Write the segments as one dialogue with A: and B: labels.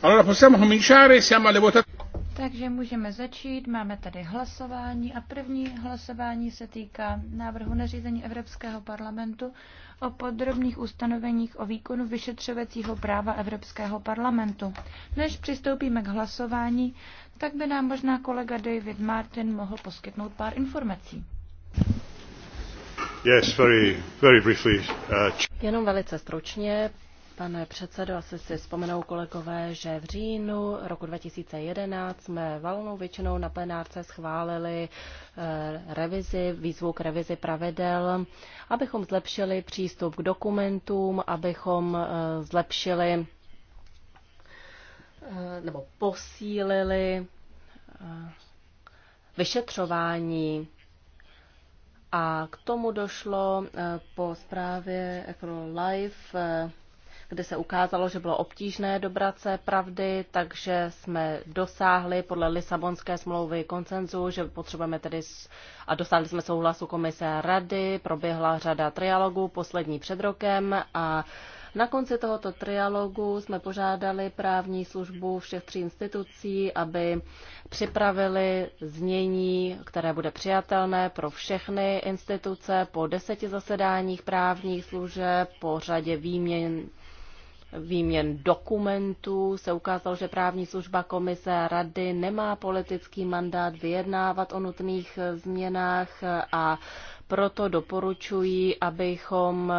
A: Allora possiamo cominciare, siamo alle votazioni.
B: Takže můžeme začít. Máme tady hlasování a první hlasování se týká návrhu nařízení Evropského parlamentu o podrobných ustanoveních o výkonu vyšetřovacího práva Evropského parlamentu. Než přistoupíme k hlasování, tak by nám možná kolega David Martin mohl poskytnout pár informací.
A: Yes, very, very briefly. Uh...
B: Jenom velice stručně, Pane předsedo, asi si vzpomenou
C: kolegové, že v říjnu roku 2011 jsme valnou většinou na plenárce schválili eh, revizi, výzvu k revizi pravidel, abychom zlepšili přístup k dokumentům, abychom eh, zlepšili eh, nebo posílili vyšetřování a k tomu došlo po zprávě Acro kde se ukázalo, že bylo obtížné dobrat se pravdy, takže jsme dosáhli podle Lisabonské smlouvy koncenzu, že potřebujeme tedy a dostali jsme souhlasu komise a rady, proběhla řada trialogů, poslední před rokem a na konci tohoto trialogu jsme požádali právní službu všech tří institucí, aby připravili znění, které bude přijatelné pro všechny instituce po deseti zasedáních právních služeb, po řadě výměn výměn dokumentů se ukázalo, že právní služba komise a rady nemá politický mandát vyjednávat o nutných změnách a proto doporučuji, abychom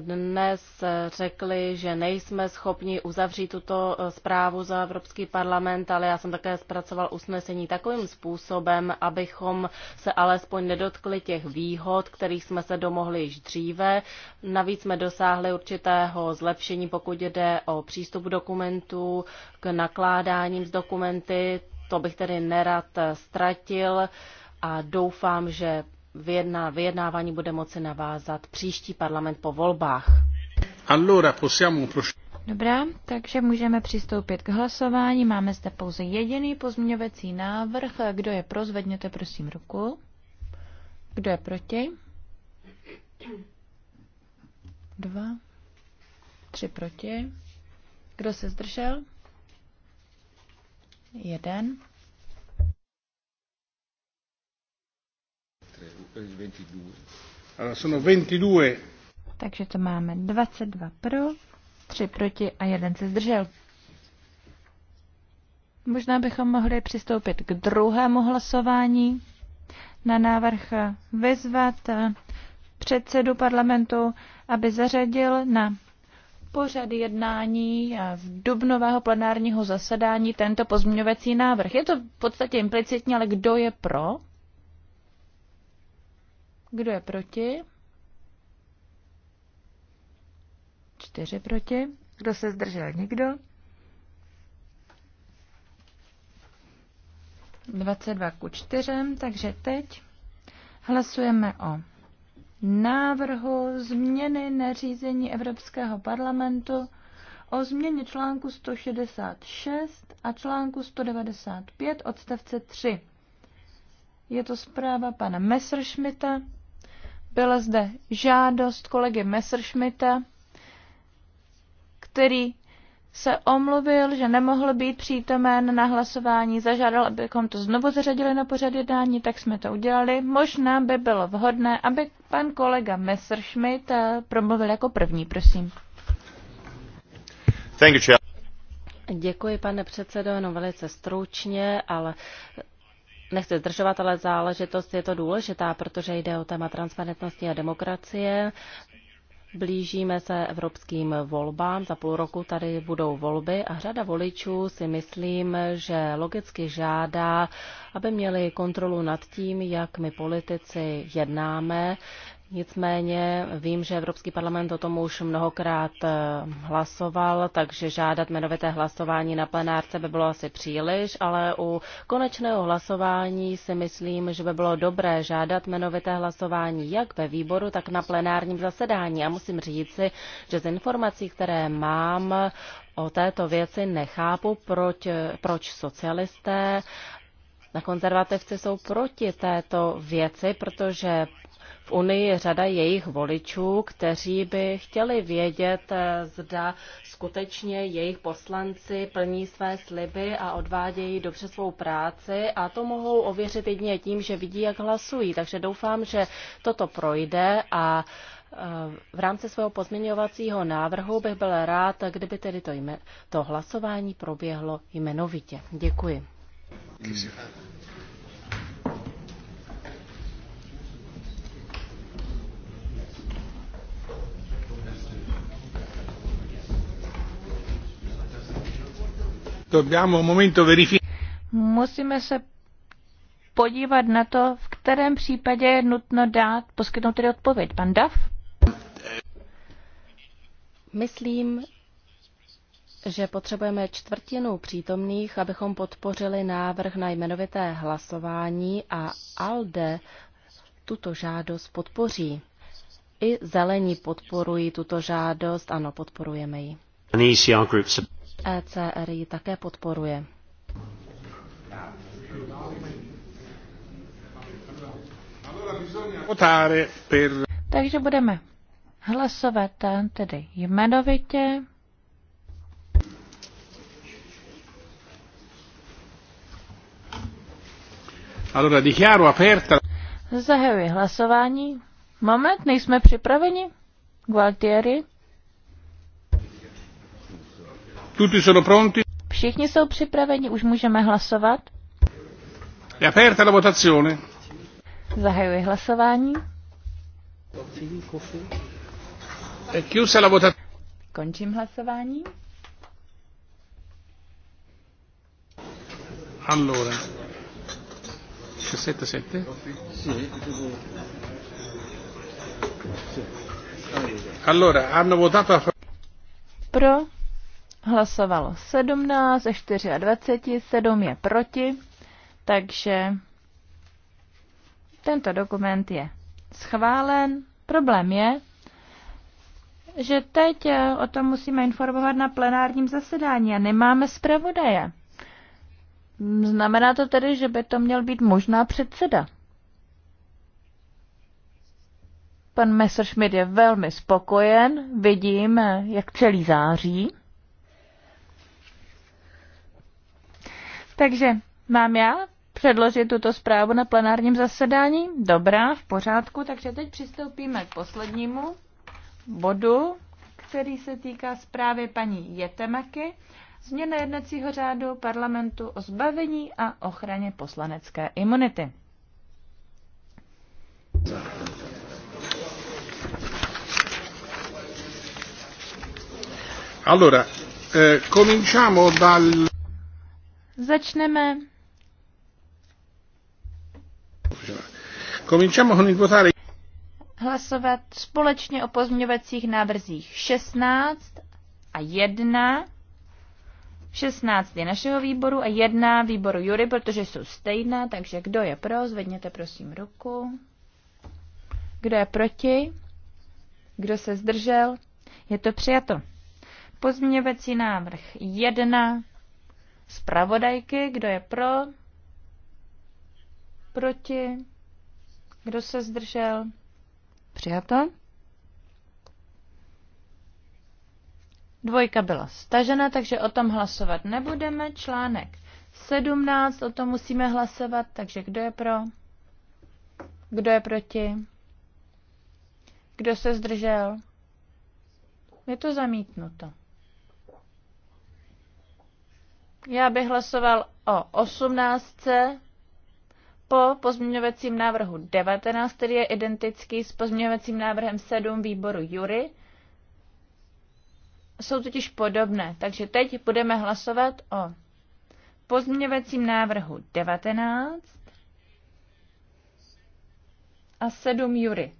C: dnes eh, řekli, že nejsme schopni uzavřít tuto eh, zprávu za Evropský parlament, ale já jsem také zpracoval usnesení takovým způsobem, abychom se alespoň nedotkli těch výhod, kterých jsme se domohli již dříve. Navíc jsme dosáhli určitého zlepšení, pokud jde o přístup dokumentů k nakládáním z dokumenty. To bych tedy nerad eh, ztratil a doufám, že vyjedná, vyjednávání bude moci navázat příští parlament po volbách. Allora possiamo
B: Dobrá, takže můžeme přistoupit k hlasování. Máme zde pouze jediný pozměňovací návrh. Kdo je pro, zvedněte prosím ruku. Kdo je proti? Dva. Tři proti. Kdo se zdržel? Jeden.
A: 22.
B: Takže to máme 22 pro, 3 proti a jeden se zdržel. Možná bychom mohli přistoupit k druhému hlasování na návrh vyzvat předsedu parlamentu, aby zařadil na pořad jednání v dubnového plenárního zasedání tento pozměňovací návrh. Je to v podstatě implicitní, ale kdo je pro? Kdo je proti? Čtyři proti. Kdo se zdržel? Nikdo. 22 ku 4, takže teď hlasujeme o návrhu změny nařízení Evropského parlamentu o změně článku 166 a článku 195 odstavce 3. Je to zpráva pana Messerschmitta. Byla zde žádost kolegy Messerschmitta, který se omluvil, že nemohl být přítomen na hlasování, zažádal, abychom to znovu zařadili na pořad jednání, tak jsme to udělali. Možná by bylo vhodné, aby pan kolega Messerschmitt eh, promluvil jako první, prosím. Thank you, Děkuji, pane předsedo, jenom velice
C: stručně, ale nechci zdržovat, ale záležitost je to důležitá, protože jde o téma transparentnosti a demokracie. Blížíme se evropským volbám, za půl roku tady budou volby a řada voličů si myslím, že logicky žádá, aby měli kontrolu nad tím, jak my politici jednáme, Nicméně vím, že Evropský parlament o tom už mnohokrát eh, hlasoval, takže žádat jmenovité hlasování na plenárce by bylo asi příliš, ale u konečného hlasování si myslím, že by bylo dobré žádat jmenovité hlasování jak ve výboru, tak na plenárním zasedání. A musím říci, že z informací, které mám o této věci, nechápu, proč, eh, proč socialisté na konzervativci jsou proti této věci, protože v Unii je řada jejich voličů, kteří by chtěli vědět, eh, zda skutečně jejich poslanci plní své sliby a odvádějí dobře svou práci a to mohou ověřit jedině tím, že vidí, jak hlasují. Takže doufám, že toto projde a eh, v rámci svého pozměňovacího návrhu bych byl rád, kdyby tedy to, jme, to hlasování proběhlo jmenovitě. Děkuji.
A: Dobbiamo momento
B: Musíme se podívat na to, v kterém případě je nutno dát, poskytnout tedy odpověď. Pan Dav?
C: Myslím, že potřebujeme čtvrtinu přítomných, abychom podpořili návrh na jmenovité hlasování a ALDE tuto žádost podpoří. I zelení podporují tuto žádost, ano, podporujeme ji. E ECR ji také podporuje.
B: Takže budeme hlasovat tedy jmenovitě.
A: Allora dichiaro aperta.
B: Zahajuji hlasování. Moment, nejsme připraveni. Gualtieri.
A: Tutti sono pronti?
B: Všichni jsou připraveni, už můžeme hlasovat. È aperta la votazione. Zahajuji hlasování.
A: È chiusa la votazione.
B: Končím hlasování.
A: Allora, 17-7? Sì. Allora, hanno votato a
B: Pro hlasovalo 17 ze 24, 7 je proti, takže tento dokument je schválen. Problém je, že teď eh, o tom musíme informovat na plenárním zasedání a nemáme zpravodaje. Znamená to tedy, že by to měl být možná předseda. Pan Messerschmidt je velmi spokojen, vidím, eh, jak celý září. Takže mám já předložit tuto zprávu na plenárním zasedání? Dobrá, v pořádku, takže teď přistoupíme k poslednímu bodu, který se týká zprávy paní Jetemaky, změna jednacího řádu parlamentu o zbavení a ochraně poslanecké imunity.
A: Allora, eh, cominciamo dal...
B: Začneme. Hlasovat společně o pozměňovacích návrzích 16 a 1. 16 je našeho výboru a 1 výboru Jury, protože jsou stejné, takže kdo je pro, zvedněte prosím ruku. Kdo je proti? Kdo se zdržel? Je to přijato. Pozměňovací návrh 1 zpravodajky. Kdo je pro? Proti? Kdo se zdržel? Přijato. Dvojka byla stažena, takže o tom hlasovat nebudeme. Článek 17, o tom musíme hlasovat, takže kdo je pro? Kdo je proti? Kdo se zdržel? Je to zamítnuto. Já bych hlasoval o 18. po pozměňovacím návrhu 19, který je identický s pozměňovacím návrhem 7 výboru Jury. Jsou totiž podobné, takže teď budeme hlasovat o pozměňovacím návrhu 19 a 7 Jury.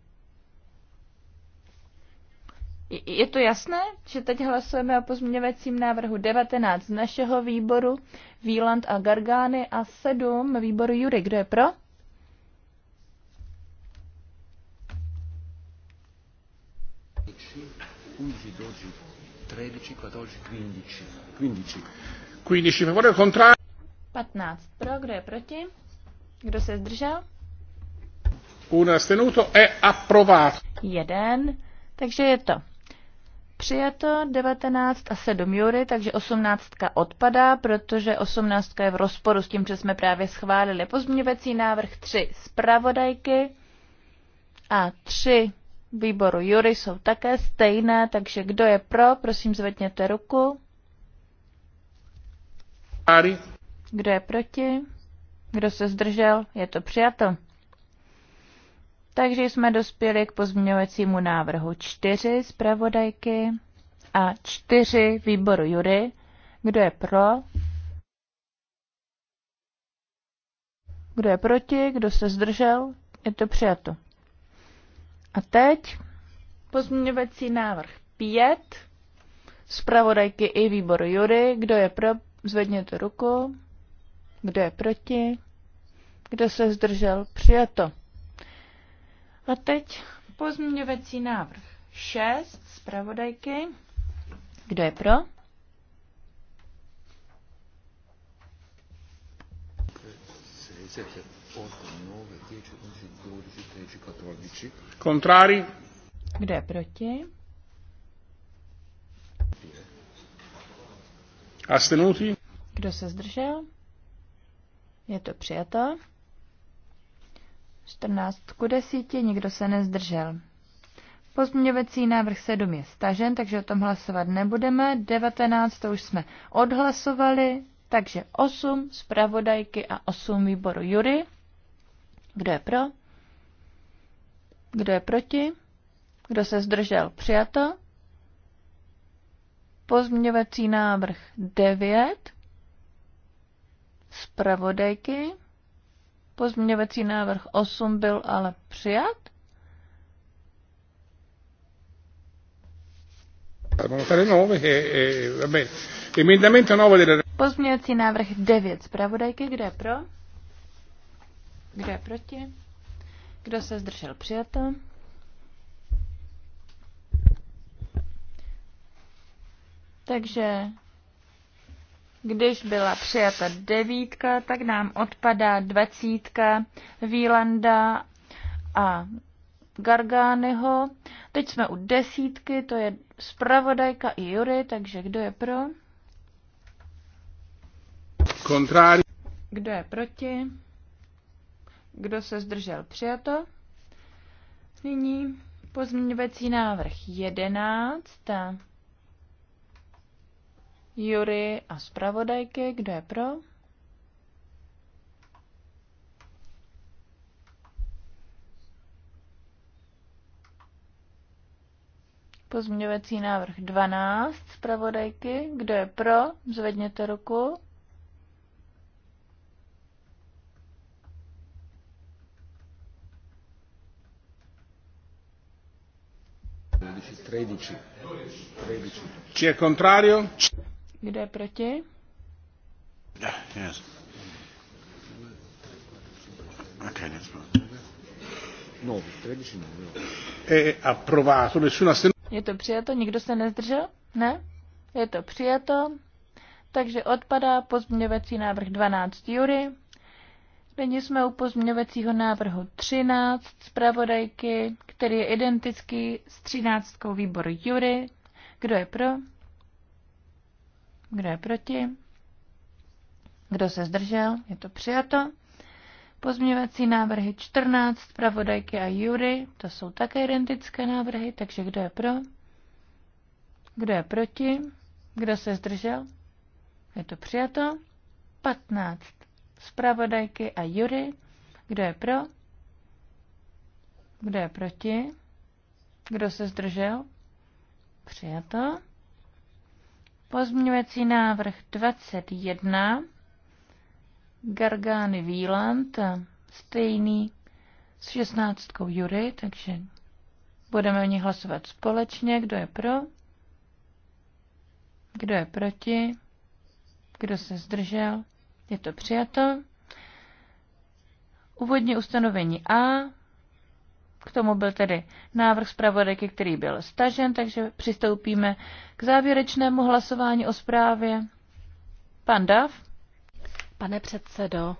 B: Je to jasné, že teď hlasujeme o pozměňovacím návrhu 19 z našeho výboru Výland a Gargány a 7 výboru Jury. Kdo je pro? Patnáct pro, kdo je proti? Kdo se zdržel? Un astenuto è approvato. Jeden, takže je to Přijato 19 a 7 jury, takže 18 odpadá, protože 18 je v rozporu s tím, co jsme právě schválili. Pozměňovací návrh 3 zpravodajky a 3 výboru jury jsou také stejné, takže kdo je pro, prosím zvedněte ruku. Kdo je proti? Kdo se zdržel? Je to přijato. Takže jsme dospěli k pozměňovacímu návrhu čtyři zpravodajky a čtyři výboru jury. Kdo je pro? Kdo je proti? Kdo se zdržel? Je to přijato. A teď pozměňovací návrh 5. Zpravodajky i výboru jury. Kdo je pro? Zvedněte ruku. Kdo je proti? Kdo se zdržel? Přijato. A teď pozměňovací návrh 6 zpravodajky. Kdo je pro? Kontrári? Kdo je proti?
A: Astenuti?
B: Kdo se zdržel? Je to přijato. 14 ku 10, nikdo se nezdržel. Pozměňovací návrh 7 je stažen, takže o tom hlasovat nebudeme. 19 to už jsme odhlasovali, takže 8 zpravodajky a 8 výboru jury. Kdo je pro? Kdo je proti? Kdo se zdržel? Přijato. Pozměňovací návrh 9. Zpravodajky. Pozměňovací návrh 8 byl ale přijat. E, e, Pozměňovací návrh 9 zpravodajky, kde je pro? Kde je proti? Kdo se zdržel přijato? Takže když byla přijata devítka, tak nám odpadá dvacítka Výlanda a Gargányho. Teď jsme u desítky, to je spravodajka i Jury, takže kdo je pro? Kontrári. Kdo je proti? Kdo se zdržel? Přijato. Nyní pozměňovací návrh 11. Jury a zpravodajky. Kdo je pro? Pozměňovací návrh 12 zpravodajky. Kdo je pro? Zvedněte ruku.
A: Chi je contrario?
B: Kdo je proti?
A: Yes. Okay, let's No, 13 no. E, e
B: Je to přijato, nikdo se nezdržel? Ne? Je to přijato. Takže odpadá pozměňovací návrh 12 jury. Nyní jsme u pozměňovacího návrhu 13 zpravodajky, který je identický s 13 výboru jury. Kdo je pro? Kdo je proti? Kdo se zdržel? Je to přijato. Pozměňovací návrhy 14, pravodajky a jury, to jsou také identické návrhy, takže kdo je pro? Kdo je proti? Kdo se zdržel? Je to přijato. 15. Spravodajky a jury. Kdo je pro? Kdo je proti? Kdo se zdržel? Přijato. Pozměňovací návrh 21, Gargány Výland, stejný s 16 Jury, takže budeme o nich hlasovat společně. Kdo je pro? Kdo je proti? Kdo se zdržel? Je to přijato. Úvodní ustanovení A, k tomu byl tedy návrh zpravodajky, který byl stažen, takže přistoupíme k závěrečnému hlasování o zprávě. Pan Dav? Pane
C: předsedo,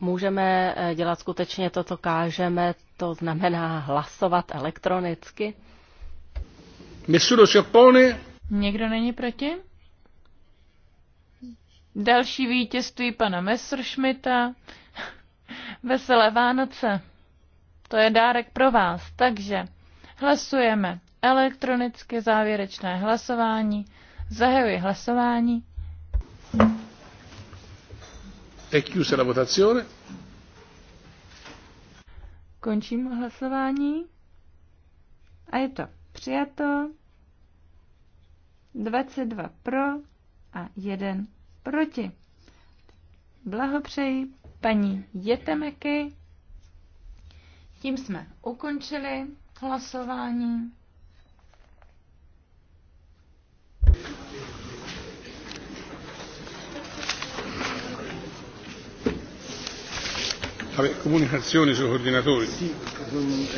C: můžeme eh, dělat skutečně to, co kážeme, to znamená hlasovat elektronicky?
B: Nessuno si oppone. Někdo není proti? Další vítězství pana Messerschmitta. Veselé Vánoce. To je dárek pro vás. Takže hlasujeme elektronicky závěrečné hlasování. Zahajuji hlasování. È chiusa la votazione. Končím hlasování. A je to přijato. 22 pro a 1 proti. Blahopřeji paní Jetemeky. Tím jsme ukončili hlasování.
A: Vabbè, comunicazioni sui coordinatori. Sì,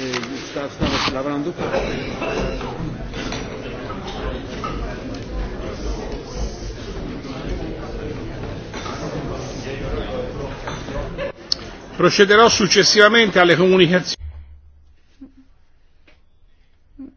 A: eh, lavorando. Procederò successivamente alle comunicazioni.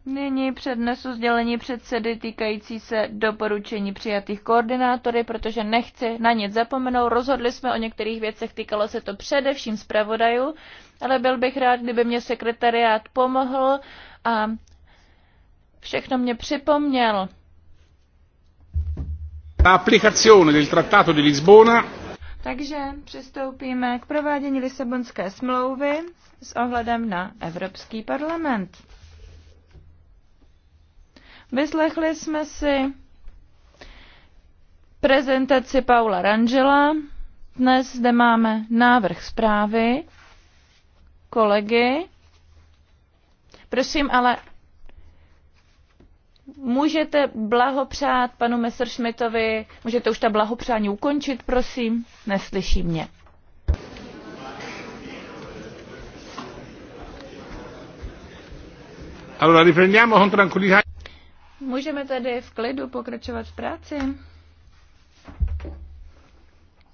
B: Nyní přednesu sdělení předsedy týkající se doporučení přijatých koordinátory, protože nechci na nic zapomenout. Rozhodli jsme o některých věcech, týkalo se to především zpravodajů, ale byl bych rád, kdyby mě sekretariát pomohl a všechno mě připomněl.
A: Aplikace del Trattato di Lisbona
B: takže přistoupíme k provádění Lisabonské smlouvy s ohledem na Evropský parlament. Vyslechli jsme si prezentaci Paula Rangela. Dnes zde máme návrh zprávy kolegy. Prosím ale Můžete blahopřát panu Messerschmittovi, můžete už ta blahopřání ukončit, prosím, neslyší mě. Allora riprendiamo con tranquillità. Můžeme tedy v klidu pokračovat v práci.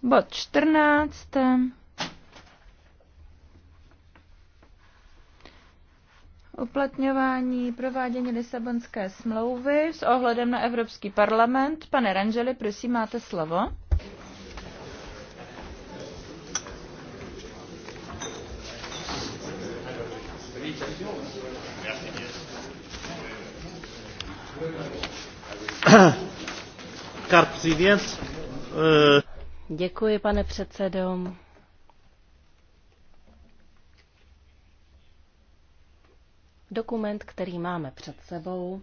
B: Bod 14. uplatňování provádění Lisabonské smlouvy s ohledem na Evropský parlament. Pane Rangeli, prosím, máte slovo.
A: Eh.
C: Děkuji, pane předsedo. Dokument, který máme před sebou,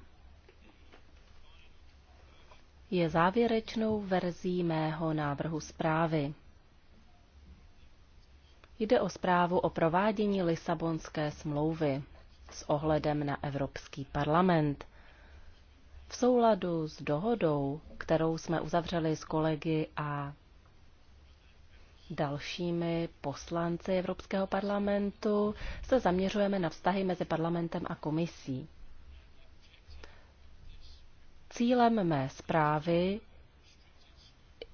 C: je závěrečnou verzí mého návrhu zprávy. Jde o zprávu o provádění Lisabonské smlouvy s ohledem na Evropský parlament. V souladu s dohodou, kterou jsme uzavřeli s kolegy a dalšími poslanci Evropského parlamentu se zaměřujeme na vztahy mezi parlamentem a komisí. Cílem mé zprávy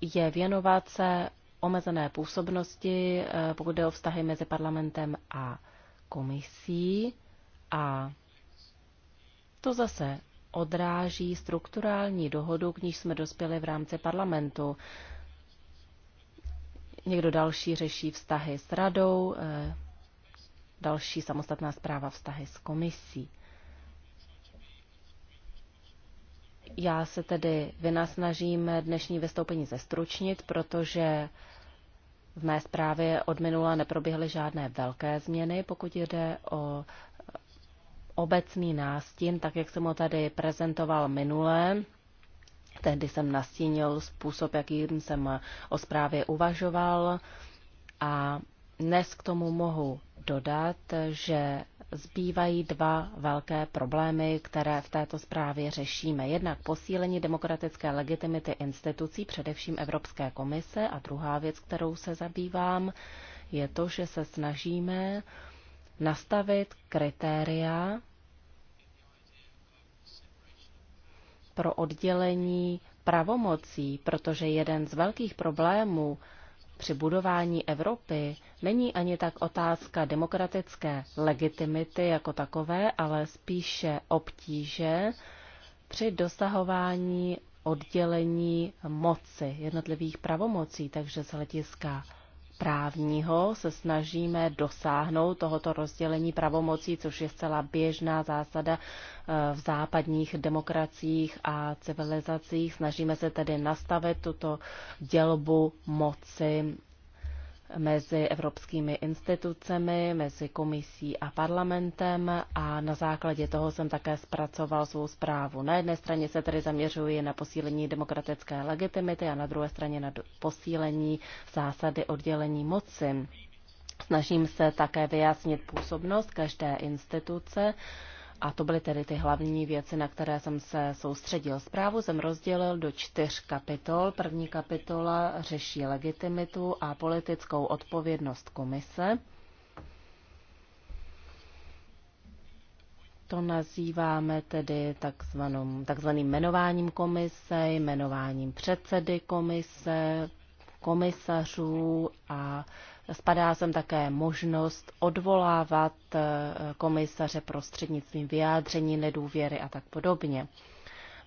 C: je věnovat se omezené působnosti, eh, pokud jde o vztahy mezi parlamentem a komisí. A to zase odráží strukturální dohodu, k níž jsme dospěli v rámci parlamentu. Někdo další řeší vztahy s radou, eh, další samostatná zpráva vztahy s komisí. Já se tedy vynasnažím dnešní vystoupení zestručnit, protože v mé zprávě od minula neproběhly žádné velké změny, pokud jde o obecný nástin, tak jak jsem ho tady prezentoval minule. Tehdy jsem nastínil způsob, jakým jsem o zprávě uvažoval a dnes k tomu mohu dodat, že zbývají dva velké problémy, které v této zprávě řešíme. Jednak posílení demokratické legitimity institucí, především Evropské komise, a druhá věc, kterou se zabývám, je to, že se snažíme nastavit kritéria pro oddělení pravomocí, protože jeden z velkých problémů při budování Evropy není ani tak otázka demokratické legitimity jako takové, ale spíše obtíže při dosahování oddělení moci, jednotlivých pravomocí, takže z hlediska správního se snažíme dosáhnout tohoto rozdělení pravomocí, což je zcela běžná zásada eh, v západních demokraciích a civilizacích. Snažíme se tedy nastavit tuto dělbu moci mezi evropskými institucemi, mezi komisí a parlamentem a na základě toho jsem také zpracoval svou zprávu. Na jedné straně se tedy zaměřuji na posílení demokratické legitimity a na druhé straně na posílení zásady oddělení moci. Snažím se také vyjasnit působnost každé instituce, a to byly tedy ty hlavní věci, na které jsem se soustředil. Zprávu jsem rozdělil do čtyř kapitol. První kapitola řeší legitimitu a politickou odpovědnost komise. To nazýváme tedy takzvaným takzvaným jmenováním komise, jmenováním předsedy komise, komisařů a Spadá sem také možnost odvolávat eh, komisaře prostřednictvím vyjádření nedůvěry a tak podobně.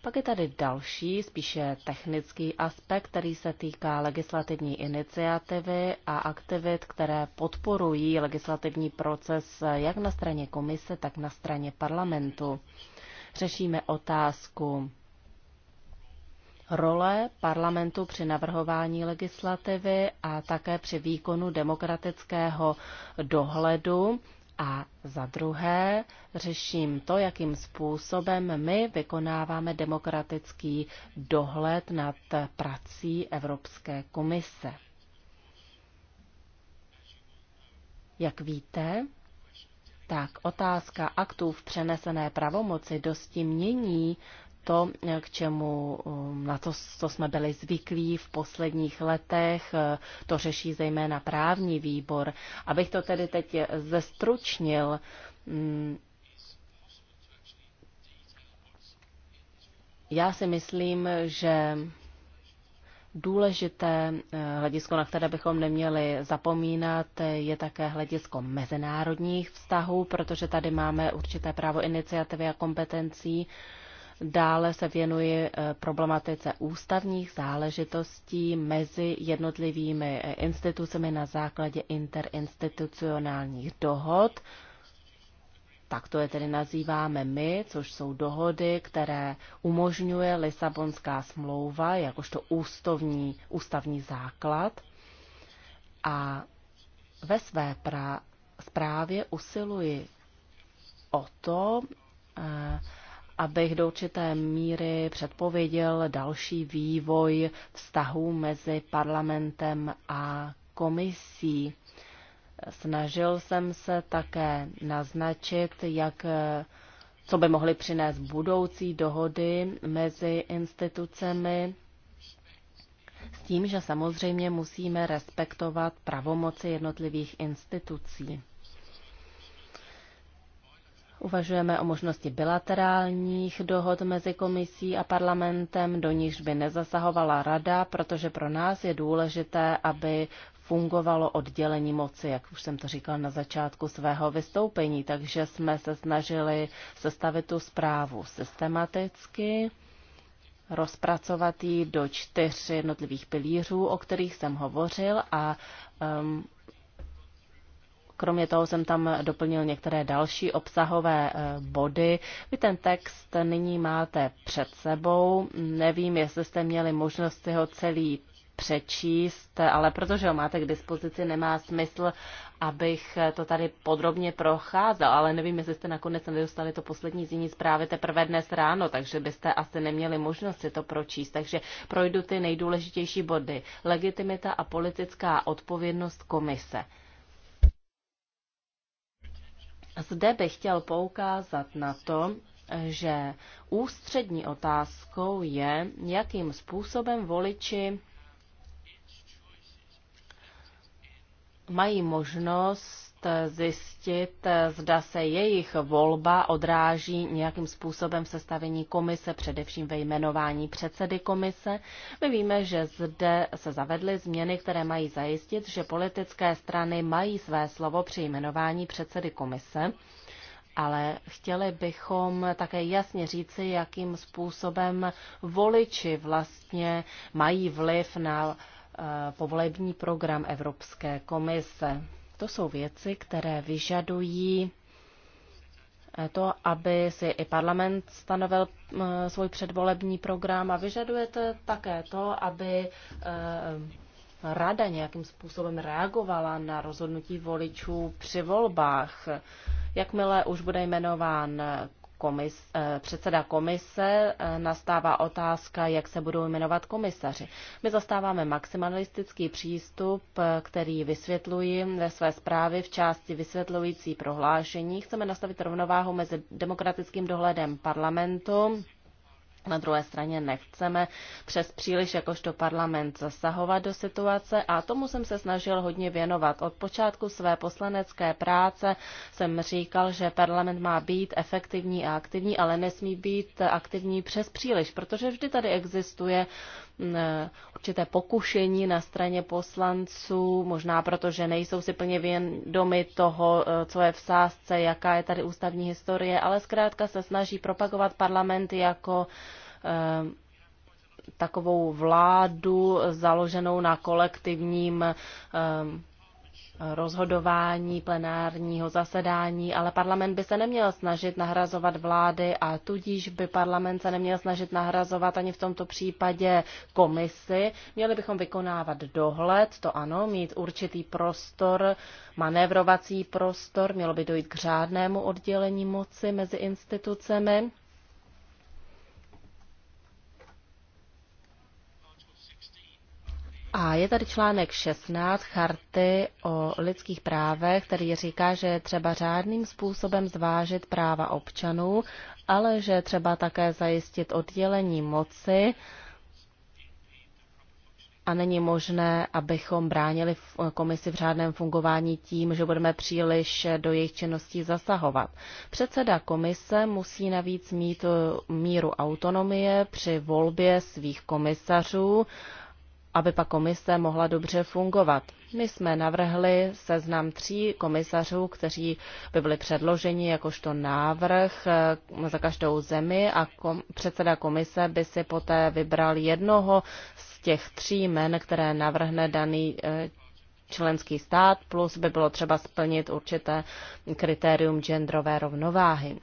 C: Pak je tady další, spíše technický aspekt, který se týká legislativní iniciativy a aktivit, které podporují legislativní proces eh, jak na straně komise, tak na straně parlamentu. Řešíme otázku role parlamentu při navrhování legislativy a také při výkonu demokratického dohledu a za druhé řeším to, jakým způsobem my vykonáváme demokratický dohled nad prací Evropské komise. Jak víte, tak otázka aktů v přenesené pravomoci dosti mění to, k čemu, um, na to, co jsme byli zvyklí v posledních letech. Eh, to řeší zejména právní výbor. Abych to tedy teď zestručnil, mm, já si myslím, že důležité eh, hledisko, na které bychom neměli zapomínat, je také hledisko mezinárodních vztahů, protože tady máme určité právo iniciativy a kompetencí, Dále se věnuji eh, problematice ústavních záležitostí mezi jednotlivými eh, institucemi na základě interinstitucionálních dohod. Tak to je tedy nazýváme my, což jsou dohody, které umožňuje Lisabonská smlouva jakožto ústavní, ústavní základ. A ve své zprávě usiluji o to, eh, abych do určité míry předpověděl další vývoj vztahů mezi parlamentem a komisí. Snažil jsem se také naznačit, jak, co by mohly přinést budoucí dohody mezi institucemi, s tím, že samozřejmě musíme respektovat pravomoci jednotlivých institucí. Uvažujeme o možnosti bilaterálních dohod mezi komisí a parlamentem, do níž by nezasahovala rada, protože pro nás je důležité, aby fungovalo oddělení moci, jak už jsem to říkal na začátku svého vystoupení, takže jsme se snažili sestavit tu zprávu systematicky, rozpracovat ji do čtyř jednotlivých pilířů, o kterých jsem hovořil a um, Kromě toho jsem tam doplnil některé další obsahové eh, body. Vy ten text nyní máte před sebou. Nevím, jestli jste měli možnost ho celý přečíst, ale protože ho máte k dispozici, nemá smysl, abych eh, to tady podrobně procházel, ale nevím, jestli jste nakonec nedostali to poslední zní zprávy teprve dnes ráno, takže byste asi neměli možnost si to pročíst. Takže projdu ty nejdůležitější body. Legitimita a politická odpovědnost komise. Zde bych chtěl poukázat na to, že ústřední otázkou je, jakým způsobem voliči mají možnost zjistit, zda se jejich volba odráží nějakým způsobem v sestavení komise, především ve jmenování předsedy komise. My víme, že zde se zavedly změny, které mají zajistit, že politické strany mají své slovo při jmenování předsedy komise ale chtěli bychom také jasně říci, jakým způsobem voliči vlastně mají vliv na eh, povolební program Evropské komise. To jsou věci, které vyžadují eh, to, aby si i parlament stanovil eh, svůj předvolební program a vyžadujete také to, aby eh, rada nějakým způsobem reagovala na rozhodnutí voličů při volbách. Jakmile už bude jmenován komis, eh, předseda komise, eh, nastává otázka, jak se budou jmenovat komisaři. My zastáváme maximalistický přístup, eh, který vysvětluji ve své zprávě v části vysvětlující prohlášení. Chceme nastavit rovnováhu mezi demokratickým dohledem parlamentu na druhé straně nechceme přes příliš jakožto parlament zasahovat do situace a tomu jsem se snažil hodně věnovat. Od počátku své poslanecké práce jsem říkal, že parlament má být efektivní a aktivní, ale nesmí být aktivní přes příliš, protože vždy tady existuje Eh, určité pokušení na straně poslanců, možná protože nejsou si plně vědomi toho, eh, co je v sázce, jaká je tady ústavní historie, ale zkrátka se snaží propagovat parlament jako eh, takovou vládu založenou na kolektivním rozhodování plenárního zasedání, ale parlament by se neměl snažit nahrazovat vlády a tudíž by parlament se neměl snažit nahrazovat ani v tomto případě komisy. Měli bychom vykonávat dohled, to ano, mít určitý prostor, manévrovací prostor, mělo by dojít k řádnému oddělení moci mezi institucemi. A je tady článek 16 Charty o lidských právech, který říká, že je třeba řádným způsobem zvážit práva občanů, ale že třeba také zajistit oddělení moci a není možné, abychom bránili komisi v řádném fungování tím, že budeme příliš do jejich činností zasahovat. Předseda komise musí navíc mít míru autonomie při volbě svých komisařů aby pak komise mohla dobře fungovat. My jsme navrhli seznam tří komisařů, kteří by byli předloženi jakožto návrh eh, za každou zemi a kom- předseda komise by si poté vybral jednoho z těch tří men, které navrhne daný eh, členský stát, plus by bylo třeba splnit určité kritérium genderové rovnováhy.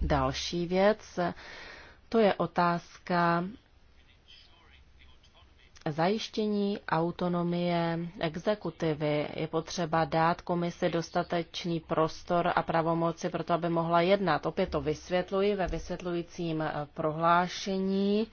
C: Další věc, to je otázka zajištění autonomie exekutivy je potřeba dát komisi dostatečný prostor a pravomoci pro to, aby mohla jednat. Opět to vysvětluji ve vysvětlujícím eh, prohlášení.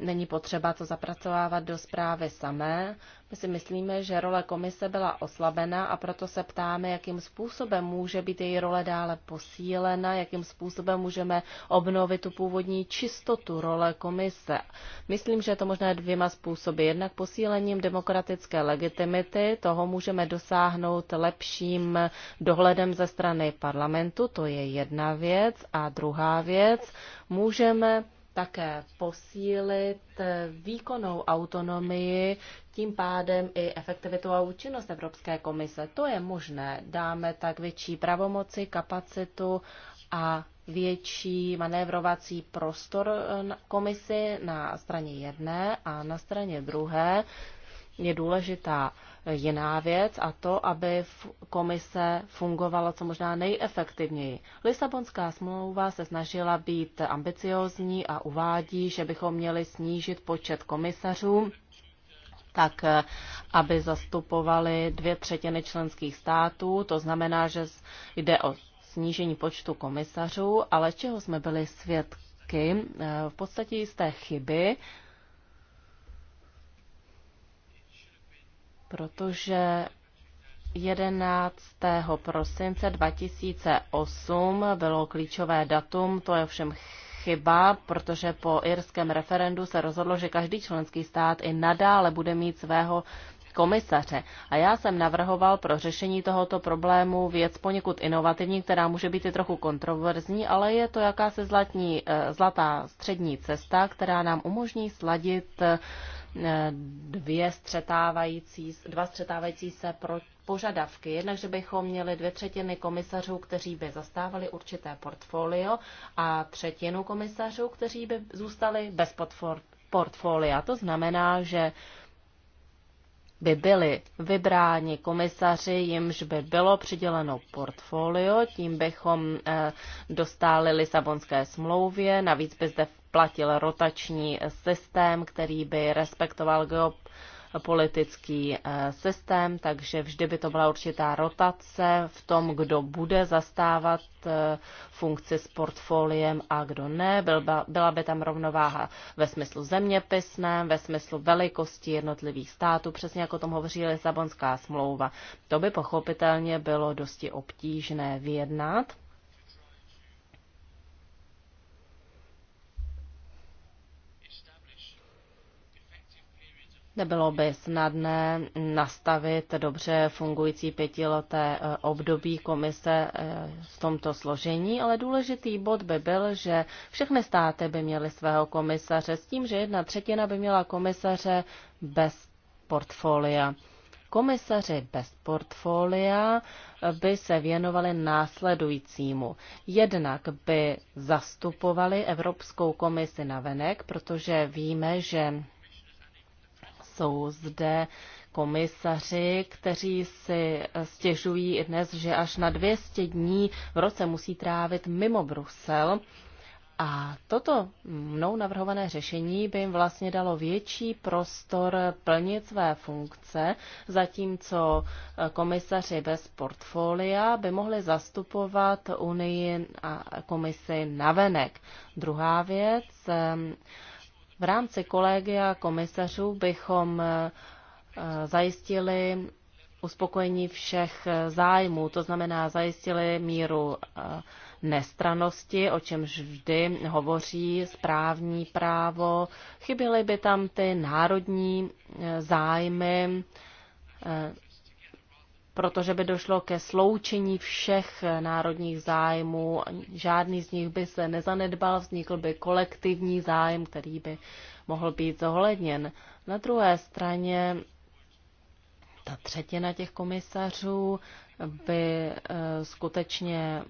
C: Není potřeba to zapracovávat do zprávy samé. My si myslíme, že role komise byla oslabena a proto se ptáme, jakým způsobem může být její role dále posílena, jakým způsobem můžeme obnovit tu původní čistotu role komise. Myslím, že je to možná dvěma způsoby. Jednak posílením demokratické legitimity, toho můžeme dosáhnout lepším dohledem ze strany parlamentu, to je jedna věc. A druhá věc, můžeme také posílit výkonnou autonomii, tím pádem i efektivitu a účinnost Evropské komise. To je možné. Dáme tak větší pravomoci, kapacitu a větší manévrovací prostor komisi na straně jedné a na straně druhé je důležitá jiná věc a to, aby komise fungovala co možná nejefektivněji. Lisabonská smlouva se snažila být ambiciozní a uvádí, že bychom měli snížit počet komisařů tak eh, aby zastupovali dvě třetiny členských států. To znamená, že jde o snížení počtu komisařů, ale čeho jsme byli svědky, eh, v podstatě jisté chyby, protože 11. prosince 2008 bylo klíčové datum, to je ovšem chyba, protože po irském referendu se rozhodlo, že každý členský stát i nadále bude mít svého komisaře. A já jsem navrhoval pro řešení tohoto problému věc poněkud inovativní, která může být i trochu kontroverzní, ale je to jakási zlatní, eh, zlatá střední cesta, která nám umožní sladit dvě střetávající, dva střetávající se pro požadavky. Jednak, že bychom měli dvě třetiny komisařů, kteří by zastávali určité portfolio a třetinu komisařů, kteří by zůstali bez portfolia. To znamená, že by byli vybráni komisaři, jimž by bylo přiděleno portfolio, tím bychom eh, dostali Lisabonské smlouvě, navíc by zde platil rotační systém, který by respektoval geopolitický eh, systém, takže vždy by to byla určitá rotace v tom, kdo bude zastávat eh, funkci s portfoliem a kdo ne. Byla by tam rovnováha ve smyslu zeměpisném, ve smyslu velikosti jednotlivých států, přesně jako o tom hovoří Lisabonská smlouva. To by pochopitelně bylo dosti obtížné vyjednat Nebylo by snadné nastavit dobře fungující pětileté eh, období komise eh, v tomto složení, ale důležitý bod by byl, že všechny státy by měly svého komisaře s tím, že jedna třetina by měla komisaře bez portfolia. Komisaři bez portfolia eh, by se věnovali následujícímu. Jednak by zastupovali Evropskou komisi na venek, protože víme, že jsou zde komisaři, kteří si stěžují i dnes, že až na 200 dní v roce musí trávit mimo Brusel. A toto mnou navrhované řešení by jim vlastně dalo větší prostor plnit své funkce, zatímco komisaři bez portfolia by mohli zastupovat Unii a komisi navenek. Druhá věc, v rámci kolegia komisařů bychom eh, eh, zajistili uspokojení všech eh, zájmů, to znamená zajistili míru nestranosti, o čemž vždy hovoří správní právo. Chyběly by tam ty národní zájmy, protože by došlo ke sloučení všech národních zájmů. Žádný z nich by se nezanedbal, vznikl by kolektivní zájem, který by mohl být zohledněn. Na druhé straně ta třetina těch komisařů by e, skutečně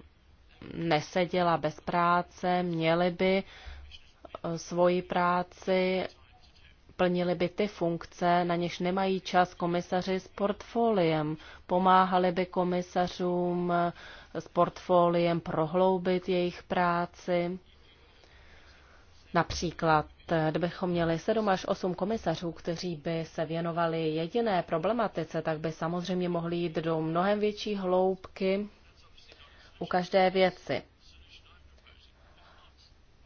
C: neseděla bez práce, měli by e, svoji práci plnili by ty funkce, na něž nemají čas komisaři s portfoliem. Pomáhali by komisařům eh, s portfoliem prohloubit jejich práci. Například, eh, kdybychom měli 7 až 8 komisařů, kteří by se věnovali jediné problematice, tak by samozřejmě mohli jít do mnohem větší hloubky u každé věci.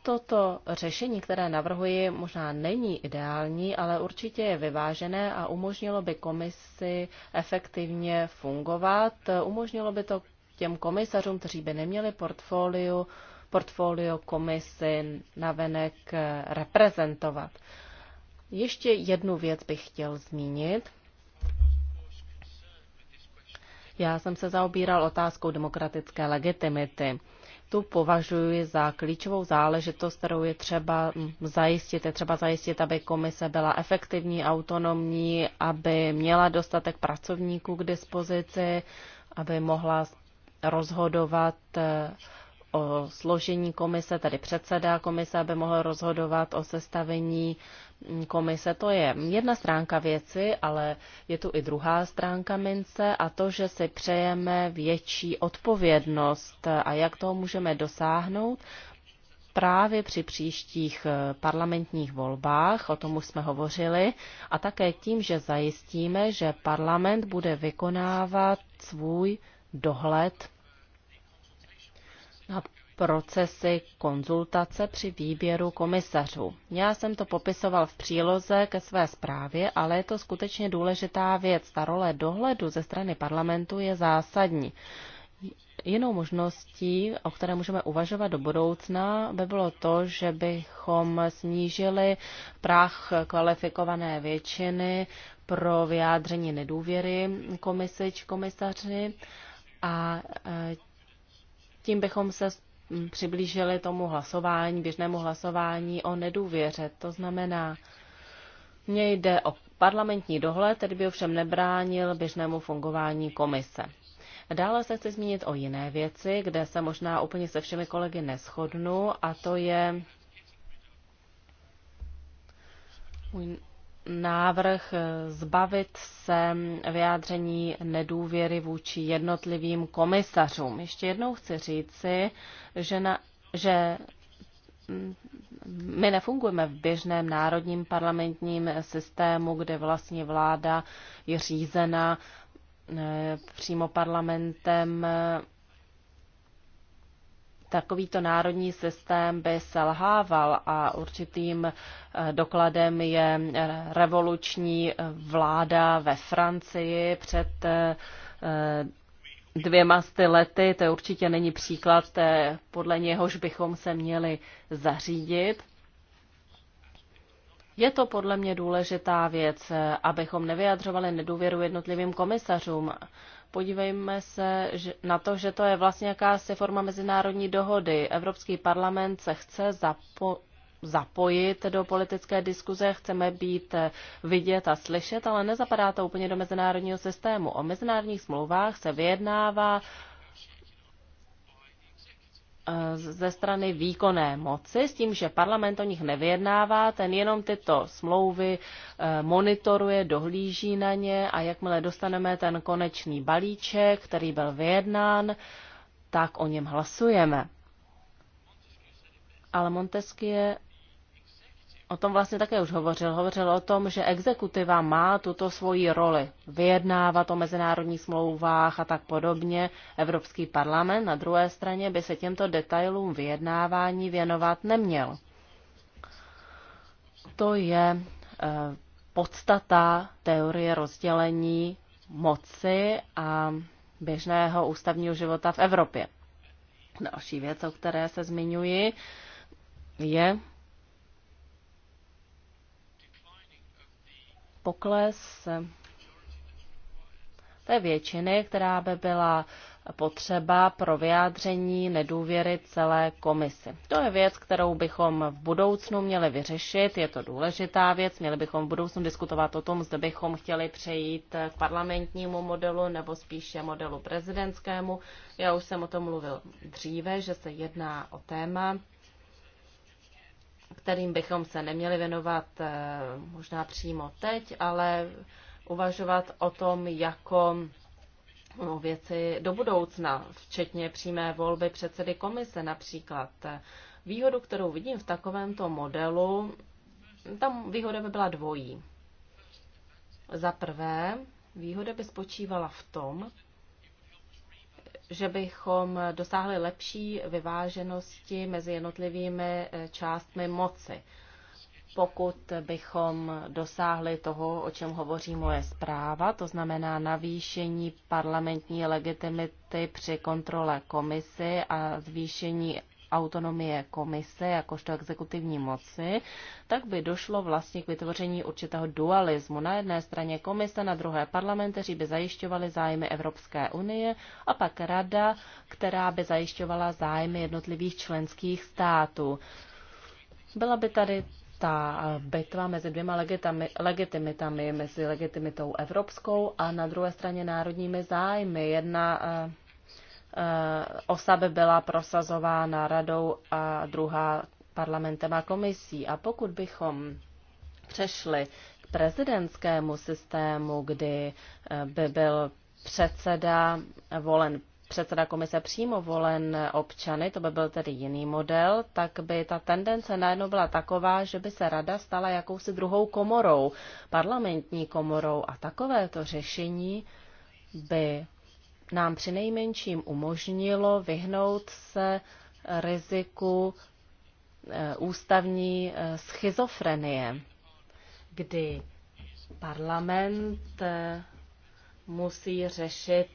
C: Toto řešení, které navrhuji, možná není ideální, ale určitě je vyvážené a umožnilo by komisi efektivně fungovat. Umožnilo by to těm komisařům, kteří by neměli portfolio, portfolio komisy navenek reprezentovat. Ještě jednu věc bych chtěl zmínit. Já jsem se zaobíral otázkou demokratické legitimity tu považuji za klíčovou záležitost, kterou je třeba zajistit. Je třeba zajistit, aby komise byla efektivní, autonomní, aby měla dostatek pracovníků k dispozici, aby mohla rozhodovat eh, o složení komise, tedy předseda komise, aby mohl rozhodovat o sestavení komise. To je jedna stránka věci, ale je tu i druhá stránka mince a to, že si přejeme větší odpovědnost a jak toho můžeme dosáhnout právě při příštích eh, parlamentních volbách, o tom už jsme hovořili, a také tím, že zajistíme, že parlament bude vykonávat svůj dohled procesy konzultace při výběru komisařů. Já jsem to popisoval v příloze ke své zprávě, ale je to skutečně důležitá věc. Ta role dohledu ze strany parlamentu je zásadní. Jinou možností, o které můžeme uvažovat do budoucna, by bylo to, že bychom snížili práh kvalifikované většiny pro vyjádření nedůvěry komisi či komisaři a e, tím bychom se Mm, přiblížili tomu hlasování, běžnému hlasování o nedůvěře. To znamená, mně jde o parlamentní dohled, který by ovšem nebránil běžnému fungování komise. Dále se chci zmínit o jiné věci, kde se možná úplně se všemi kolegy neschodnu, a to je můj návrh zbavit se vyjádření nedůvěry vůči jednotlivým komisařům. Ještě jednou chci říci, že, na, že my nefungujeme v běžném národním parlamentním systému, kde vlastně vláda je řízena eh, přímo parlamentem takovýto národní systém by selhával a určitým eh, dokladem je eh, revoluční vláda ve Francii před eh, dvěma sty lety. To určitě není příklad, té, podle něhož bychom se měli zařídit. Je to podle mě důležitá věc, abychom nevyjadřovali nedůvěru jednotlivým komisařům, podívejme se na to, že to je vlastně jakási forma mezinárodní dohody. Evropský parlament se chce zapo- zapojit do politické diskuze, chceme být eh, vidět a slyšet, ale nezapadá to úplně do mezinárodního systému. O mezinárodních smlouvách se vyjednává ze strany výkonné moci s tím, že parlament o nich nevyjednává, ten jenom tyto smlouvy eh, monitoruje, dohlíží na ně a jakmile dostaneme ten konečný balíček, který byl vyjednán, tak o něm hlasujeme. Ale Montesquieu o tom vlastně také už hovořil. Hovořil o tom, že exekutiva má tuto svoji roli. Vyjednávat o mezinárodních smlouvách a tak podobně. Evropský parlament na druhé straně by se těmto detailům vyjednávání věnovat neměl. To je eh, podstata teorie rozdělení moci a běžného ústavního života v Evropě. Další věc, o které se zmiňuji, je pokles eh, té většiny, která by byla potřeba pro vyjádření nedůvěry celé komisi. To je věc, kterou bychom v budoucnu měli vyřešit, je to důležitá věc, měli bychom v budoucnu diskutovat o tom, zda bychom chtěli přejít eh, k parlamentnímu modelu nebo spíše modelu prezidentskému. Já už jsem o tom mluvil dříve, že se jedná o téma, kterým bychom se neměli věnovat eh, možná přímo teď, ale uvažovat o tom jako o věci do budoucna, včetně přímé volby předsedy komise například. Výhodu, kterou vidím v takovémto modelu, tam výhoda by byla dvojí. Za prvé, výhoda by spočívala v tom, že bychom dosáhli lepší vyváženosti mezi jednotlivými eh, částmi moci, pokud bychom dosáhli toho, o čem hovoří moje zpráva, to znamená navýšení parlamentní legitimity při kontrole komisy a zvýšení autonomie komise jakožto exekutivní moci, tak by došlo vlastně k vytvoření určitého dualismu. Na jedné straně komise, na druhé parlament, kteří by zajišťovali zájmy Evropské unie a pak rada, která by zajišťovala zájmy jednotlivých členských států. Byla by tady ta bitva mezi dvěma legitami, legitimitami, mezi legitimitou evropskou a na druhé straně národními zájmy. Jedna eh, Eh, osa byla prosazována radou a druhá parlamentem a komisí. A pokud bychom přešli k prezidentskému systému, kdy eh, by byl předseda volen předseda komise přímo volen občany, to by byl tedy jiný model, tak by ta tendence najednou byla taková, že by se rada stala jakousi druhou komorou, parlamentní komorou a takovéto řešení by nám přinejmenším umožnilo vyhnout se riziku eh, ústavní eh, schizofrenie, kdy parlament eh, musí řešit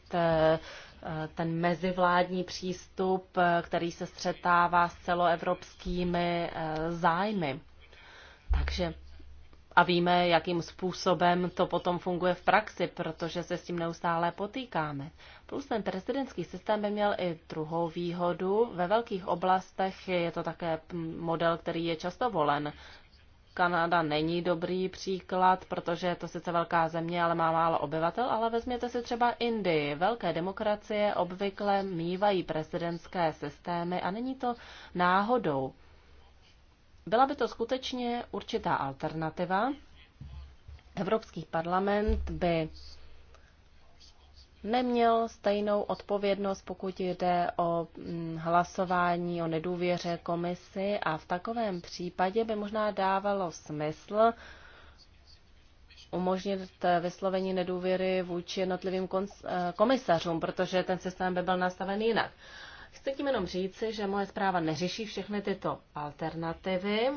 C: ten mezivládní přístup, který se střetává s celoevropskými zájmy. Takže a víme, jakým způsobem to potom funguje v praxi, protože se s tím neustále potýkáme. Plus ten prezidentský systém by měl i druhou výhodu. Ve velkých oblastech je to také model, který je často volen. Kanada není dobrý příklad, protože je to sice velká země, ale má málo obyvatel, ale vezměte si třeba Indii. Velké demokracie obvykle mývají prezidentské systémy a není to náhodou. Byla by to skutečně určitá alternativa. Evropský parlament by neměl stejnou odpovědnost, pokud jde o mm, hlasování o nedůvěře komisi a v takovém případě by možná dávalo smysl umožnit eh, vyslovení nedůvěry vůči jednotlivým eh, komisařům, protože ten systém by byl nastaven jinak. Chci tím jenom říci, že moje zpráva neřeší všechny tyto alternativy. E,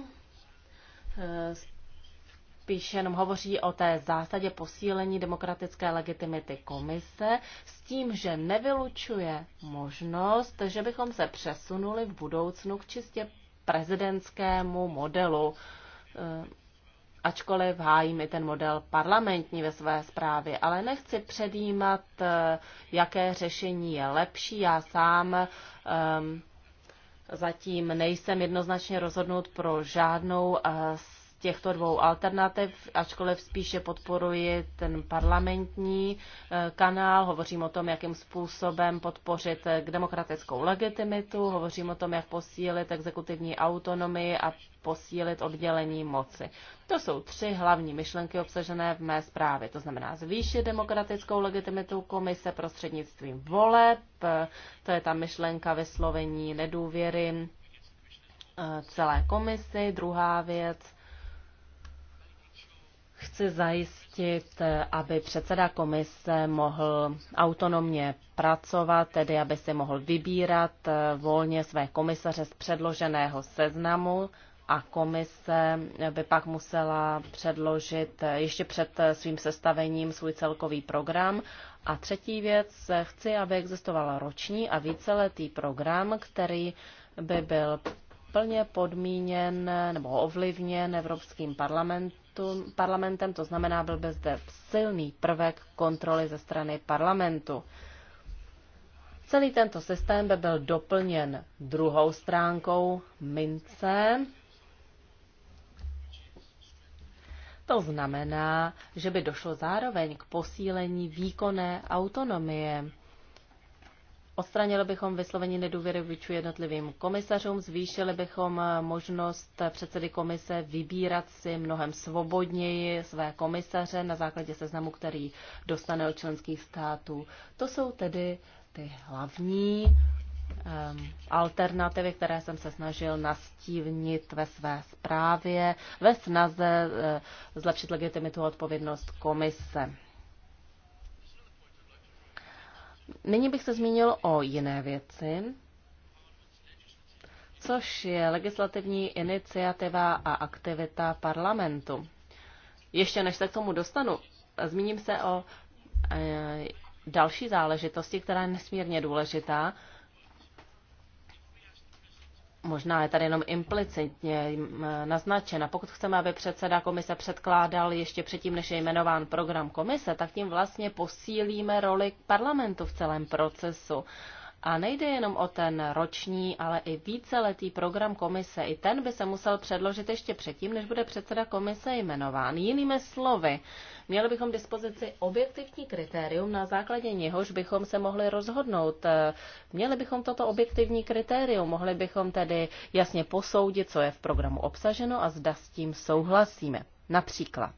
C: spíš jenom hovoří o té zásadě posílení demokratické legitimity komise s tím, že nevylučuje možnost, že bychom se přesunuli v budoucnu k čistě prezidentskému modelu e, ačkoliv hájím i ten model parlamentní ve své zprávě, ale nechci předjímat, eh, jaké řešení je lepší. Já sám um, zatím nejsem jednoznačně rozhodnut pro žádnou eh, těchto dvou alternativ, ačkoliv spíše podporuji ten parlamentní eh, kanál. Hovořím o tom, jakým způsobem podpořit k eh, demokratickou legitimitu, hovořím o tom, jak posílit exekutivní autonomii a posílit oddělení moci. To jsou tři hlavní myšlenky obsažené v mé zprávě. To znamená zvýšit demokratickou legitimitu komise prostřednictvím voleb, eh, to je ta myšlenka vyslovení nedůvěry celé komisy. Druhá věc, chci zajistit, aby předseda komise mohl autonomně pracovat, tedy aby si mohl vybírat eh, volně své komisaře z předloženého seznamu a komise by pak musela předložit eh, ještě před eh, svým sestavením svůj celkový program. A třetí věc, chci, aby existoval roční a víceletý program, který by byl plně podmíněn nebo ovlivněn Evropským parlamentu, parlamentem, to znamená, byl by zde silný prvek kontroly ze strany parlamentu. Celý tento systém by byl doplněn druhou stránkou mince. To znamená, že by došlo zároveň k posílení výkonné autonomie Odstranili bychom vyslovení nedůvěry vůči jednotlivým komisařům, zvýšili bychom eh, možnost předsedy komise vybírat si mnohem svobodněji své komisaře na základě seznamu, který dostane od členských států. To jsou tedy ty hlavní um, alternativy, které jsem se snažil nastívnit ve své zprávě ve snaze uh, zlepšit legitimitu a odpovědnost komise. Nyní bych se zmínil o jiné věci, což je legislativní iniciativa a aktivita parlamentu. Ještě než se k tomu dostanu, zmíním se o eh, další záležitosti, která je nesmírně důležitá možná je tady jenom implicitně eh, naznačena. Pokud chceme, aby předseda komise předkládal ještě předtím, než je jmenován program komise, tak tím vlastně posílíme roli parlamentu v celém procesu. A nejde jenom o ten roční, ale i víceletý program komise. I ten by se musel předložit ještě předtím, než bude předseda komise jmenován. Jinými slovy, měli bychom dispozici objektivní kritérium, na základě něhož bychom se mohli rozhodnout. Eh, měli bychom toto objektivní kritérium, mohli bychom tedy jasně posoudit, co je v programu obsaženo a zda s tím souhlasíme. Například.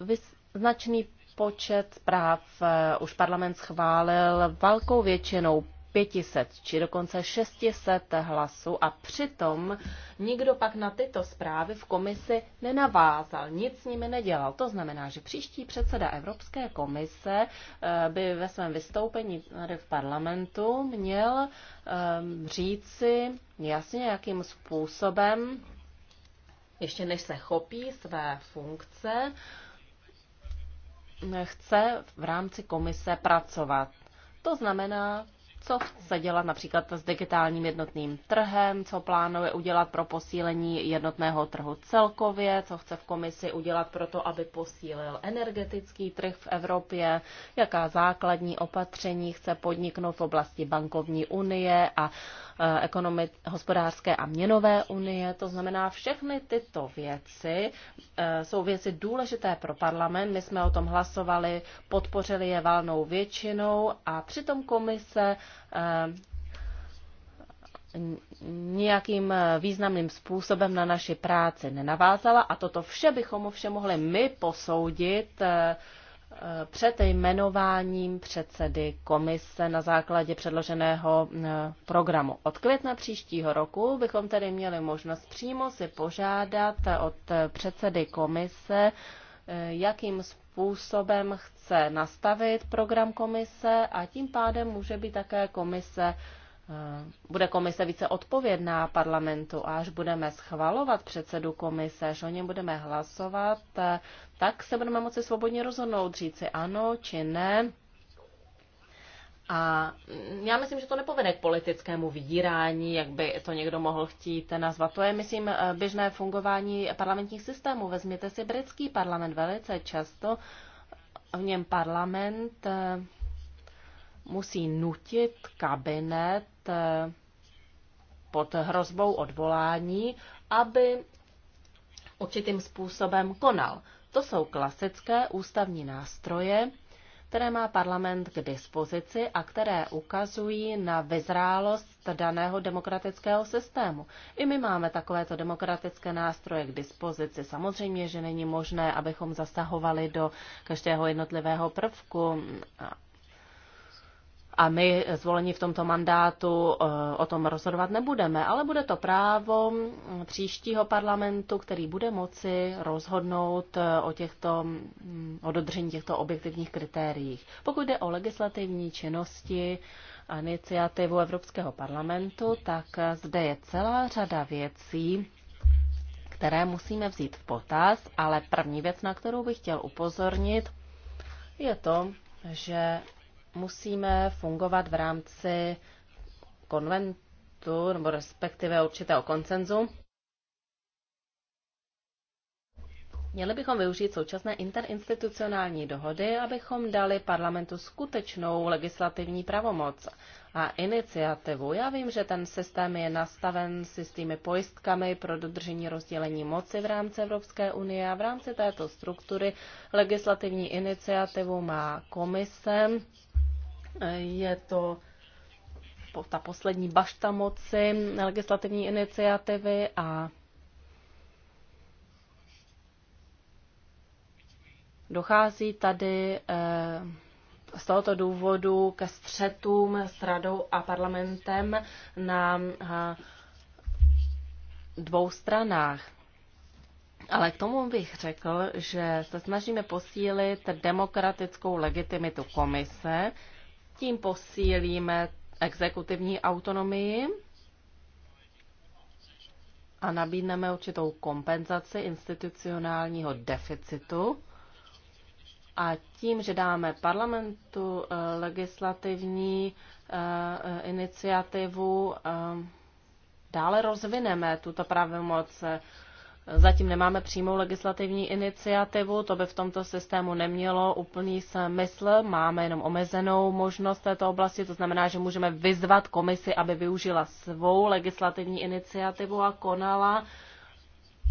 C: Vys- značný počet zpráv eh, už parlament schválil velkou většinou 500 či dokonce 600 hlasů a přitom nikdo pak na tyto zprávy v komisi nenavázal, nic s nimi nedělal. To znamená, že příští předseda Evropské komise eh, by ve svém vystoupení tady v parlamentu měl eh, říci jasně, jakým způsobem, ještě než se chopí své funkce, chce v rámci komise pracovat. To znamená, co chce dělat například s digitálním jednotným trhem, co plánuje udělat pro posílení jednotného trhu celkově, co chce v komisi udělat pro to, aby posílil energetický trh v Evropě, jaká základní opatření chce podniknout v oblasti bankovní unie a Eh, ekonomi- hospodářské a měnové unie. To znamená, všechny tyto věci eh, jsou věci důležité pro parlament. My jsme o tom hlasovali, podpořili je valnou většinou a přitom komise eh, nějakým významným způsobem na naši práci nenavázala a toto vše bychom ovšem mohli my posoudit Eh, před jmenováním předsedy komise na základě předloženého eh, programu. Od května příštího roku bychom tedy měli možnost přímo si požádat od předsedy komise, eh, jakým způsobem chce nastavit program komise a tím pádem může být také komise Eh, bude komise více odpovědná parlamentu a až budeme schvalovat předsedu komise, až o něm budeme hlasovat, eh, tak se budeme moci svobodně rozhodnout, říci ano či ne. A já myslím, že to nepovede k politickému vydírání, jak by to někdo mohl chtít nazvat. To je, myslím, eh, běžné fungování parlamentních systémů. Vezměte si britský parlament velice často. V něm parlament musí nutit kabinet Eh, pod hrozbou odvolání, aby určitým způsobem konal. To jsou klasické ústavní nástroje, které má parlament k dispozici a které ukazují na vyzrálost daného demokratického systému. I my máme takovéto demokratické nástroje k dispozici. Samozřejmě, že není možné, abychom zasahovali do každého jednotlivého prvku a my zvolení v tomto mandátu eh, o tom rozhodovat nebudeme, ale bude to právo mm, příštího parlamentu, který bude moci rozhodnout eh, o, těchto, mm, o dodržení těchto objektivních kritériích. Pokud jde o legislativní činnosti a iniciativu Evropského parlamentu, tak eh, zde je celá řada věcí, které musíme vzít v potaz, ale první věc, na kterou bych chtěl upozornit, je to, že musíme fungovat v rámci konventu nebo respektive určitého koncenzu. Měli bychom využít současné interinstitucionální dohody, abychom dali parlamentu skutečnou legislativní pravomoc a iniciativu. Já vím, že ten systém je nastaven s jistými pojistkami pro dodržení rozdělení moci v rámci Evropské unie a v rámci této struktury legislativní iniciativu má komise je to ta poslední bašta moci legislativní iniciativy a dochází tady eh, z tohoto důvodu ke střetům s radou a parlamentem na eh, dvou stranách. Ale k tomu bych řekl, že se snažíme posílit demokratickou legitimitu komise, tím posílíme exekutivní autonomii a nabídneme určitou kompenzaci institucionálního deficitu. A tím, že dáme parlamentu eh, legislativní eh, iniciativu, eh, dále rozvineme tuto pravomoc Zatím nemáme přímou legislativní iniciativu, to by v tomto systému nemělo úplný smysl. Máme jenom omezenou možnost této oblasti, to znamená, že můžeme vyzvat komisi, aby využila svou legislativní iniciativu a konala.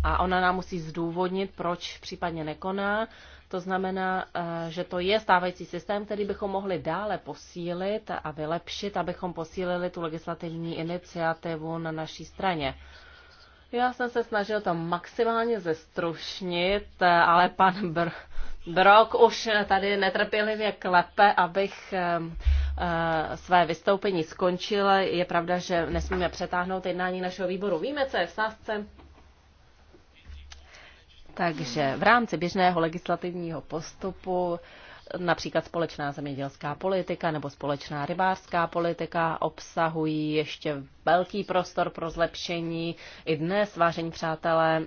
C: A ona nám musí zdůvodnit, proč případně nekoná. To znamená, eh, že to je stávající systém, který bychom mohli dále posílit a vylepšit, abychom posílili tu legislativní iniciativu na naší straně. Já jsem se snažil to maximálně zestrušnit, ale pan Br- Brok už tady netrpělivě klepe, abych ehm, eh, své vystoupení skončil. Je pravda, že nesmíme přetáhnout jednání našeho výboru. Víme, co je v sázce. Takže v rámci běžného legislativního postupu například společná zemědělská politika nebo společná rybářská politika obsahují ještě velký prostor pro zlepšení. I dnes, vážení přátelé,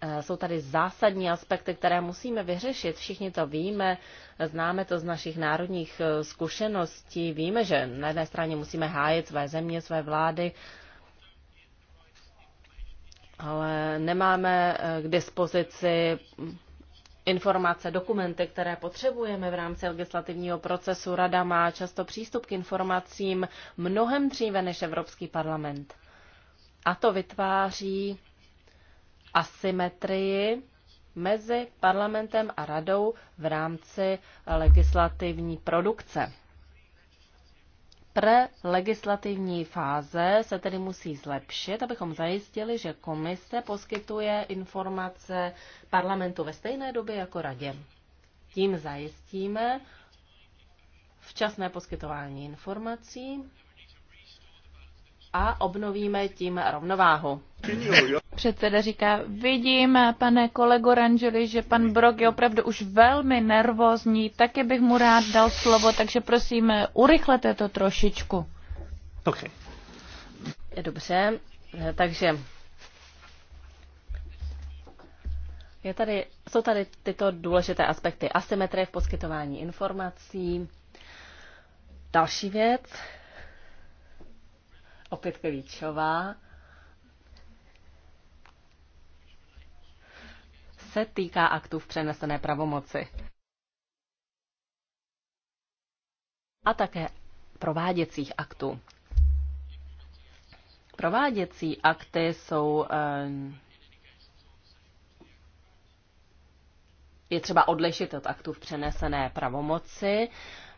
C: eh, jsou tady zásadní aspekty, které musíme vyřešit. Všichni to víme, známe to z našich národních eh, zkušeností. Víme, že na jedné straně musíme hájit své země, své vlády, ale nemáme eh, k dispozici informace, dokumenty, které potřebujeme v rámci legislativního procesu. Rada má často přístup k informacím mnohem dříve než Evropský parlament. A to vytváří asymetrii mezi parlamentem a radou v rámci legislativní produkce. Prelegislativní fáze se tedy musí zlepšit, abychom zajistili, že komise poskytuje informace parlamentu ve stejné době jako radě. Tím zajistíme včasné poskytování informací
B: a obnovíme tím rovnováhu. Předseda říká, vidím, pane kolego Rangeli, že pan Brok je opravdu už velmi nervózní, taky bych mu rád dal slovo, takže prosím, urychlete to trošičku. OK. Dobře, eh, takže
C: je tady, jsou tady tyto důležité aspekty. Asymetrie v poskytování informací. Další věc, opět klíčová, se týká aktů v přenesené pravomoci. A také prováděcích aktů. Prováděcí akty jsou eh, je třeba odlišit od aktů v přenesené pravomoci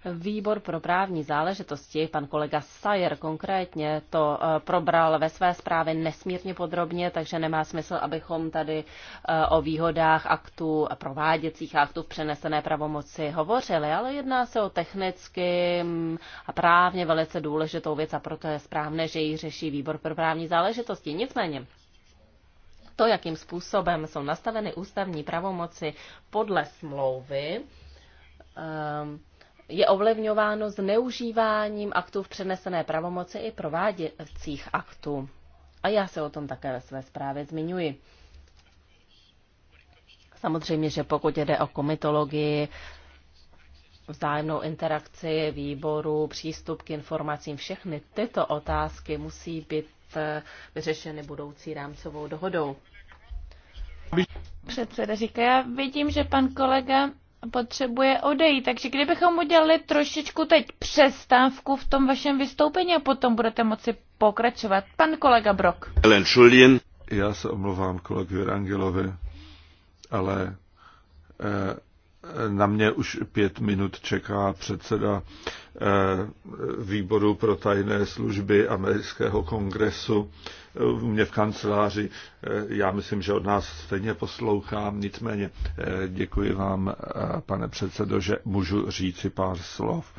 C: výbor pro právní záležitosti, pan kolega Sayer konkrétně, to eh, probral ve své zprávě nesmírně podrobně, takže nemá smysl, abychom tady eh, o výhodách aktů a prováděcích aktů v přenesené pravomoci hovořili, ale jedná se o technicky mm, a právně velice důležitou věc a proto je správné, že ji řeší výbor pro právní záležitosti. Nicméně, to, jakým způsobem jsou nastaveny ústavní pravomoci podle smlouvy, um, je ovlivňováno zneužíváním aktů v přenesené pravomoci i prováděcích aktů. A já se o tom také ve své zprávě zmiňuji. Samozřejmě, že pokud jde o komitologii, vzájemnou interakci výboru, přístup k informacím, všechny tyto otázky musí být eh, vyřešeny budoucí rámcovou dohodou.
B: Předseda říká, já vidím, že pan kolega potřebuje odejít. Takže kdybychom udělali trošičku teď přestávku v tom vašem vystoupení a potom budete moci pokračovat. Pan kolega Brok.
A: Ellen Schulien. Já se omlouvám kolegovi Rangelovi, ale eh, na mě už pět minut čeká předseda eh, výboru pro tajné služby amerického kongresu eh, u mě v kanceláři. Eh, já myslím, že od nás stejně poslouchám, nicméně děkuji vám, pane předsedo, že můžu říci pár slov.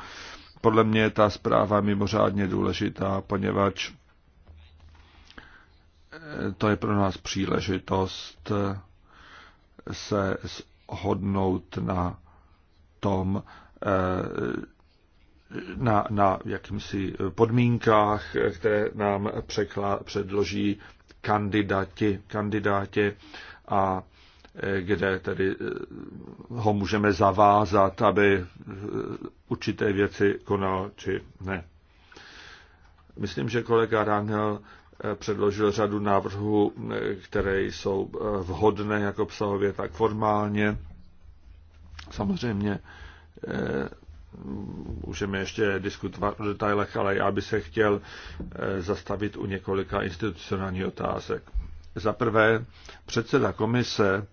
A: Podle mě je ta zpráva mimořádně důležitá, poněvadž to je pro nás příležitost se s hodnout na tom, eh, na, na jakýmsi podmínkách, které nám překla, předloží kandidati, kandidáti a eh, kde tedy eh, ho můžeme zavázat, aby určité věci konal či ne. Myslím, že kolega Rangel předložil řadu návrhů, které jsou vhodné jak obsahově, tak formálně. Samozřejmě eh, můžeme ještě diskutovat o detailech, ale já bych se chtěl eh, zastavit u několika institucionálních otázek. Za prvé, předseda komise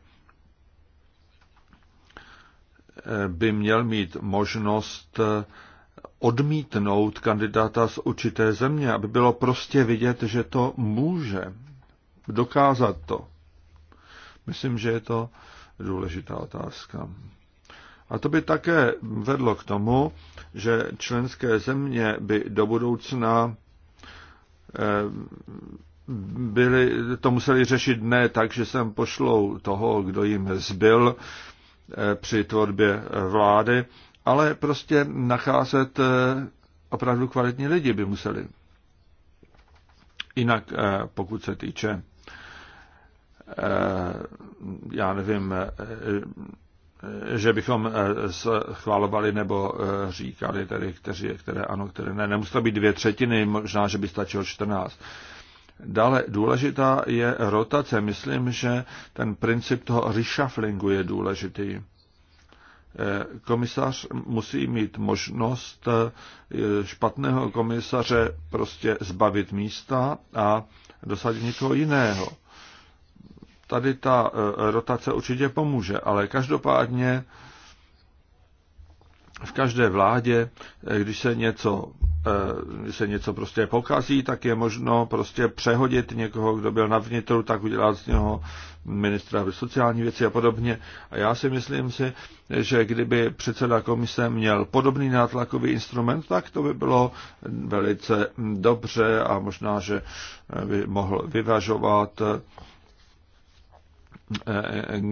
A: eh, by měl mít možnost odmítnout kandidáta z určité země, aby bylo prostě vidět, že to může. Dokázat to. Myslím, že je to důležitá otázka. A to by také vedlo k tomu, že členské země by do budoucna eh, byli, to museli řešit ne tak, že sem pošlou toho, kdo jim zbyl eh, při tvorbě vlády, ale prostě nacházet eh, opravdu kvalitní lidi by museli. Jinak eh, pokud se týče, eh, já nevím, že bychom schvalovali nebo říkali tedy, kteří, které ano, které ne. Nemuselo být dvě třetiny, možná, že by stačilo 14. Dále důležitá je rotace. Myslím, že ten princip toho reshufflingu je důležitý komisař musí mít možnost eh, špatného komisaře prostě zbavit místa a dosadit někoho jiného. Tady ta eh, rotace určitě pomůže, ale každopádně v každé vládě, eh, když se něco eh, když se něco prostě pokazí, tak je možno prostě přehodit někoho, kdo byl na vnitru, tak udělat z něho ministra v sociální věci a podobně. A já si myslím si, že kdyby předseda komise měl podobný nátlakový instrument, tak to by bylo velice dobře a možná, že eh, by mohl vyvažovat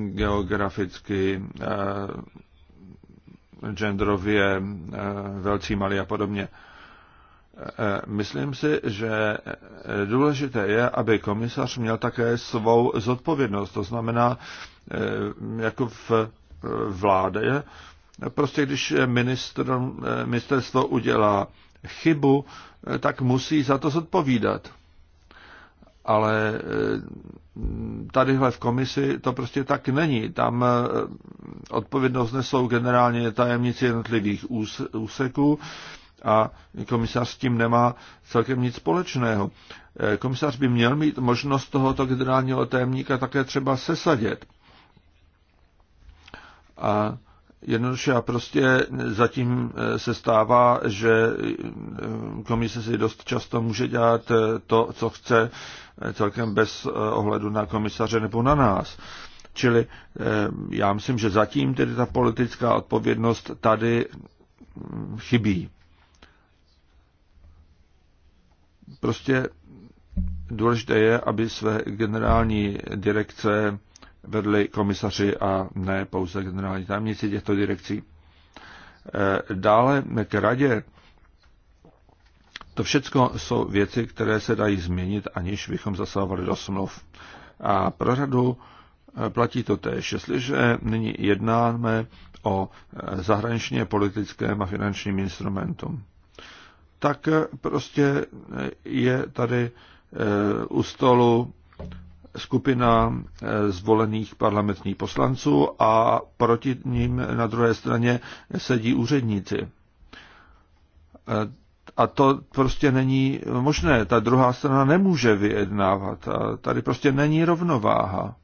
A: geograficky genderově eh, velcí, malí a podobně. Eh, myslím si, že eh, důležité je, aby komisař měl také svou zodpovědnost. To znamená, jako v vládě, prostě když ministr, ministerstvo udělá chybu, tak musí za to zodpovídat ale eh, tadyhle v komisi to prostě tak není. Tam eh, odpovědnost nesou generálně tajemníci jednotlivých úseků a komisař s tím nemá celkem nic společného. Eh, komisař by měl mít možnost tohoto generálního tajemníka také třeba sesadit. A Jednoduše a prostě zatím eh, se stává, že eh, komise si dost často může dělat eh, to, co chce, celkem bez ohledu na komisaře nebo na nás. Čili já myslím, že zatím tedy ta politická odpovědnost tady mm, chybí. Prostě důležité je, aby své generální direkce vedli komisaři a ne pouze generální tajemníci těchto direkcí. Eh, dále k radě. To všechno jsou věci, které se dají změnit, aniž bychom zasahovali do smluv. A pro radu eh, platí to též. Jestliže nyní jednáme o eh, zahraničně politickém a finančním instrumentu, tak prostě je tady u stolu skupina eh, zvolených parlamentních poslanců a proti ním na druhé straně sedí úředníci. Eh, a to prostě není možné. Ta druhá strana nemůže vyjednávat. A tady prostě není rovnováha.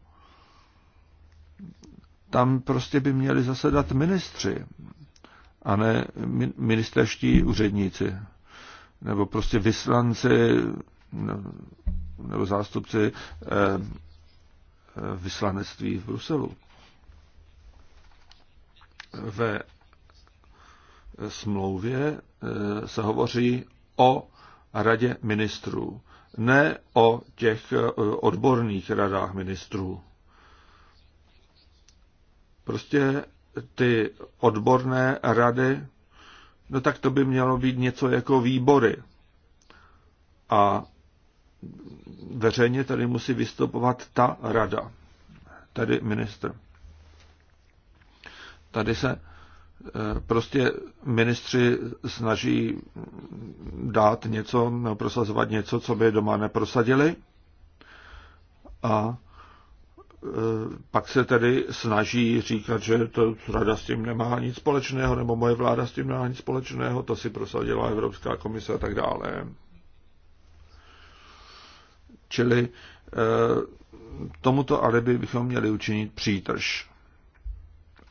A: Tam prostě by měli zasedat ministři a ne ministerští úředníci, nebo prostě vyslanci no, nebo zástupci eh, eh, vyslanectví v Bruselu. Ve smlouvě eh, se hovoří o radě ministrů, ne o těch odborných radách ministrů. Prostě ty odborné rady, no tak to by mělo být něco jako výbory. A veřejně tady musí vystupovat ta rada, tedy ministr. Tady se eh, prostě ministři snaží dát něco, prosazovat něco, co by doma neprosadili a eh, pak se tedy snaží říkat, že to rada s tím nemá nic společného, nebo moje vláda s tím nemá nic společného, to si prosadila Evropská komise a tak dále. Čili eh, tomuto alibi bychom měli učinit přítrž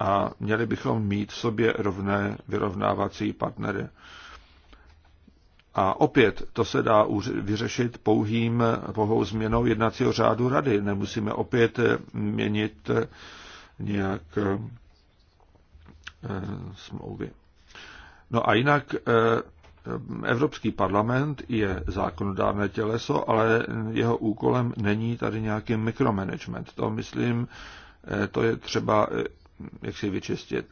A: a měli bychom mít sobě rovné vyrovnávací partnery. A opět to se dá vyřešit pouhým, pohou změnou jednacího řádu rady. Nemusíme opět měnit nějak eh, smlouvy. No a jinak eh, Evropský parlament je zákonodárné těleso, ale jeho úkolem není tady nějaký mikromanagement. To myslím, eh, to je třeba eh, jak si vyčistit.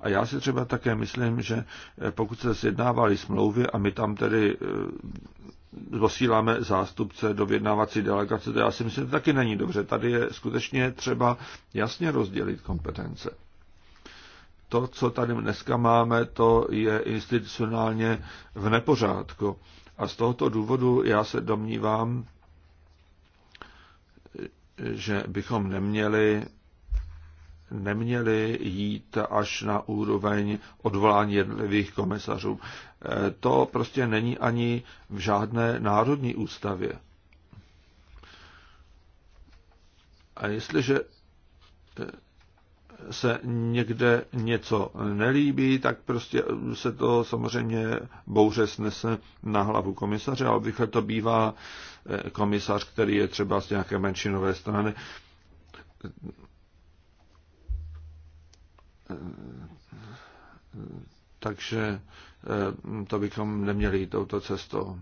A: A já si třeba také myslím, že eh, pokud se sjednávaly smlouvy a my tam tedy posíláme zástupce do vyjednávací delegace, to já si myslím, že taky není dobře. Tady je skutečně třeba jasně rozdělit kompetence to, co tady dneska máme, to je institucionálně v nepořádku. A z tohoto důvodu já se domnívám, že bychom neměli, neměli jít až na úroveň odvolání jednotlivých komisařů. E, to prostě není ani v žádné národní ústavě. A jestliže e, se někde něco nelíbí, tak prostě se to samozřejmě bouře snese na hlavu komisaře, ale obvykle to bývá eh, komisař, který je třeba z nějaké menšinové strany. Eh, takže eh, to bychom neměli touto cestou.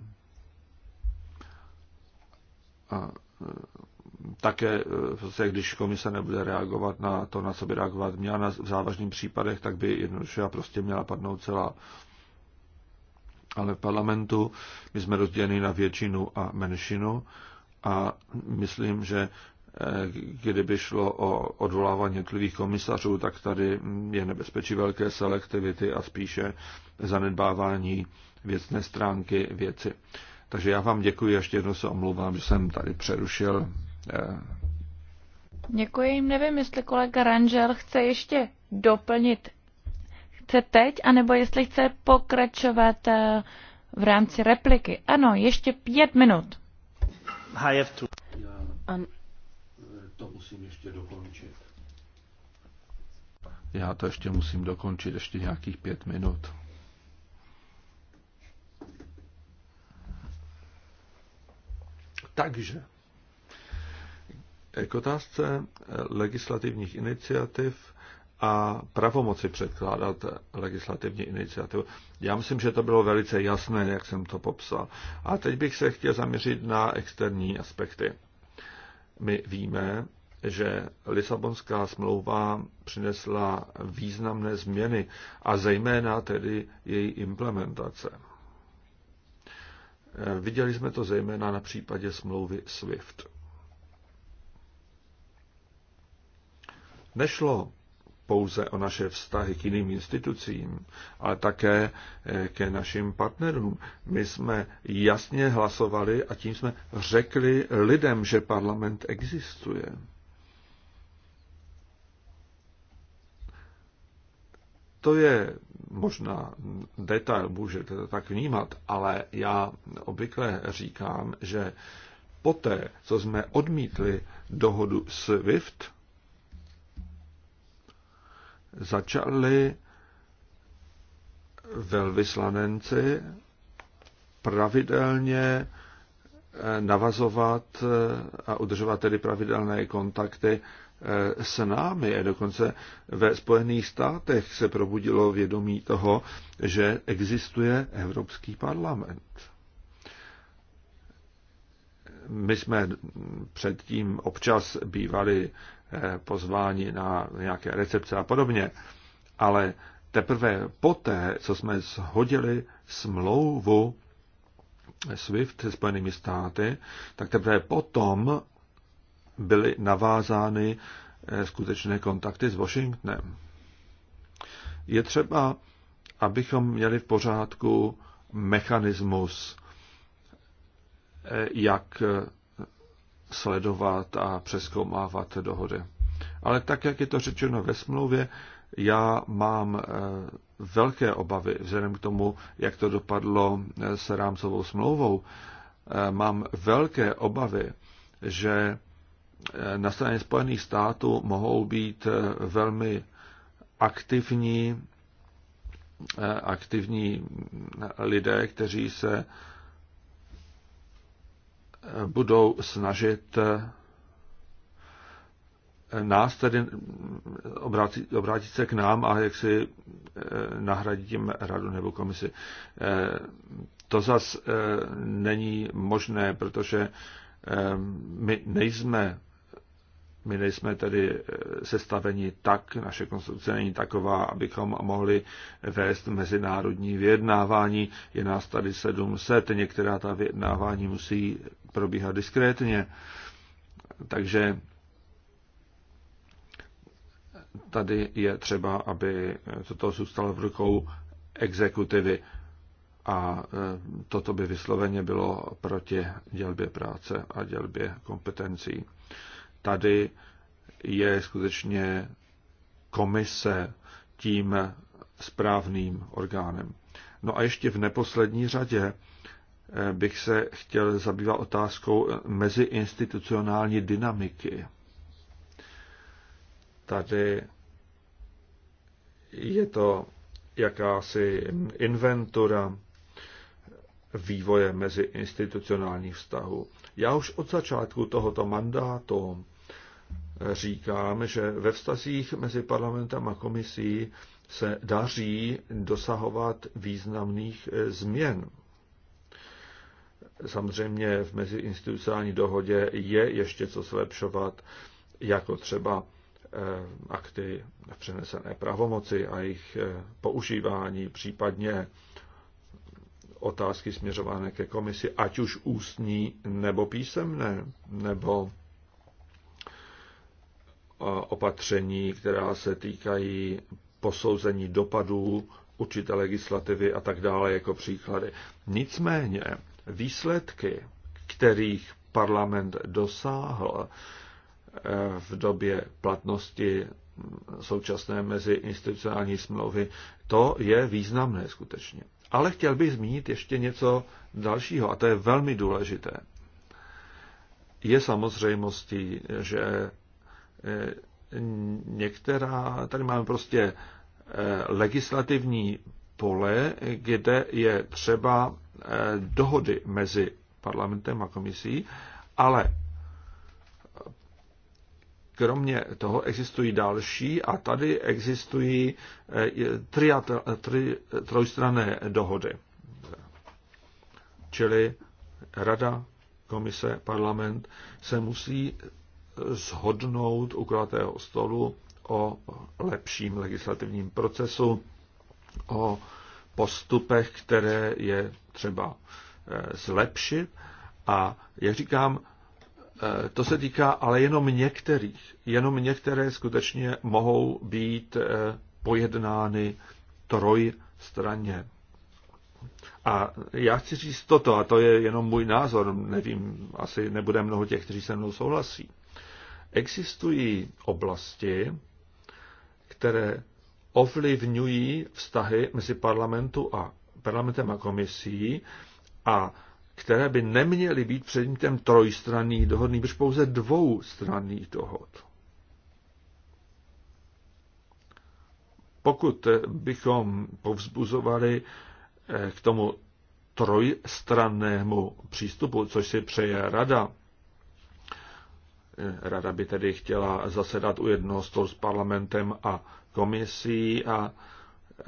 A: A také, eh, když komise nebude reagovat na to, na co by reagovat měla na, v závažných případech, tak by jednoduše a prostě měla padnout celá. Ale v parlamentu my jsme rozděleni na většinu a menšinu a myslím, že eh, kdyby šlo o odvolávání jednotlivých komisařů, tak tady je nebezpečí velké selektivity a spíše zanedbávání věcné stránky věci. Takže já vám děkuji, ještě jednou se omlouvám, že jsem tady přerušil
B: Děkuji. Nevím, jestli kolega Rangel chce ještě doplnit. Chce teď, anebo jestli chce pokračovat eh, v rámci repliky. Ano, ještě pět minut.
A: I An... To musím ještě dokončit. Já to ještě musím dokončit, ještě nějakých pět minut. Takže k otázce eh, legislativních iniciativ a pravomoci předkládat eh, legislativní iniciativu. Já myslím, že to bylo velice jasné, jak jsem to popsal. A teď bych se chtěl zaměřit na externí aspekty. My víme, že Lisabonská smlouva přinesla významné změny a zejména tedy její implementace. Eh, viděli jsme to zejména na případě smlouvy SWIFT. Nešlo pouze o naše vztahy k jiným institucím, ale také eh, ke našim partnerům. My jsme jasně hlasovali a tím jsme řekli lidem, že parlament existuje. To je možná detail, můžete to tak vnímat, ale já obvykle říkám, že poté, co jsme odmítli dohodu SWIFT, začali velvyslanenci pravidelně eh, navazovat eh, a udržovat tedy pravidelné kontakty eh, s námi. Dokonce ve Spojených státech se probudilo vědomí toho, že existuje Evropský parlament. My jsme předtím občas bývali pozváni na nějaké recepce a podobně. Ale teprve poté, co jsme shodili smlouvu SWIFT se Spojenými státy, tak teprve potom byly navázány eh, skutečné kontakty s Washingtonem. Je třeba, abychom měli v pořádku mechanismus, eh, jak eh, sledovat a přeskoumávat dohody. Ale tak, jak je to řečeno ve smlouvě, já mám eh, velké obavy vzhledem k tomu, jak to dopadlo eh, s rámcovou smlouvou. Eh, mám velké obavy, že na straně Spojených států mohou být velmi aktivní, aktivní mm, lidé, kteří se budou snažit eh, nás tedy eh, obrátit, obrátit se k nám a jak si eh, nahradit tím radu nebo komisi. To zas není možné, protože my nejsme my nejsme tedy eh, sestaveni tak, naše konstrukce není taková, abychom mohli vést mezinárodní vyjednávání. Je nás tady 700, některá ta vyjednávání musí probíhat diskrétně. Takže tady je třeba, aby toto zůstalo v rukou exekutivy. A eh, toto by vysloveně bylo proti dělbě práce a dělbě kompetencí tady je skutečně komise tím správným orgánem. No a ještě v neposlední řadě eh, bych se chtěl zabývat otázkou meziinstitucionální dynamiky. Tady je to jakási inventura vývoje meziinstitucionálních vztahů. Já už od začátku tohoto mandátu říkám, že ve vztazích mezi parlamentem a komisí se daří dosahovat významných eh, změn. Samozřejmě v meziinstitucionální dohodě je ještě co zlepšovat, jako třeba eh, akty v přenesené pravomoci a jejich eh, používání, případně otázky směřované ke komisi, ať už ústní nebo písemné, nebo opatření, která se týkají posouzení dopadů určité legislativy a tak dále jako příklady. Nicméně výsledky, kterých parlament dosáhl e, v době platnosti současné meziinstitucionální smlouvy, to je významné skutečně. Ale chtěl bych zmínit ještě něco dalšího, a to je velmi důležité. Je samozřejmostí, že e, některá, tady máme prostě e, legislativní pole, kde je třeba e, dohody mezi parlamentem a komisí, ale Kromě toho existují další a tady existují eh, tři eh, tri, trojstranné dohody. Čili Rada, Komise, Parlament se musí zhodnout u kulatého stolu o lepším legislativním procesu, o postupech, které je třeba eh, zlepšit. A jak říkám, Eh, to se týká ale jenom některých. Jenom některé skutečně mohou být eh, pojednány trojstranně. A já chci říct toto, a to je jenom můj názor, nevím, asi nebude mnoho těch, kteří se mnou souhlasí. Existují oblasti, které ovlivňují vztahy mezi parlamentu a parlamentem a komisí a které by neměly být předmětem trojstranných dohod, nýbrž pouze dvoustranných dohod. Pokud bychom povzbuzovali eh, k tomu trojstrannému přístupu, což si přeje rada, eh, Rada by tedy chtěla zasedat u jednoho stolu s parlamentem a komisí a eh,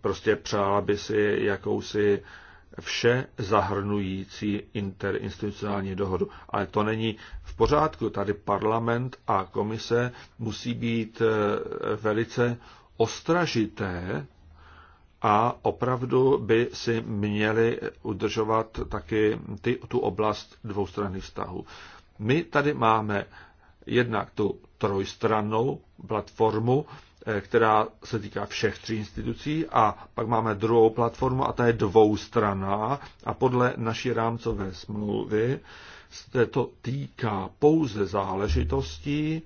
A: prostě přála by si jakousi vše zahrnující interinstitucionální dohodu. Ale to není v pořádku. Tady parlament a komise musí být eh, velice ostražité a opravdu by si měli udržovat taky ty, tu oblast dvoustranných vztahů. My tady máme jednak tu trojstrannou platformu, Eh, která se týká všech tří institucí a pak máme druhou platformu a ta je dvoustraná a podle naší rámcové smlouvy se to týká pouze záležitostí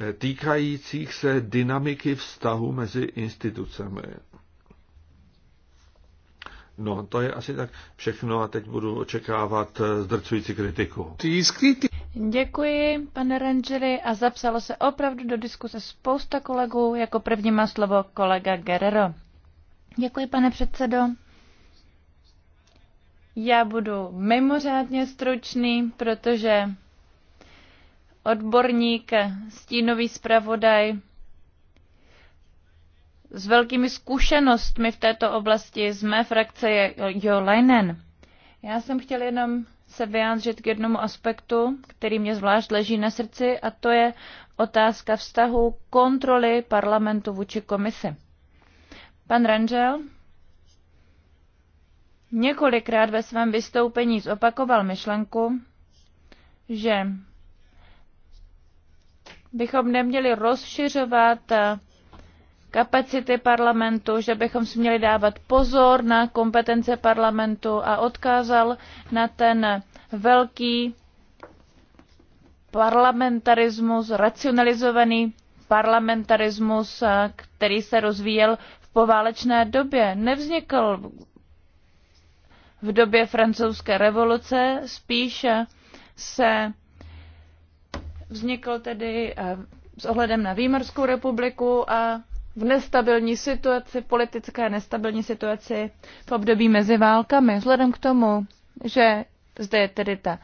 A: eh, týkajících se dynamiky vztahu mezi institucemi. No, to je asi tak všechno a teď budu očekávat eh, zdrcující kritiku. Ty
B: Děkuji, pane Rangeli, a zapsalo se opravdu do diskuse spousta kolegů. Jako první má slovo kolega Guerrero. Děkuji, pane předsedo. Já budu mimořádně stručný, protože odborník, stínový zpravodaj s velkými zkušenostmi v této oblasti z mé frakce je Jo Leinen. Já jsem chtěl jenom se vyjádřit k jednomu aspektu, který mě zvlášť leží na srdci, a to je otázka vztahu kontroly parlamentu vůči komisi. Pan Rangel několikrát ve svém vystoupení zopakoval myšlenku, že bychom neměli rozšiřovat kapacity parlamentu, že bychom si měli dávat pozor na kompetence parlamentu a odkázal na ten velký parlamentarismus, racionalizovaný parlamentarismus, který se rozvíjel v poválečné době. Nevznikl v době francouzské revoluce, spíše se vznikl tedy eh, s ohledem na Výmarskou republiku a v nestabilní situaci, v politické nestabilní situaci v období mezi válkami. Vzhledem k tomu, že zde je tedy ta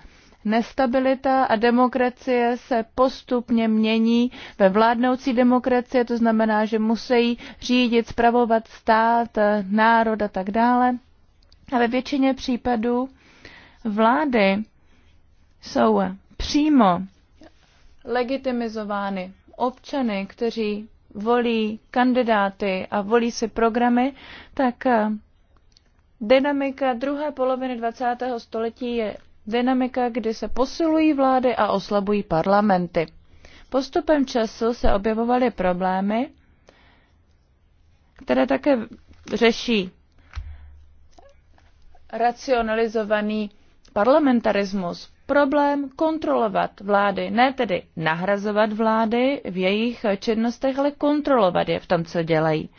B: nestabilita a demokracie se postupně mění ve vládnoucí demokracie, to znamená, že musí řídit, spravovat stát, národ a tak dále. A ve většině případů vlády jsou přímo legitimizovány občany, kteří volí kandidáty a volí si programy, tak eh, dynamika druhé poloviny 20. století je dynamika, kdy se posilují vlády a oslabují parlamenty. Postupem času se objevovaly problémy, které také řeší racionalizovaný parlamentarismus problém kontrolovat vlády, ne tedy nahrazovat vlády v jejich činnostech, ale kontrolovat je v tom, co dělají.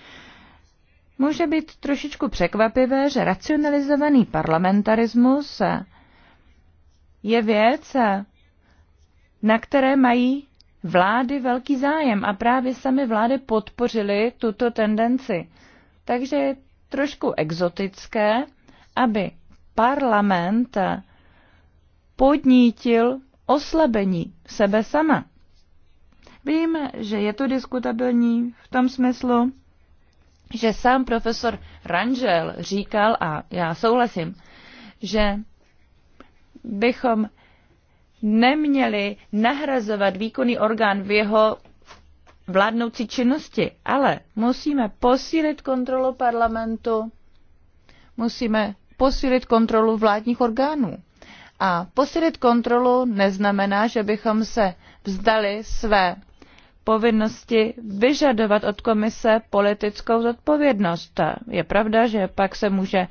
B: Může být trošičku překvapivé, že racionalizovaný parlamentarismus je věc, na které mají vlády velký zájem a právě sami vlády podpořily tuto tendenci. Takže je trošku exotické, aby parlament podnítil oslabení sebe sama. Vím, že je to diskutabilní v tom smyslu, že sám profesor Rangel říkal, a já souhlasím, že bychom neměli nahrazovat výkonný orgán v jeho vládnoucí činnosti, ale musíme posílit kontrolu parlamentu, musíme posílit kontrolu vládních orgánů. A posílit kontrolu neznamená, že bychom se vzdali své povinnosti vyžadovat od komise politickou zodpovědnost. Je pravda, že pak se může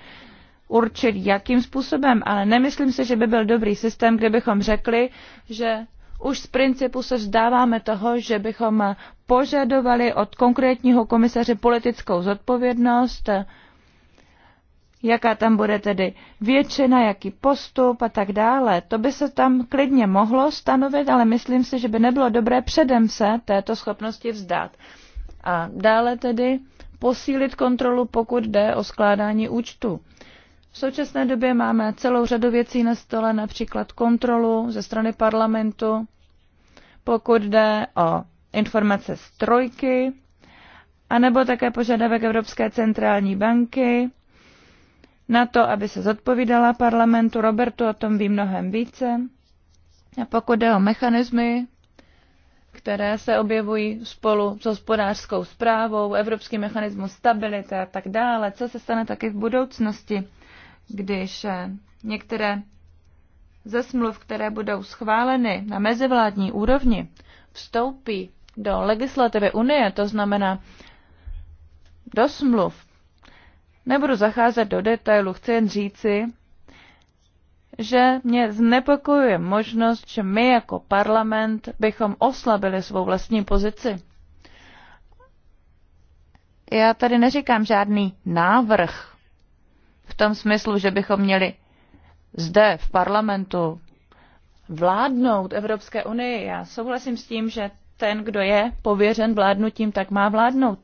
B: určit, jakým způsobem, ale nemyslím si, že by byl dobrý systém, kdybychom řekli, že už z principu se vzdáváme toho, že bychom požadovali od konkrétního komisaře politickou zodpovědnost, jaká tam bude tedy většina, jaký postup a tak dále. To by se tam klidně mohlo stanovit, ale myslím si, že by nebylo dobré předem se této schopnosti vzdát. A dále tedy posílit kontrolu, pokud jde o skládání účtu. V současné době máme celou řadu věcí na stole, například kontrolu ze strany parlamentu, pokud jde o informace z trojky, anebo také požadavek Evropské centrální banky, na to, aby se zodpovídala parlamentu. Robertu o tom ví mnohem více. A pokud jde o mechanismy, které se objevují spolu s hospodářskou zprávou, Evropský mechanismus stability a tak dále, co se stane taky v budoucnosti, když eh, některé ze smluv, které budou schváleny na mezivládní úrovni, vstoupí do legislativy Unie, to znamená do smluv Nebudu zacházet do detailu, chci jen říci, že mě znepokojuje možnost, že my jako parlament bychom oslabili svou vlastní pozici. Já tady neříkám žádný návrh v tom smyslu, že bychom měli zde v parlamentu vládnout Evropské unii. Já souhlasím s tím, že ten, kdo je pověřen vládnutím, tak má vládnout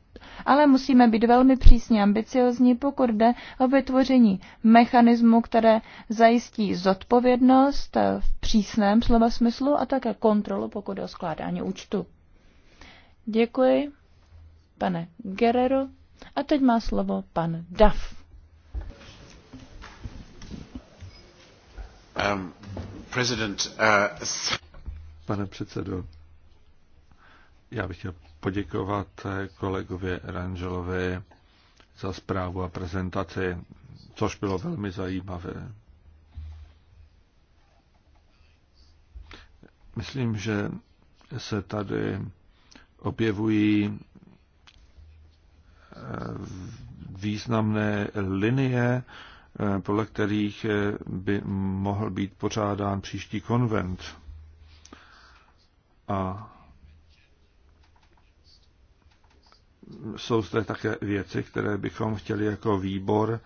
B: ale musíme být velmi přísně ambiciozní, pokud jde o vytvoření mechanismu, které zajistí zodpovědnost v přísném slova smyslu a také kontrolu, pokud jde o skládání účtu. Děkuji, pane Guerrero. A teď má slovo pan Duff. Um,
A: president, uh... Pane předsedo, já bych chtěl poděkovat kolegovi Rangelovi za zprávu a prezentaci, což bylo velmi zajímavé. Myslím, že se tady objevují eh, významné linie, eh, podle kterých eh, by mohl být pořádán příští konvent. A jsou zde také věci, které bychom chtěli jako výbor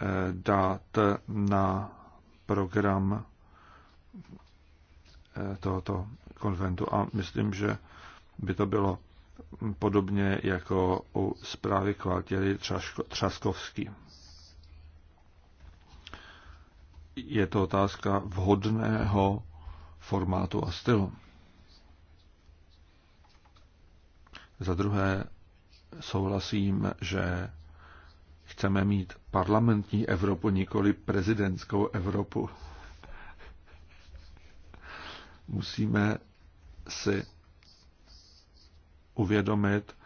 A: eh, dát na program eh, tohoto konventu a myslím, že by to bylo podobně jako u zprávy Kvaltěry Třaskovský. Je to otázka vhodného formátu a stylu. Za druhé souhlasím, že chceme mít parlamentní Evropu, nikoli prezidentskou Evropu. Musíme si uvědomit,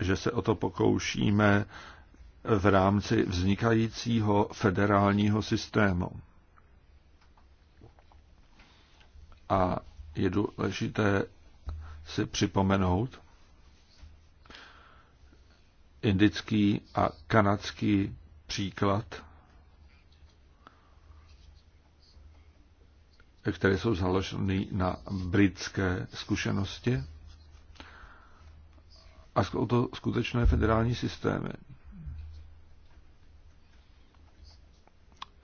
A: že se o to pokoušíme v rámci vznikajícího federálního systému. A je důležité si připomenout, indický a kanadský příklad, které jsou založeny na britské zkušenosti a jsou to skutečné federální systémy.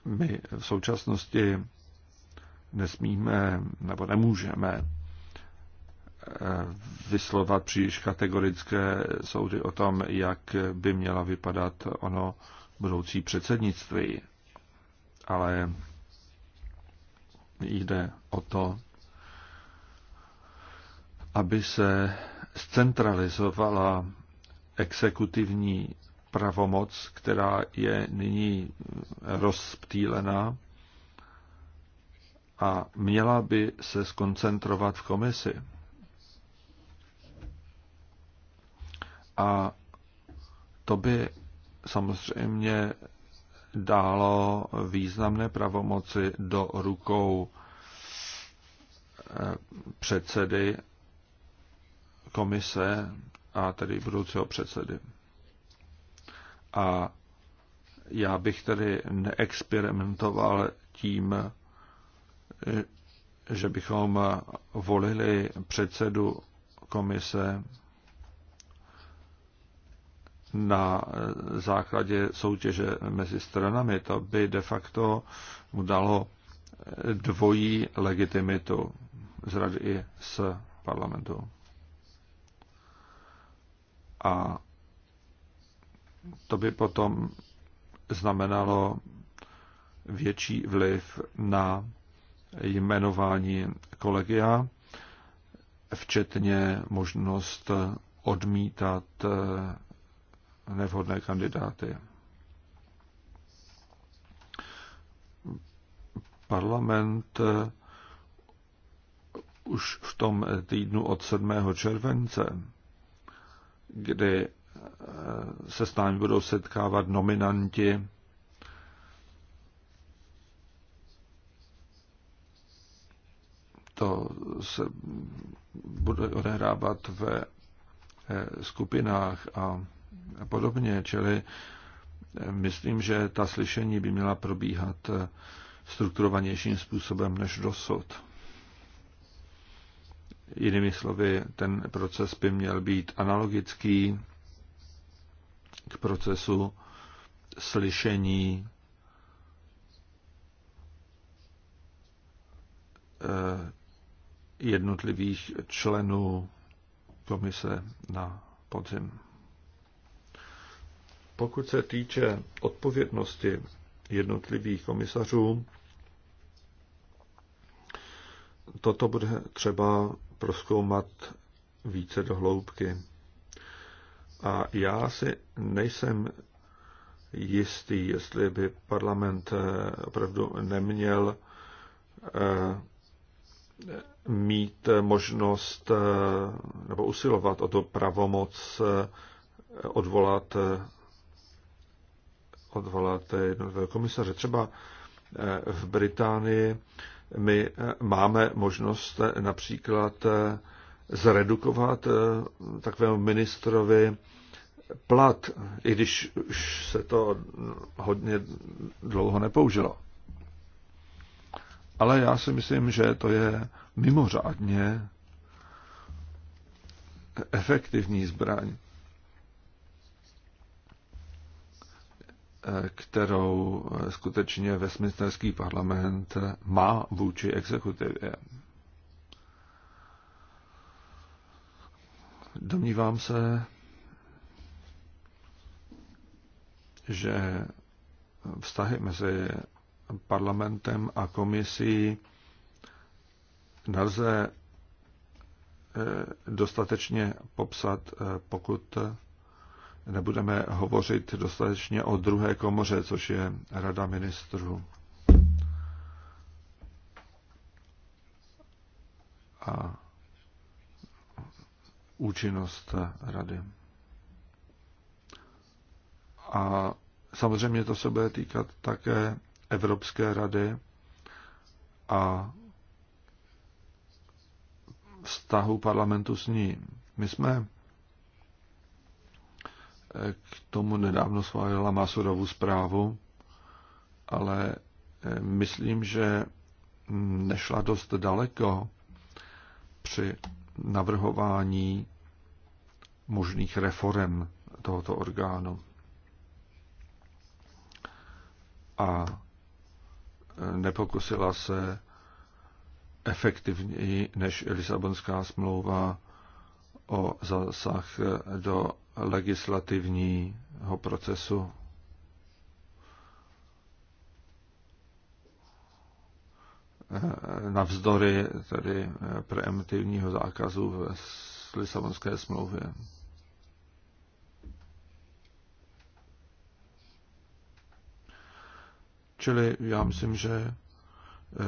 A: My v současnosti nesmíme nebo nemůžeme vyslovat příliš kategorické soudy o tom, jak by měla vypadat ono budoucí předsednictví. Ale jde o to, aby se zcentralizovala exekutivní pravomoc, která je nyní rozptýlená a měla by se skoncentrovat v komisi. A to by samozřejmě dálo významné pravomoci do rukou eh, předsedy komise a tedy budoucího předsedy. A já bych tedy neexperimentoval tím, eh, že bychom volili předsedu komise na základě soutěže mezi stranami, to by de facto mu dalo eh, dvojí legitimitu z rady i z parlamentu. A to by potom znamenalo větší vliv na jmenování kolegia, včetně možnost odmítat eh, nevhodné kandidáty. Parlament eh, už v tom týdnu od 7. července, kdy eh, se s námi budou setkávat nominanti to se bude odehrávat ve eh, skupinách a a podobně. Čili eh, myslím, že ta slyšení by měla probíhat eh, strukturovanějším způsobem než dosud. Jinými slovy, ten proces by měl být analogický k procesu slyšení eh, jednotlivých členů komise na podzim. Pokud se týče odpovědnosti jednotlivých komisařů, toto bude třeba proskoumat více do hloubky. A já si nejsem jistý, jestli by parlament eh, opravdu neměl eh, mít možnost eh, nebo usilovat o to pravomoc odvolat odvolat jednotlivého komisaře. Třeba eh, v Británii my eh, máme možnost eh, například zredukovat takovému ministrovi plat, i když už se to hodně dlouho nepoužilo. Ale já si myslím, že to je mimořádně efektivní zbraň. kterou eh, skutečně Westminsterský parlament má vůči exekutivě. Domnívám se, že vztahy mezi parlamentem a komisí nelze eh, dostatečně popsat, eh, pokud nebudeme hovořit dostatečně o druhé komoře, což je Rada ministrů. A účinnost rady. A samozřejmě to se bude týkat také Evropské rady a vztahu parlamentu s ním. My jsme k tomu nedávno schválila Masurovu zprávu, ale eh, myslím, že hm, nešla dost daleko při navrhování možných reform tohoto orgánu. A eh, nepokusila se efektivněji než Lisabonská smlouva o zásah do legislativního procesu. Eh, navzdory tedy eh, preemptivního zákazu v Lisabonské smlouvě. Čili já myslím, že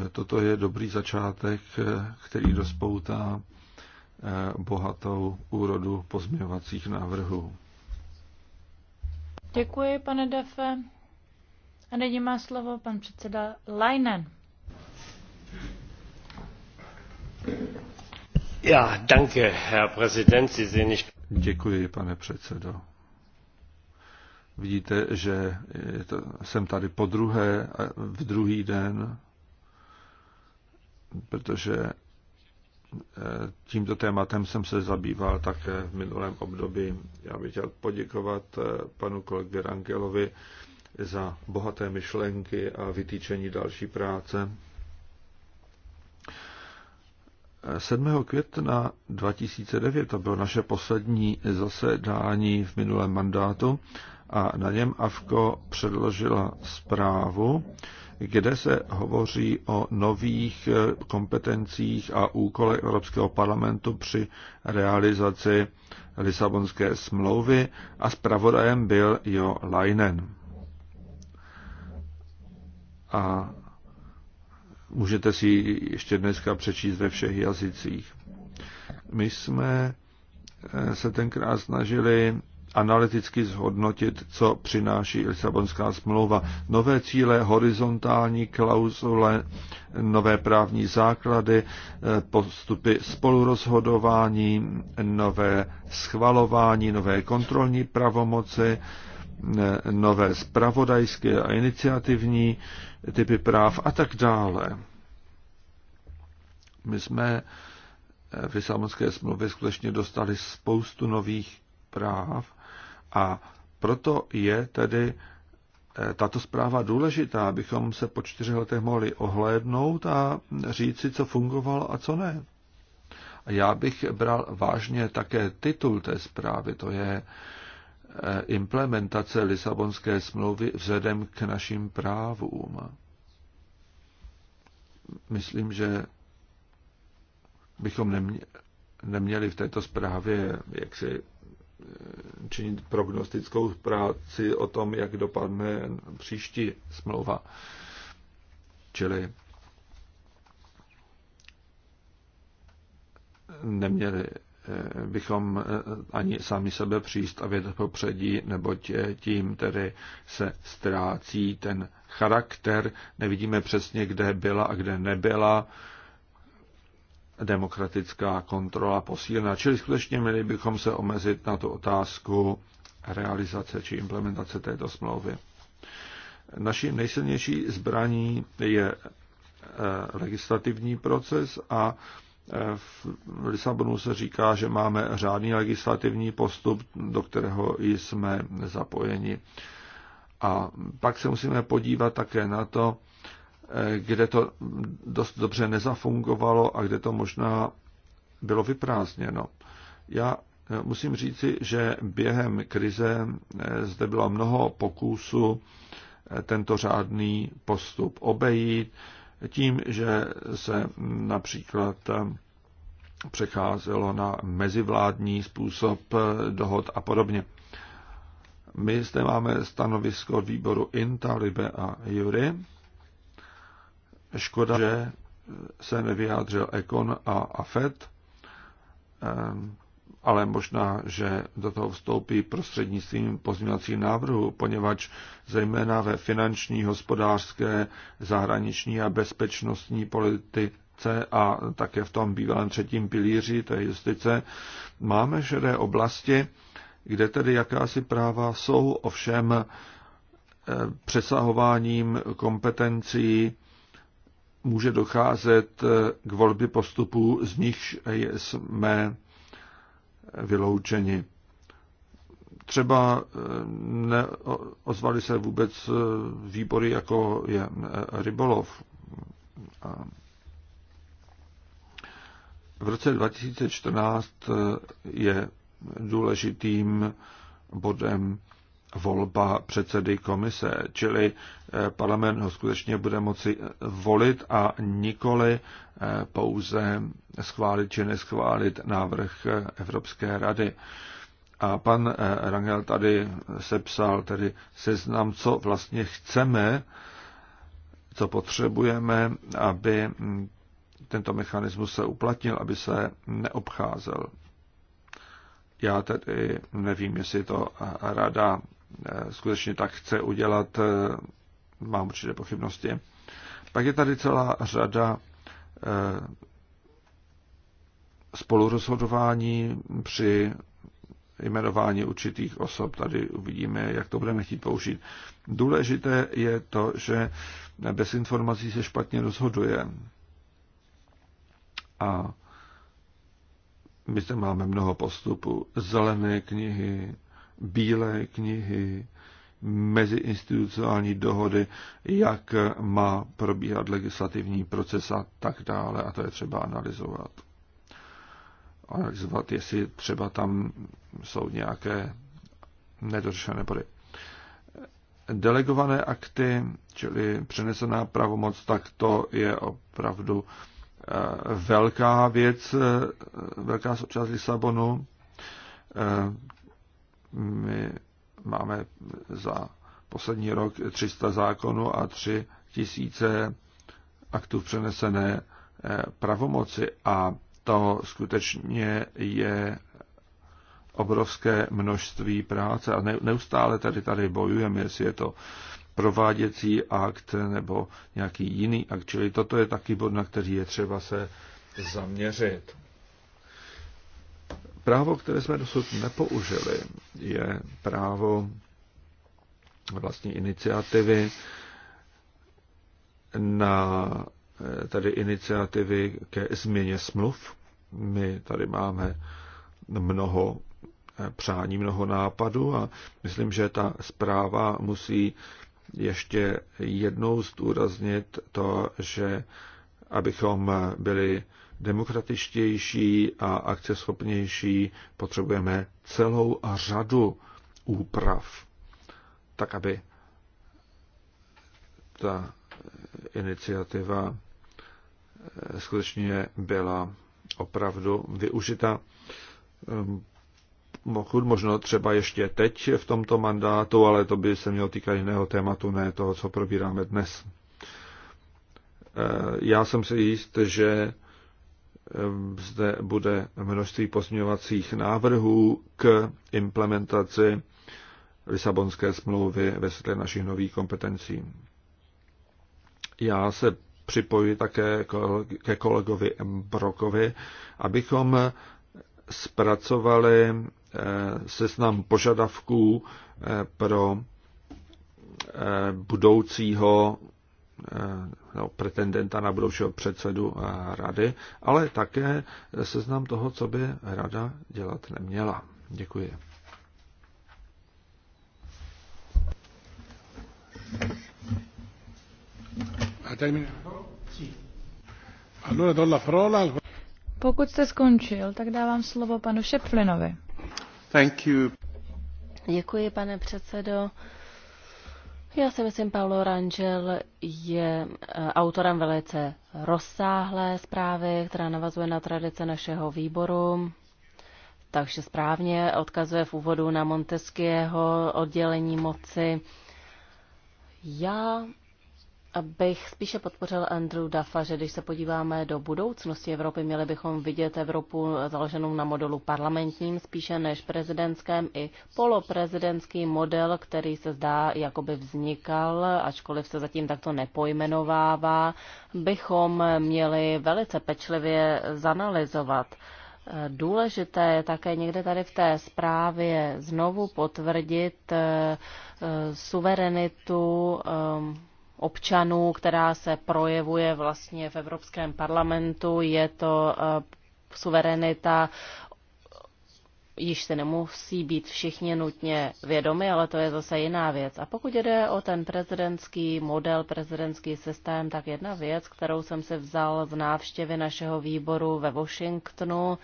A: eh, toto je dobrý začátek, který rozpoutá Eh, bohatou úrodu pozměňovacích návrhů.
B: Děkuji, pane Defe. A nyní má slovo pan předseda Leinen.
A: Ja, danke, Herr Präsident. Sie sehen nicht... Děkuji, pane předsedo. Vidíte, že to, jsem tady po druhé, eh, v druhý den, protože Tímto tématem jsem se zabýval také v minulém období. Já bych chtěl poděkovat eh, panu kolegovi Rangelovi za bohaté myšlenky a vytýčení další práce. 7. května 2009, to bylo naše poslední zasedání v minulém mandátu, a na něm AFKO předložila zprávu, kde se hovoří o nových eh, kompetencích a úkolech Evropského parlamentu při realizaci Lisabonské smlouvy a zpravodajem byl Jo Leinen. A můžete si ještě dneska přečíst ve všech jazycích. My jsme eh, se tenkrát snažili analyticky zhodnotit, co přináší Lisabonská smlouva. Nové cíle, horizontální klauzule, nové právní základy, eh, postupy spolurozhodování, nové schvalování, nové kontrolní pravomoci, eh, nové spravodajské a iniciativní typy práv a tak dále. My jsme eh, v Lisabonské smlouvě skutečně dostali spoustu nových práv a proto je tedy eh, tato zpráva důležitá, abychom se po čtyřech letech mohli ohlédnout a říci, co fungovalo a co ne. A já bych bral vážně také titul té zprávy, to je eh, implementace Lisabonské smlouvy vzhledem k našim právům. Myslím, že bychom neměli v této zprávě jaksi činit prognostickou práci o tom, jak dopadne příští smlouva. Čili neměli eh, bychom eh, ani sami sebe přístavit do popředí, neboť eh, tím tedy se ztrácí ten charakter, nevidíme přesně, kde byla a kde nebyla demokratická kontrola posílena. Čili skutečně měli bychom se omezit na tu otázku realizace či implementace této smlouvy. Naší nejsilnější zbraní je eh, legislativní proces a eh, v Lisabonu se říká, že máme řádný legislativní postup, do kterého jsme zapojeni. A pak se musíme podívat také na to, kde to dost dobře nezafungovalo a kde to možná bylo vyprázdněno. Já eh, musím říci, že během krize eh, zde bylo mnoho pokusů eh, tento řádný postup obejít tím, že se například přecházelo na mezivládní způsob dohod a podobně. My zde máme stanovisko výboru Inta, Libe a Jury Škoda, že se nevyjádřil Ekon a Afet, ehm, ale možná, že do toho vstoupí prostřednictvím pozměňovacích návrhů, poněvadž zejména ve finanční, hospodářské, zahraniční a bezpečnostní politice a také v tom bývalém třetím pilíři, to je justice, máme šedé oblasti, kde tedy jakási práva jsou ovšem eh, přesahováním kompetencí může docházet eh, k volbě postupů, z nichž jsme vyloučeni. Třeba eh, neozvali se vůbec eh, výbory, jako je rybolov. V roce 2014 je důležitým bodem volba předsedy komise, čili parlament ho skutečně bude moci volit a nikoli eh, pouze schválit či neschválit návrh Evropské rady. A pan eh, Rangel tady sepsal tedy seznam, co vlastně chceme, co potřebujeme, aby tento mechanismus se uplatnil, aby se neobcházel. Já tedy nevím, jestli to rada eh, skutečně tak chce udělat, mám určité pochybnosti. Pak je tady celá řada eh, spolurozhodování při jmenování určitých osob. Tady uvidíme, jak to budeme chtít použít. Důležité je to, že bez informací se špatně rozhoduje. A my zde máme mnoho postupů. Zelené knihy, bílé knihy, meziinstitucionální dohody, jak má probíhat legislativní proces a tak dále. A to je třeba analyzovat. Analyzovat, jestli třeba tam jsou nějaké nedořešené body. Delegované akty, čili přenesená pravomoc, tak to je opravdu eh, velká věc, eh, velká součást Lisabonu. Eh, my máme za poslední rok 300 zákonů a 3 tisíce aktů přenesené eh, pravomoci a to skutečně je obrovské množství práce a neustále tady tady bojujeme, jestli je to prováděcí akt nebo nějaký jiný akt. Čili toto je taky bod, na který je třeba se zaměřit. Právo, které jsme dosud nepoužili, je právo vlastní iniciativy na eh, tady iniciativy ke změně smluv. My tady máme mnoho eh, přání, mnoho nápadů a myslím, že ta zpráva musí ještě jednou zdůraznit to, že abychom byli demokratičtější a akceschopnější, potřebujeme celou řadu úprav, tak aby ta iniciativa eh, skutečně byla opravdu využita. Mohud ehm, možno třeba ještě teď v tomto mandátu, ale to by se mělo týkat jiného tématu, ne toho, co probíráme dnes. Eh, já jsem si jist, že Eh, zde bude množství pozměňovacích návrhů k implementaci Lisabonské smlouvy ve světle našich nových kompetencí. Já se připojuji také ke kolegovi Brokovi, abychom zpracovali eh, seznam požadavků eh, pro budoucího Eh, nebo pretendenta na budoucího předsedu eh, rady, ale také seznam toho, co by rada dělat neměla. Děkuji.
B: Pokud jste skončil, tak dávám slovo panu Šeplinovi. Thank you. Děkuji, pane předsedo.
C: Já si myslím, Paulo Rangel je eh, autorem velice rozsáhlé zprávy, která navazuje na tradice našeho výboru. Takže správně odkazuje v úvodu na Montesquieho oddělení moci. Já Abych spíše podpořil Andrew Duffa, že když se podíváme do budoucnosti Evropy, měli bychom vidět Evropu založenou na modelu parlamentním spíše než prezidentském i poloprezidentský model, který se zdá, jakoby vznikal, ačkoliv se zatím takto nepojmenovává, bychom měli velice pečlivě zanalizovat. Důležité je také někde tady v té zprávě znovu potvrdit eh, eh, suverenitu eh, občanů, která se projevuje vlastně v Evropském parlamentu. Je to eh, suverenita již se nemusí být všichni nutně vědomi, ale to je zase jiná věc. A pokud jde o ten prezidentský model, prezidentský systém, tak jedna věc, kterou jsem si vzal z návštěvy našeho výboru ve Washingtonu,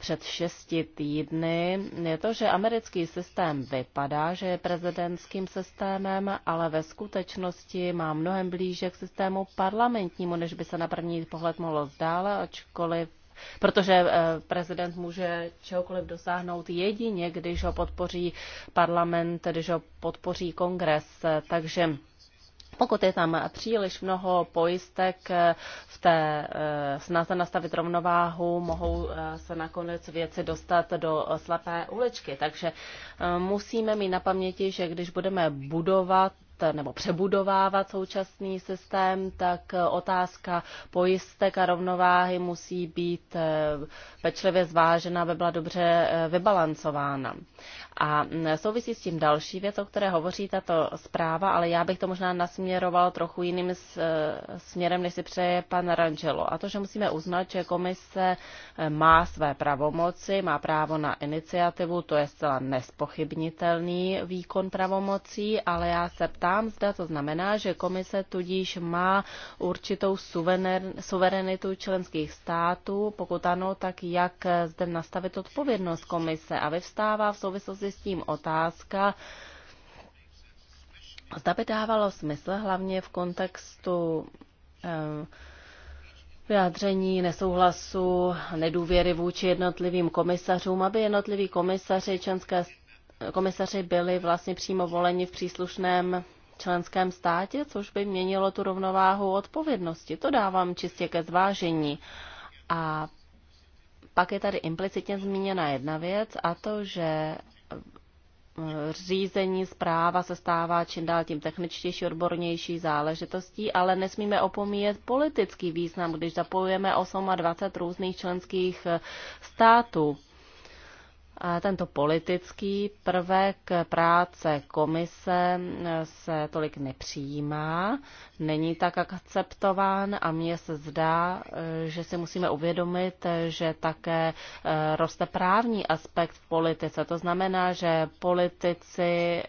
C: před šesti týdny, je to, že americký systém vypadá, že je prezidentským systémem, ale ve skutečnosti má mnohem blíže k systému parlamentnímu, než by se na první pohled mohlo zdále, ačkoliv protože eh, prezident může čehokoliv dosáhnout jedině, když ho podpoří parlament, když ho podpoří kongres. Takže pokud je tam příliš mnoho pojistek eh, v té eh, snaze nastavit rovnováhu, mohou eh, se nakonec věci dostat do slepé uličky. Takže musíme mít na paměti, že když budeme budovat nebo přebudovávat současný systém, tak otázka pojistek a rovnováhy musí být pečlivě zvážena, aby byla dobře vybalancována. A souvisí s tím další věc, o které hovoří tato zpráva, ale já bych to možná nasměroval trochu jiným e, směrem, než si přeje pan Rangelo. A to, že musíme uznat, že komise e, má své pravomoci, má právo na iniciativu, to je zcela nespochybnitelný výkon pravomocí, ale já se ptám, zda to znamená, že komise tudíž má určitou suverenitu členských států, pokud ano, tak jak zde nastavit odpovědnost komise a vyvstává v souvislosti prochází s tím otázka, zda by dávalo smysl, hlavně v kontextu eh, vyjádření nesouhlasu, nedůvěry vůči jednotlivým komisařům, aby jednotliví komisaři, členské, komisaři byli vlastně přímo voleni v příslušném členském státě, což by měnilo tu rovnováhu odpovědnosti. To dávám čistě ke zvážení. A pak je tady implicitně zmíněna jedna věc a to, že řízení, zpráva se stává čím dál tím techničtější, odbornější záležitostí, ale nesmíme opomíjet politický význam, když zapojujeme 28 různých členských států tento politický prvek práce komise se tolik nepřijímá, není tak akceptován a mně se zdá, že si musíme uvědomit, že také e, roste právní aspekt v politice. To znamená, že politici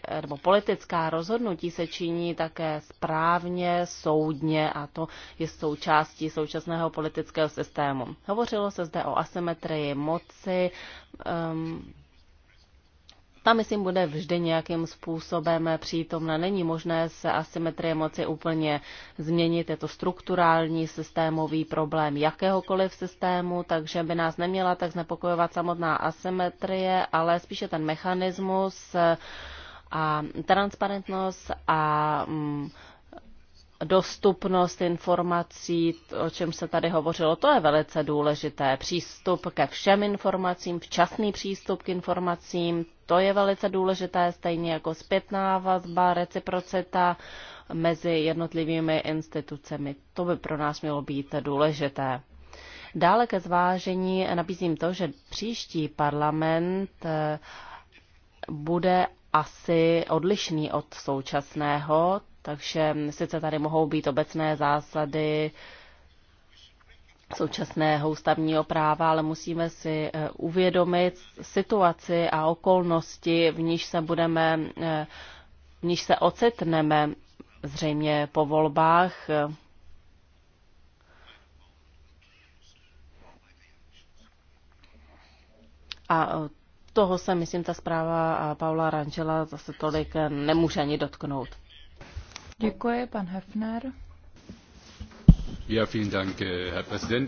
C: e, nebo politická rozhodnutí se činí také správně, soudně a to je součástí současného politického systému. Hovořilo se zde o asymetrii moci, um, ehm, ta, myslím, bude vždy nějakým způsobem přítomna. Není možné se asymetrie moci úplně změnit. Je to strukturální systémový problém jakéhokoliv systému, takže by nás neměla tak znepokojovat samotná asymetrie, ale spíše ten mechanismus a transparentnost a mm, dostupnost informací, o čem se tady hovořilo, to je velice důležité. Přístup ke všem informacím, včasný přístup k informacím, to je velice důležité, stejně jako zpětná vazba, reciprocita mezi jednotlivými institucemi. To by pro nás mělo být důležité. Dále ke zvážení nabízím to, že příští parlament eh, bude asi odlišný od současného, takže mm, sice tady mohou být obecné zásady současného ústavního práva, ale musíme si eh, uvědomit situaci a okolnosti, v níž se budeme, eh, v níž se ocitneme zřejmě po volbách. A eh, toho se, myslím, ta zpráva Paula Rančela zase tolik nemůže ani dotknout.
B: Děkuji, pan Hefner.
A: Eh,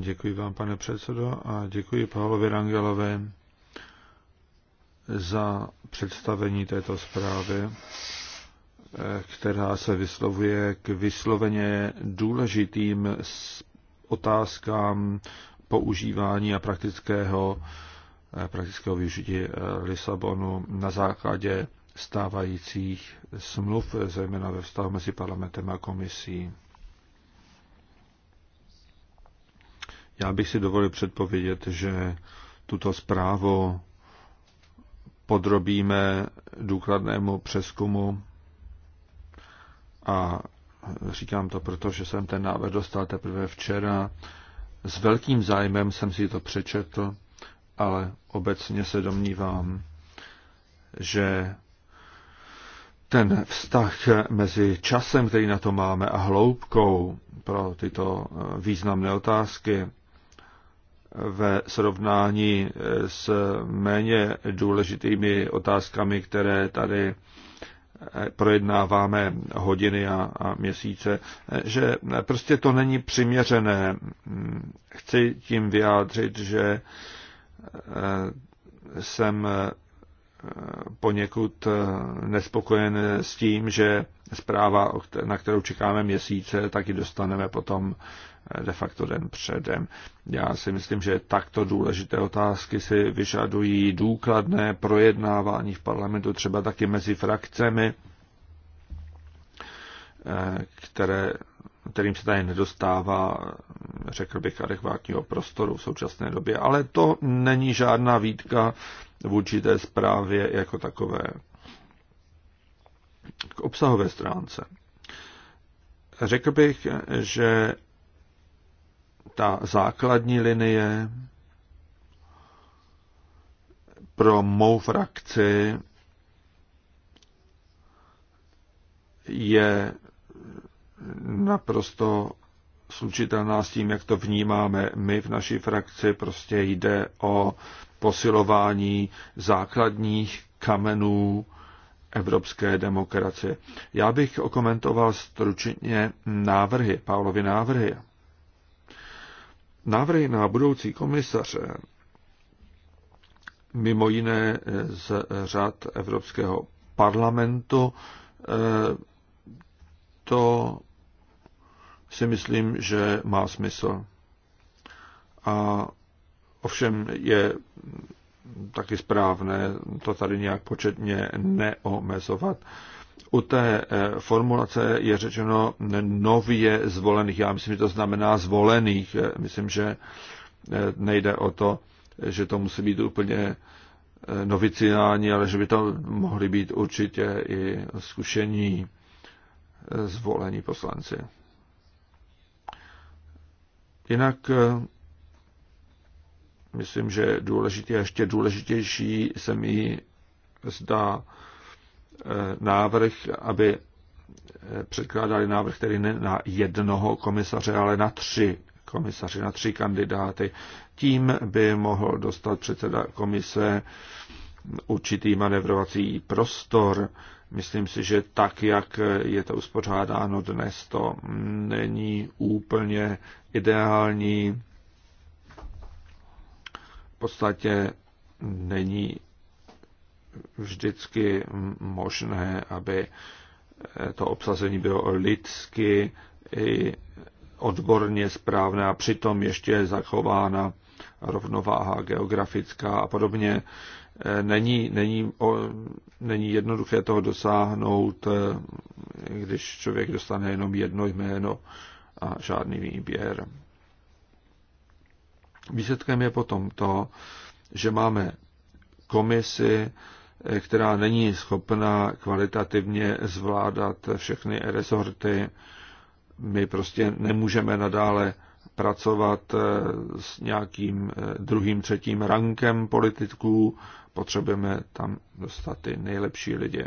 A: děkuji vám, pane předsedo, a děkuji Pavlovi Rangelové za představení této zprávy, eh, která se vyslovuje k vysloveně důležitým otázkám používání a praktického, eh, praktického využití Lisabonu na základě stávajících smluv, zejména ve vztahu mezi parlamentem a komisí. Já bych si dovolil předpovědět, že tuto zprávu podrobíme důkladnému přeskumu a říkám to proto, že jsem ten návrh dostal teprve včera. S velkým zájmem jsem si to přečetl, ale obecně se domnívám, že ten vztah mezi časem, který na to máme, a hloubkou pro tyto eh, významné otázky ve srovnání eh, s méně důležitými otázkami, které tady eh, projednáváme hodiny a, a měsíce, že prostě to není přiměřené. Chci tím vyjádřit, že jsem poněkud eh, nespokojen s tím, že zpráva, na kterou čekáme měsíce, tak ji dostaneme potom eh, de facto den předem. Já si myslím, že takto důležité otázky si vyžadují důkladné projednávání v parlamentu, třeba taky mezi frakcemi, eh, které, kterým se tady nedostává, řekl bych, adekvátního prostoru v současné době. Ale to není žádná výtka vůči té zprávě jako takové. K obsahové stránce. Řekl bych, že ta základní linie pro mou frakci je naprosto slučitelná s tím, jak to vnímáme my v naší frakci. Prostě jde o posilování základních kamenů evropské demokracie. Já bych okomentoval stručně návrhy, Pavlovy návrhy. Návrhy na budoucí komisaře, mimo jiné z řad Evropského parlamentu, eh, to si myslím, že má smysl. A Ovšem je taky správné to tady nějak početně neomezovat. U té eh, formulace je řečeno nově zvolených. Já myslím, že to znamená zvolených. Eh, myslím, že eh, nejde o to, že to musí být úplně noviciální, ale že by to mohli být určitě i zkušení zvolení poslanci. Jinak myslím, že důležitý a ještě důležitější se mi zdá eh, návrh, aby eh, předkládali návrh, který ne na jednoho komisaře, ale na tři komisaři, na tři kandidáty. Tím by mohl dostat předseda komise určitý manevrovací prostor. Myslím si, že tak, jak je to uspořádáno dnes, to není úplně ideální podstatě není vždycky možné, aby eh, to obsazení bylo lidsky i odborně správné a přitom ještě je zachována rovnováha geografická a podobně. Eh, není, není, není jednoduché toho dosáhnout, eh, když člověk dostane jenom jedno jméno a žádný výběr. Výsledkem je potom to, že máme komisi, eh, která není schopna kvalitativně zvládat všechny resorty. My prostě nemůžeme nadále pracovat eh, s nějakým eh, druhým, třetím rankem politiků. Potřebujeme tam dostat ty nejlepší lidi.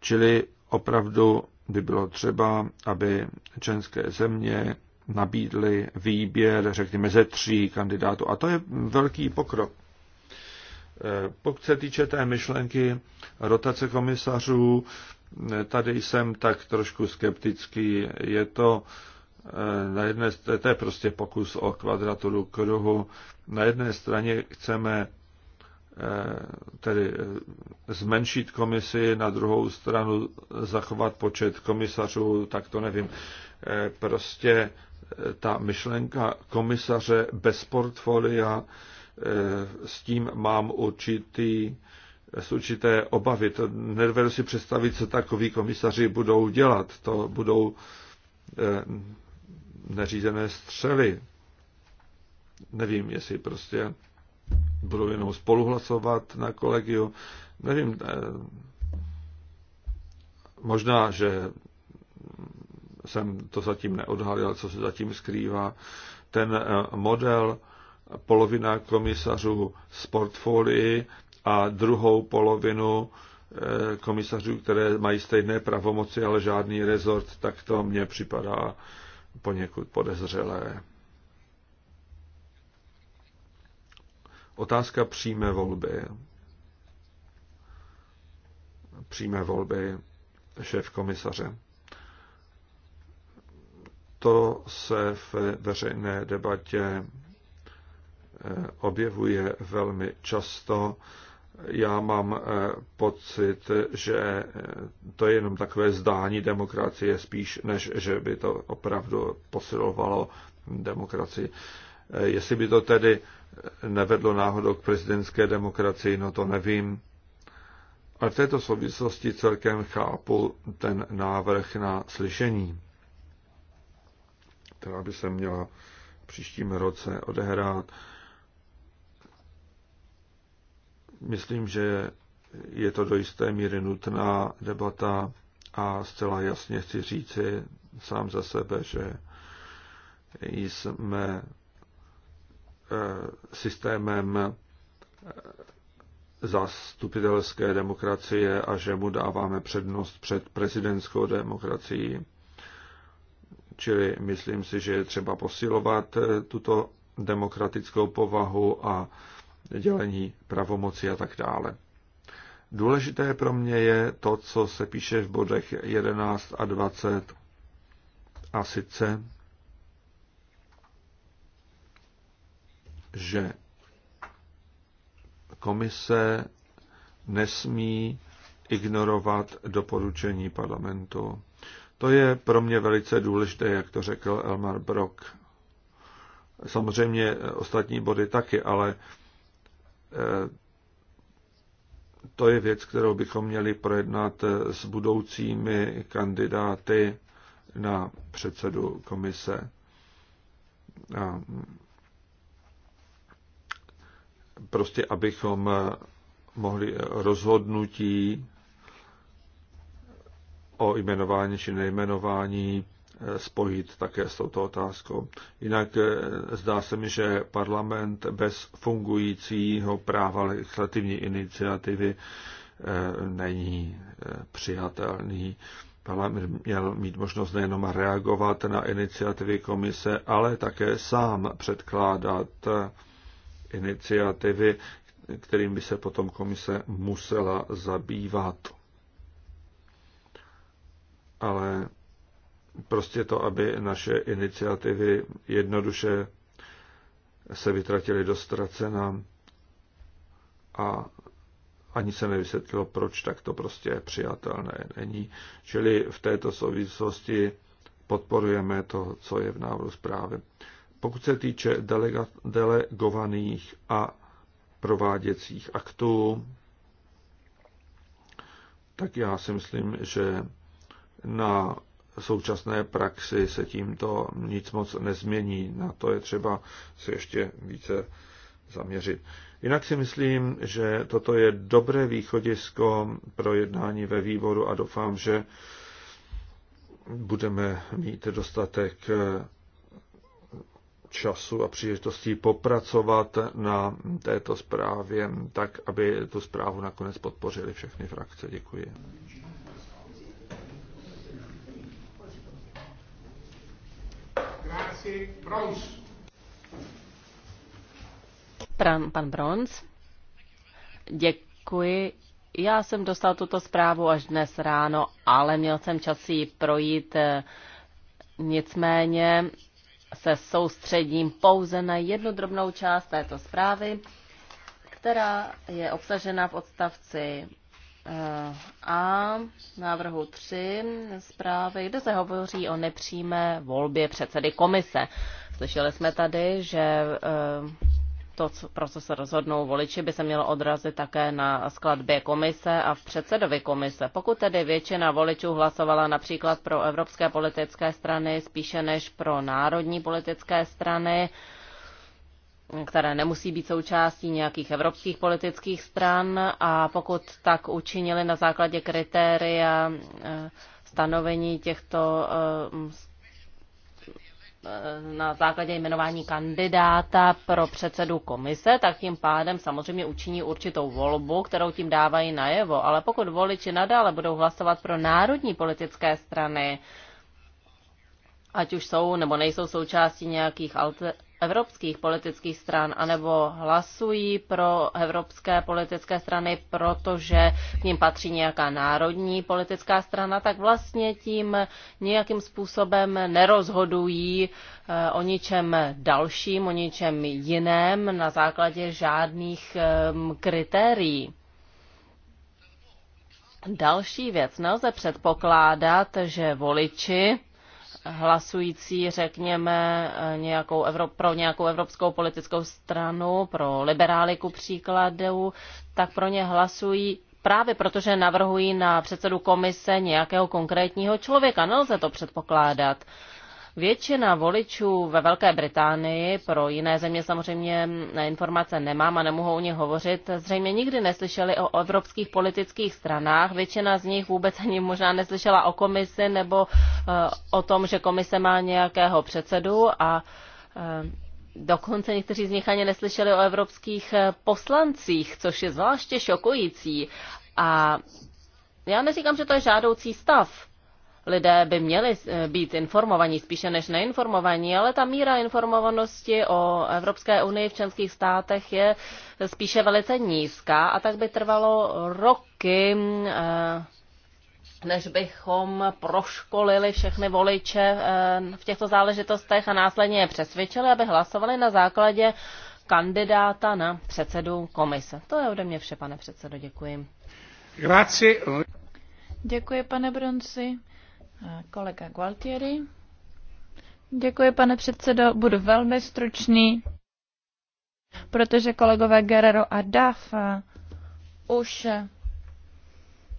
A: Čili opravdu by bylo třeba, aby členské země nabídli výběr, řekněme, ze tří kandidátů. A to je velký pokrok. Eh, pokud se týče té myšlenky rotace komisařů, eh, tady jsem tak trošku skeptický. Je to eh, na jedné, to je prostě pokus o kvadraturu kruhu. Na jedné straně chceme tedy zmenšit komisi, na druhou stranu zachovat počet komisařů, tak to nevím. Prostě ta myšlenka komisaře bez portfolia, e, s tím mám určitý, s určité obavy. To nedovedu si představit, co takový komisaři budou dělat. To budou e, neřízené střely. Nevím, jestli prostě budou jenom spoluhlasovat na kolegiu. Nevím, e, možná, že jsem to zatím neodhalil, co se zatím skrývá. Ten eh, model polovina komisařů z portfolii a druhou polovinu eh, komisařů, které mají stejné pravomoci, ale žádný rezort, tak to mně připadá poněkud podezřelé. Otázka přímé volby. Přímé volby šéf komisaře to se v veřejné debatě eh, objevuje velmi často. Já mám eh, pocit, že eh, to je jenom takové zdání demokracie spíš, než že by to opravdu posilovalo demokracii. Jestli by to tedy nevedlo náhodou k prezidentské demokracii, no to nevím. Ale v této souvislosti celkem chápu ten návrh na slyšení která by se měla v příštím roce odehrát. Myslím, že je to do jisté míry nutná debata a zcela jasně chci říci sám za sebe, že jsme eh, systémem eh, zastupitelské demokracie a že mu dáváme přednost před prezidentskou demokracií. Čili myslím si, že je třeba posilovat eh, tuto demokratickou povahu a dělení pravomoci a tak dále. Důležité pro mě je to, co se píše v bodech 11 a 20. A sice, že komise nesmí ignorovat doporučení parlamentu. To je pro mě velice důležité, jak to řekl Elmar Brock. Samozřejmě eh, ostatní body taky, ale eh, to je věc, kterou bychom měli projednat eh, s budoucími kandidáty na předsedu komise. A mm, prostě abychom mohli rozhodnutí o jmenování či nejmenování eh, spojit také s touto otázkou. Jinak eh, zdá se mi, že parlament bez fungujícího práva legislativní iniciativy eh, není přijatelný. Parlament měl mít možnost nejenom reagovat na iniciativy komise, ale také sám předkládat iniciativy, kterým by se potom komise musela zabývat ale prostě to, aby naše iniciativy jednoduše se vytratily do ztracena a ani se nevysvětlilo, proč, tak to prostě přijatelné není. Čili v této souvislosti podporujeme to, co je v návrhu zprávy. Pokud se týče delega, delegovaných a prováděcích aktů, tak já si myslím, že na současné praxi se tímto nic moc nezmění. Na to je třeba se ještě více zaměřit. Jinak si myslím, že toto je dobré východisko pro jednání ve výboru a doufám, že budeme mít dostatek eh, času a příležitostí popracovat na této zprávě, tak aby tu zprávu nakonec podpořili všechny frakce. Děkuji. otázky Bronz.
C: Pan, pan Bronz. Děkuji. Já jsem dostal tuto zprávu až dnes ráno, ale měl jsem čas si projít. Eh, nicméně se soustředím pouze na jednu drobnou část této zprávy, která je obsažena v odstavci Eh, a návrhu 3 zprávy, kde se hovoří o nepřímé volbě předsedy komise. Slyšeli jsme tady, že eh, to, pro co se rozhodnou voliči, by se mělo odrazit také na skladbě komise a v předsedovi komise. Pokud tedy většina voličů hlasovala například pro evropské politické strany spíše než pro národní politické strany, které nemusí být součástí nějakých evropských politických stran a pokud tak učinili na základě kritéria eh, stanovení těchto eh, na základě jmenování kandidáta pro předsedu komise, tak tím pádem samozřejmě učiní určitou volbu, kterou tím dávají najevo. Ale pokud voliči nadále budou hlasovat pro národní politické strany, ať už jsou nebo nejsou součástí nějakých alter, evropských politických stran, anebo hlasují pro evropské politické strany, protože k ním patří nějaká národní politická strana, tak vlastně tím nějakým způsobem nerozhodují eh, o ničem dalším, o ničem jiném na základě žádných ehm, kritérií. Další věc. Nelze předpokládat, že voliči hlasující, řekněme, nějakou Evrop, pro nějakou evropskou politickou stranu, pro liberály ku příkladu, tak pro ně hlasují právě protože navrhují na předsedu komise nějakého konkrétního člověka. Nelze to předpokládat. Většina voličů ve Velké Británii, pro jiné země samozřejmě eh, informace nemám a nemohu o ně hovořit, zřejmě nikdy neslyšeli o evropských politických stranách. Většina z nich vůbec ani možná neslyšela o komisi nebo eh, o tom, že komise má nějakého předsedu a eh, Dokonce někteří z nich ani neslyšeli o evropských poslancích, což je zvláště šokující. A já neříkám, že to je žádoucí stav lidé by měli eh, být informovaní spíše než neinformovaní, ale ta míra informovanosti o Evropské unii v členských státech je spíše velice nízká a tak by trvalo roky eh, než bychom proškolili všechny voliče eh, v těchto záležitostech a následně je přesvědčili, aby hlasovali na základě kandidáta na předsedu komise. To je ode mě vše, pane předsedo, děkuji.
B: Grazie. Děkuji, pane Bronci. Kolega Gualtieri. Děkuji, pane předsedo. Budu velmi stručný, protože kolegové Guerrero a Duff eh, už eh,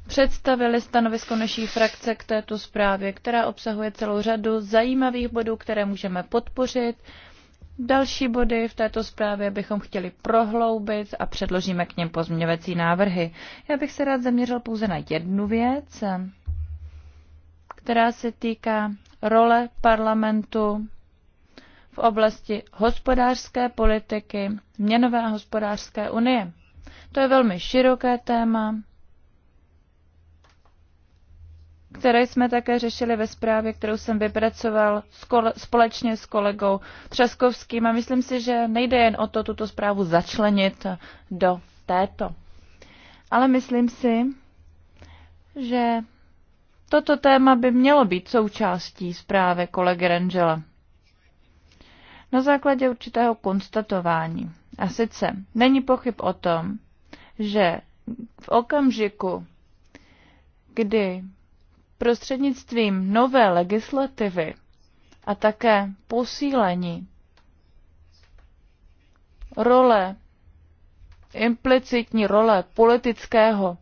B: představili stanovisko naší frakce k této zprávě, která obsahuje celou řadu zajímavých bodů, které můžeme podpořit. Další body v této zprávě bychom chtěli prohloubit a předložíme k něm
A: pozměňovací
B: návrhy. Já bych se rád zaměřil pouze na jednu věc, která se týká role parlamentu v oblasti hospodářské politiky měnové a hospodářské unie. To je velmi široké téma, které jsme také řešili ve zprávě, kterou jsem vypracoval společně s kolegou Třaskovským a myslím si, že nejde jen o to tuto zprávu začlenit do této. Ale myslím si, že Toto téma by mělo být součástí zprávy kolegy Rangela. Na základě určitého konstatování. A sice není pochyb o tom, že v okamžiku, kdy prostřednictvím nové legislativy a také posílení role, implicitní role politického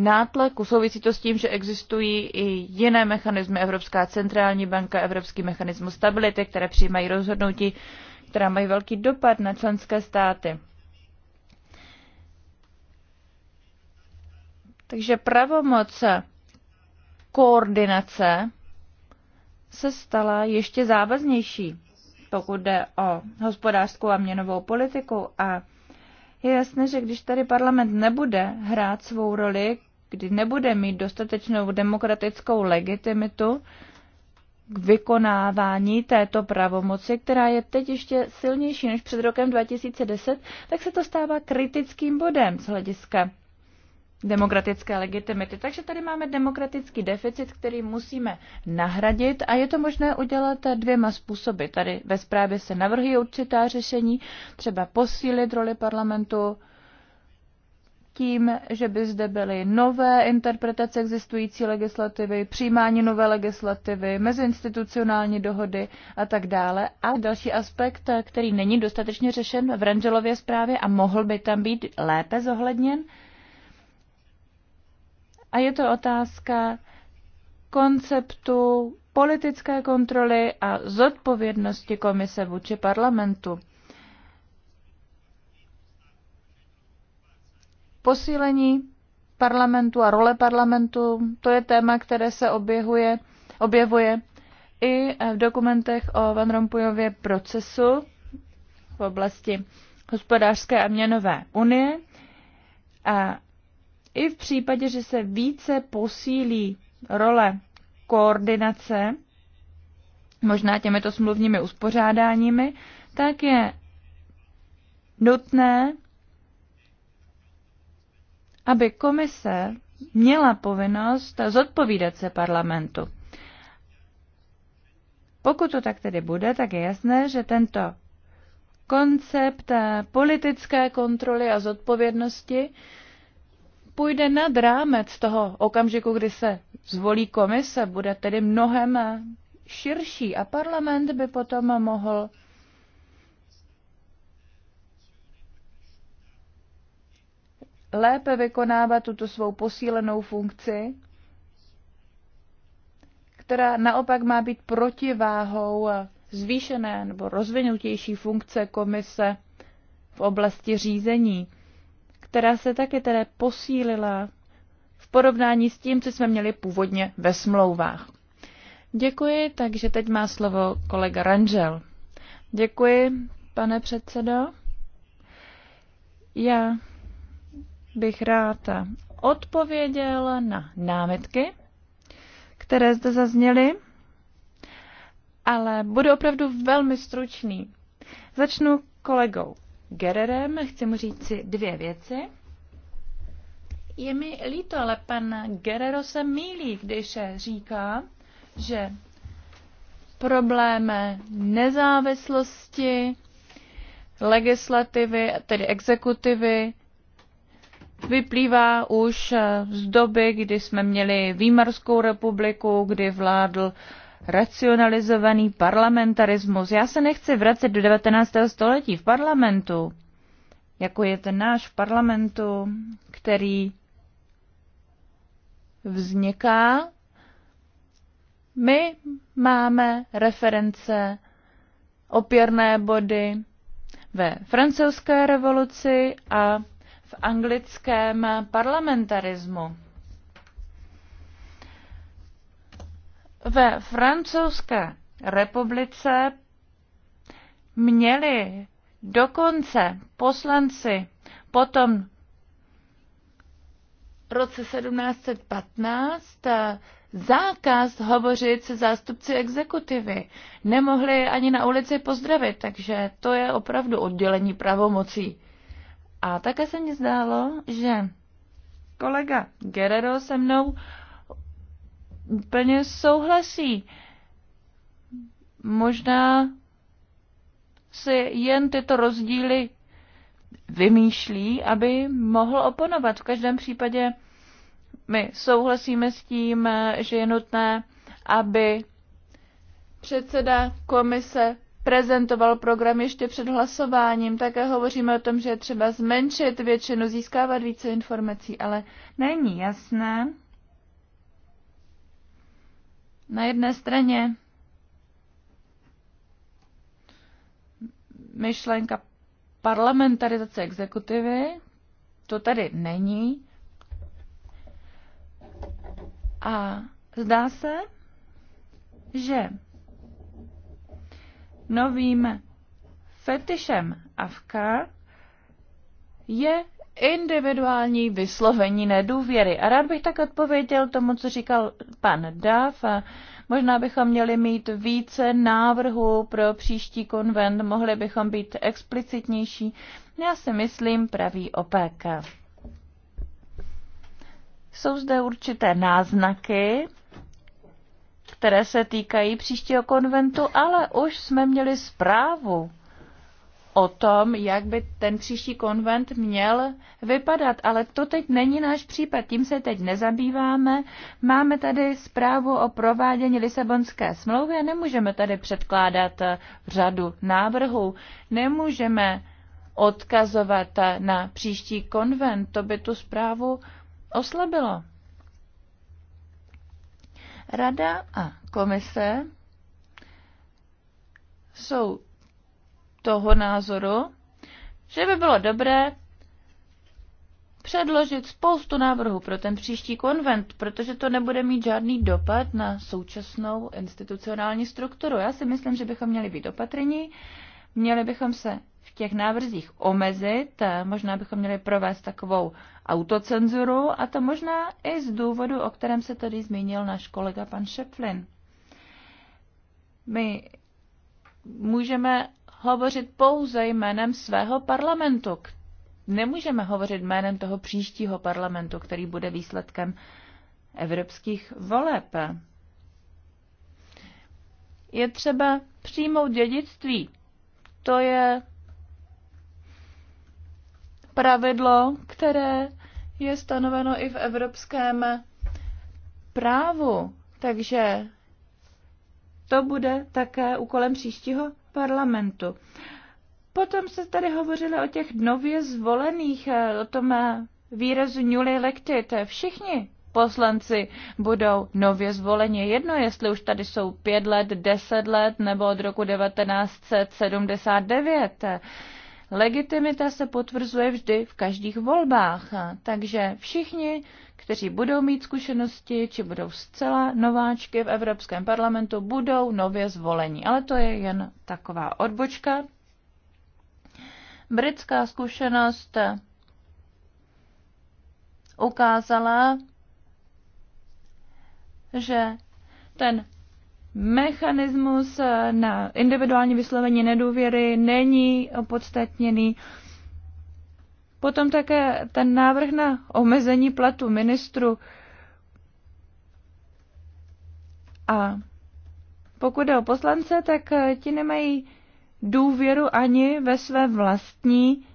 B: nátlaku. Souvisí to s tím, že existují i jiné mechanismy, Evropská centrální banka, Evropský mechanismus stability, které přijímají rozhodnutí, která mají velký dopad na členské státy. Takže pravomoc koordinace se stala ještě závaznější, pokud jde o hospodářskou a měnovou politiku. A je jasné, že když tady parlament nebude hrát svou roli, kdy nebude mít dostatečnou demokratickou legitimitu k vykonávání této pravomoci, která je teď ještě silnější než před rokem 2010, tak se to stává kritickým bodem z hlediska demokratické legitimity. Takže tady máme demokratický deficit, který musíme nahradit a je to možné udělat dvěma způsoby. Tady ve zprávě se navrhují určitá řešení, třeba posílit roli parlamentu tím, že by zde byly nové interpretace existující legislativy, přijímání nové legislativy, meziinstitucionální dohody a tak dále. A další aspekt, který není dostatečně řešen v Rangelově zprávě a mohl by tam být lépe zohledněn. A je to otázka konceptu politické kontroly a zodpovědnosti komise vůči parlamentu. Posílení parlamentu a role parlamentu, to je téma, které se objevuje, objevuje i v dokumentech o Van Rompuyově procesu v oblasti hospodářské a měnové unie. A i v případě, že se více posílí role koordinace, možná těmito smluvními uspořádáními, tak je nutné aby komise měla povinnost zodpovídat se parlamentu. Pokud to tak tedy bude, tak je jasné, že tento koncept politické kontroly a zodpovědnosti půjde nad rámec toho okamžiku, kdy se zvolí komise, bude tedy mnohem širší a parlament by potom mohl lépe vykonávat tuto svou posílenou funkci, která naopak má být protiváhou zvýšené nebo rozvinutější funkce komise v oblasti řízení, která se také tedy posílila v porovnání s tím, co jsme měli původně ve smlouvách. Děkuji, takže teď má slovo kolega Ranžel. Děkuji, pane předsedo. Já bych rád odpověděl na námitky, které zde zazněly, ale budu opravdu velmi stručný. Začnu kolegou Gererem, chci mu si dvě věci. Je mi líto, ale pan Gerero se mílí, když říká, že problém nezávislosti legislativy, tedy exekutivy, vyplývá už z doby, kdy jsme měli Výmarskou republiku, kdy vládl racionalizovaný parlamentarismus. Já se nechci vracet do 19. století v parlamentu, jako je ten náš v parlamentu, který vzniká. My máme reference, opěrné body ve francouzské revoluci a v anglickém parlamentarismu. Ve francouzské republice měli dokonce poslanci potom v roce 1715 eh, zákaz hovořit se zástupci exekutivy. Nemohli ani na ulici pozdravit, takže to je opravdu oddělení pravomocí. A také se mi zdálo, že kolega Guerrero se mnou plně souhlasí. Možná si jen tyto rozdíly vymýšlí, aby mohl oponovat. V každém případě my souhlasíme s tím, že je nutné, aby předseda komise prezentoval program ještě před hlasováním. Také hovoříme o tom, že je třeba zmenšit většinu, získávat více informací, ale není jasné. Na jedné straně myšlenka parlamentarizace exekutivy, to tady není. A zdá se, že novým fetišem Afkar je individuální vyslovení nedůvěry. A rád bych tak odpověděl tomu, co říkal pan Dav. možná bychom měli mít více návrhů pro příští konvent, mohli bychom být explicitnější. Já si myslím pravý opak. Jsou zde určité náznaky které se týkají příštího konventu, ale už jsme měli zprávu o tom, jak by ten příští konvent měl vypadat. Ale to teď není náš případ, tím se teď nezabýváme. Máme tady zprávu o provádění Lisabonské smlouvy a nemůžeme tady předkládat eh, řadu návrhů. Nemůžeme odkazovat eh, na příští konvent, to by tu zprávu oslabilo. Rada a komise jsou toho názoru, že by bylo dobré předložit spoustu návrhů pro ten příští konvent, protože to nebude mít žádný dopad na současnou institucionální strukturu. Já si myslím, že bychom měli být opatrní, měli bychom se těch návrzích omezit. Eh, možná bychom měli provést takovou autocenzuru a to možná i z důvodu, o kterém se tady zmínil náš kolega pan Šeflin. My můžeme hovořit pouze jménem svého parlamentu. Nemůžeme hovořit jménem toho příštího parlamentu, který bude výsledkem evropských voleb. Je třeba přijmout dědictví. To je pravidlo, které je stanoveno i v evropském právu. Takže to bude také úkolem příštího parlamentu. Potom se tady hovořili o těch nově zvolených, eh, o tom eh, výrazu newly elected. Všichni poslanci budou nově zvoleni. Jedno, jestli už tady jsou pět let, deset let nebo od roku 1979. Legitimita se potvrzuje vždy v každých volbách, takže všichni, kteří budou mít zkušenosti, či budou zcela nováčky v Evropském parlamentu, budou nově zvoleni. Ale to je jen taková odbočka. Britská zkušenost ukázala, že ten mechanismus eh, na individuální vyslovení nedůvěry není opodstatněný. Potom také ten návrh na omezení platu ministru a pokud jde o poslance, tak eh, ti nemají důvěru ani ve své vlastní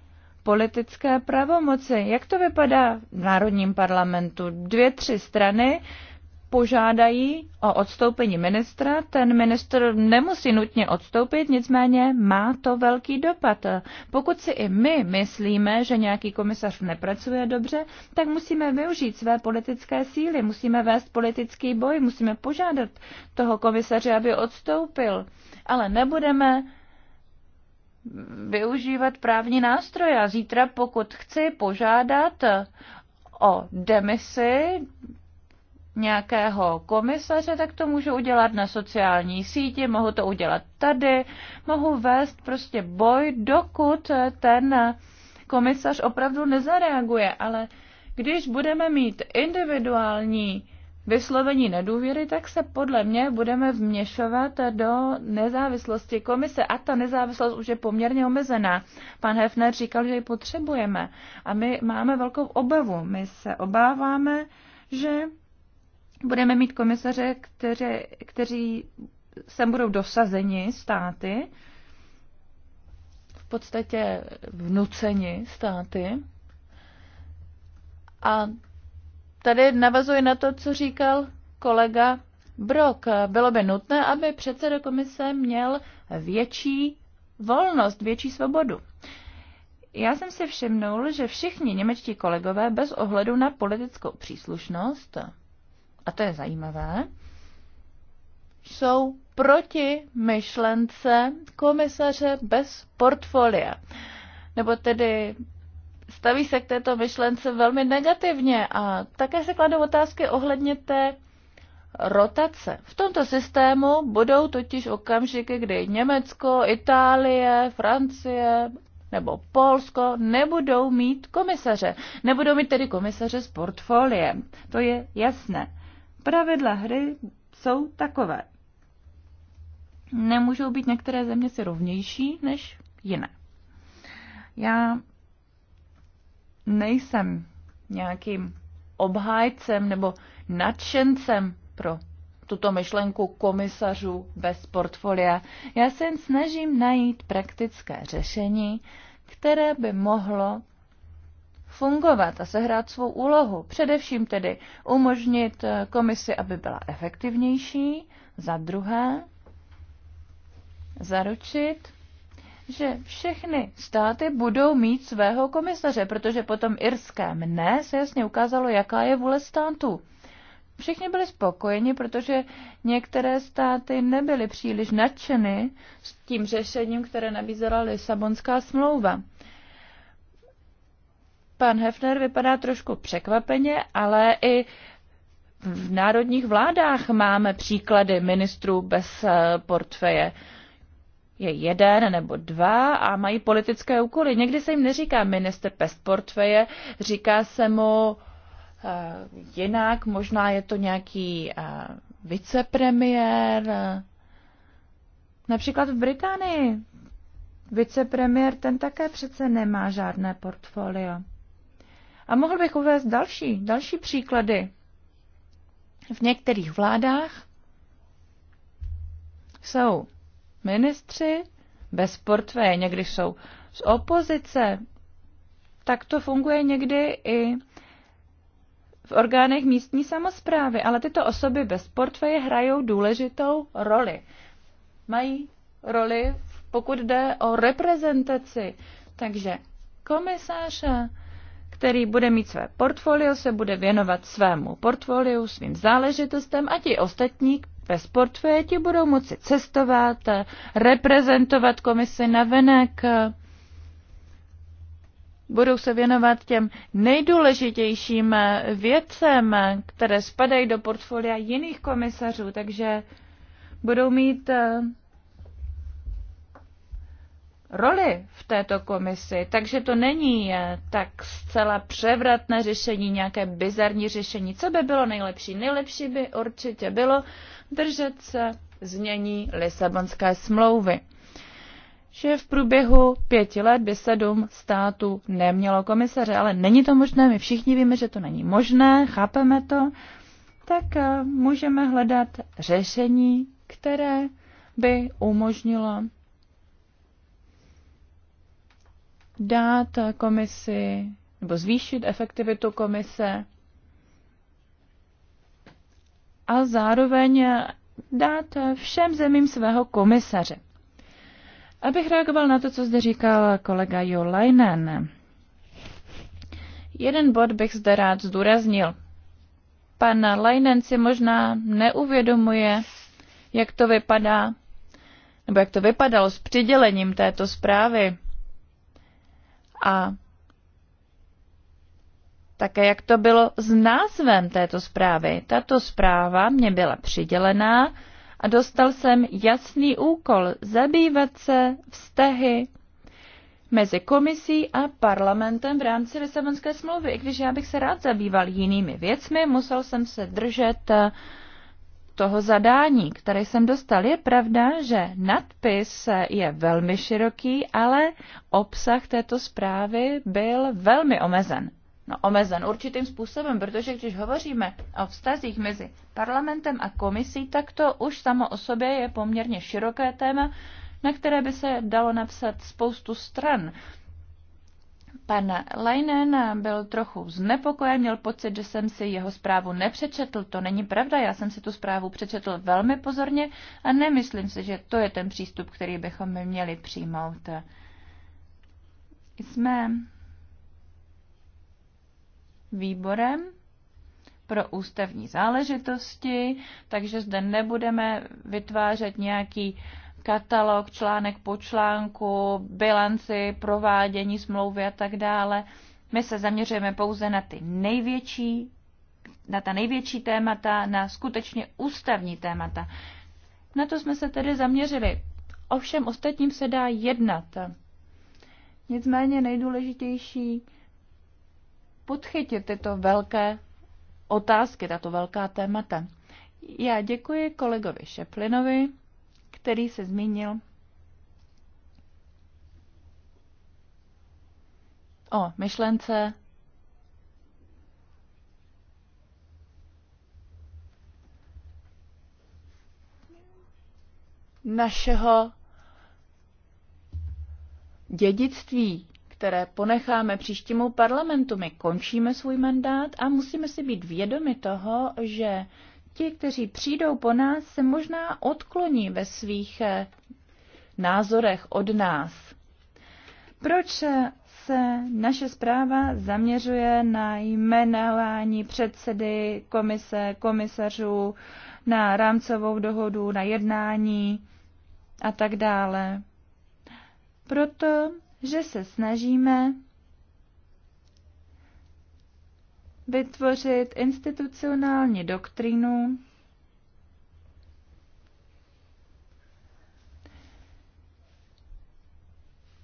B: politické pravomoci. Jak to vypadá v Národním parlamentu? Dvě, tři strany požádají o odstoupení ministra. Ten ministr nemusí nutně odstoupit, nicméně má to velký dopad. Pokud si i my myslíme, že nějaký komisař nepracuje dobře, tak musíme využít své politické síly, musíme vést politický boj, musíme požádat toho komisaře, aby odstoupil. Ale nebudeme využívat právní nástroje. Zítra, pokud chci požádat o demisi nějakého komisaře, tak to můžu udělat na sociální síti, mohu to udělat tady, mohu vést prostě boj, dokud ten komisař opravdu nezareaguje. Ale když budeme mít individuální vyslovení nedůvěry, tak se podle mě budeme vměšovat do nezávislosti komise. A ta nezávislost už je poměrně omezená. Pan Hefner říkal, že ji potřebujeme. A my máme velkou obavu. My se obáváme, že budeme mít komisaře, kteři, kteří sem budou dosazeni státy, v podstatě vnuceni státy. A tady navazuje na to, co říkal kolega Brok. Bylo by nutné, aby předseda komise měl větší volnost, větší svobodu. Já jsem si všimnul, že všichni němečtí kolegové bez ohledu na politickou příslušnost a to je zajímavé, jsou proti myšlence komisaře bez portfolia. Nebo tedy staví se k této myšlence velmi negativně a také se kladou otázky ohledně té rotace. V tomto systému budou totiž okamžiky, kdy Německo, Itálie, Francie nebo Polsko nebudou mít komisaře. Nebudou mít tedy komisaře s portfoliem. To je jasné. Pravidla hry jsou takové. Nemůžou být některé země si rovnější než jiné. Já nejsem nějakým obhájcem nebo nadšencem pro tuto myšlenku komisařů bez portfolia. Já se jen snažím najít praktické řešení, které by mohlo fungovat a sehrát svou úlohu. Především tedy umožnit eh, komisi, aby byla efektivnější, za druhé zaručit, že všechny státy budou mít svého komisaře, protože potom irské mne se jasně ukázalo, jaká je vůle států. Všichni byli spokojeni, protože některé státy nebyly příliš nadšeny s tím řešením, které nabízela Lisabonská smlouva. Pan Hefner vypadá trošku překvapeně, ale i v národních vládách máme příklady ministrů bez eh, portfeje. Je jeden nebo dva a mají politické úkoly. Někdy se jim neříká minister bez portfeje, říká se mu eh, jinak, možná je to nějaký eh, vicepremiér. Například v Británii vicepremiér ten také přece nemá žádné portfolio. A mohl bych uvést další, další příklady. V některých vládách jsou ministři bez portvé, někdy jsou z opozice. Tak to funguje někdy i v orgánech místní samozprávy, ale tyto osoby bez portfeje hrajou důležitou roli. Mají roli, pokud jde o reprezentaci. Takže komisáře který bude mít své portfolio, se bude věnovat svému portfoliu, svým záležitostem a ti ostatní ve portfeje ti budou moci cestovat, reprezentovat komisi na venek, budou se věnovat těm nejdůležitějším věcem, které spadají do portfolia jiných komisařů, takže budou mít roli v této komisi, takže to není eh, tak zcela převratné řešení, nějaké bizarní řešení. Co by bylo nejlepší? Nejlepší by určitě bylo držet se znění Lisabonské smlouvy že v průběhu pěti let by sedm států nemělo komisaře, ale není to možné, my všichni víme, že to není možné, chápeme to, tak eh, můžeme hledat řešení, které by umožnilo dát komisi nebo zvýšit efektivitu komise a zároveň dát všem zemím svého komisaře. Abych reagoval na to, co zde říkal kolega Jo Leinen. Jeden bod bych zde rád zdůraznil. Pan Leinen si možná neuvědomuje, jak to vypadá, nebo jak to vypadalo s přidělením této zprávy a také jak to bylo s názvem této zprávy. Tato zpráva mě byla přidělená a dostal jsem jasný úkol zabývat se vztahy mezi komisí a parlamentem v rámci Lisabonské smlouvy. I když já bych se rád zabýval jinými věcmi, musel jsem se držet uh, toho zadání, které jsem dostal. Je pravda, že nadpis je velmi široký, ale obsah této zprávy byl velmi omezen. No omezen určitým způsobem, protože když hovoříme o vztazích mezi parlamentem a komisí, tak to už samo o sobě je poměrně široké téma, na které by se dalo napsat spoustu stran. Pan Leinen byl trochu znepokojen, měl pocit, že jsem si jeho zprávu nepřečetl. To není pravda, já jsem si tu zprávu přečetl velmi pozorně a nemyslím si, že to je ten přístup, který bychom měli přijmout. Jsme výborem pro ústavní záležitosti, takže zde nebudeme vytvářet nějaký uh, katalog, článek po článku, bilanci, provádění smlouvy a tak dále. My se zaměřujeme pouze na ty největší, na ta největší témata, na skutečně ústavní témata. Na to jsme se tedy zaměřili. Ovšem ostatním se dá jednat. Nicméně nejdůležitější podchytit tyto velké otázky, tato velká témata. Já děkuji kolegovi Šeplinovi který se zmínil o myšlence našeho dědictví, které ponecháme příštímu parlamentu. My končíme svůj mandát a musíme si být vědomi toho, že ti, kteří přijdou po nás, se možná odkloní ve svých eh, názorech od nás. Proč se naše zpráva zaměřuje na jmenování předsedy komise, komisařů, na rámcovou dohodu, na jednání a tak dále. Proto, že se snažíme vytvořit institucionální doktrínu,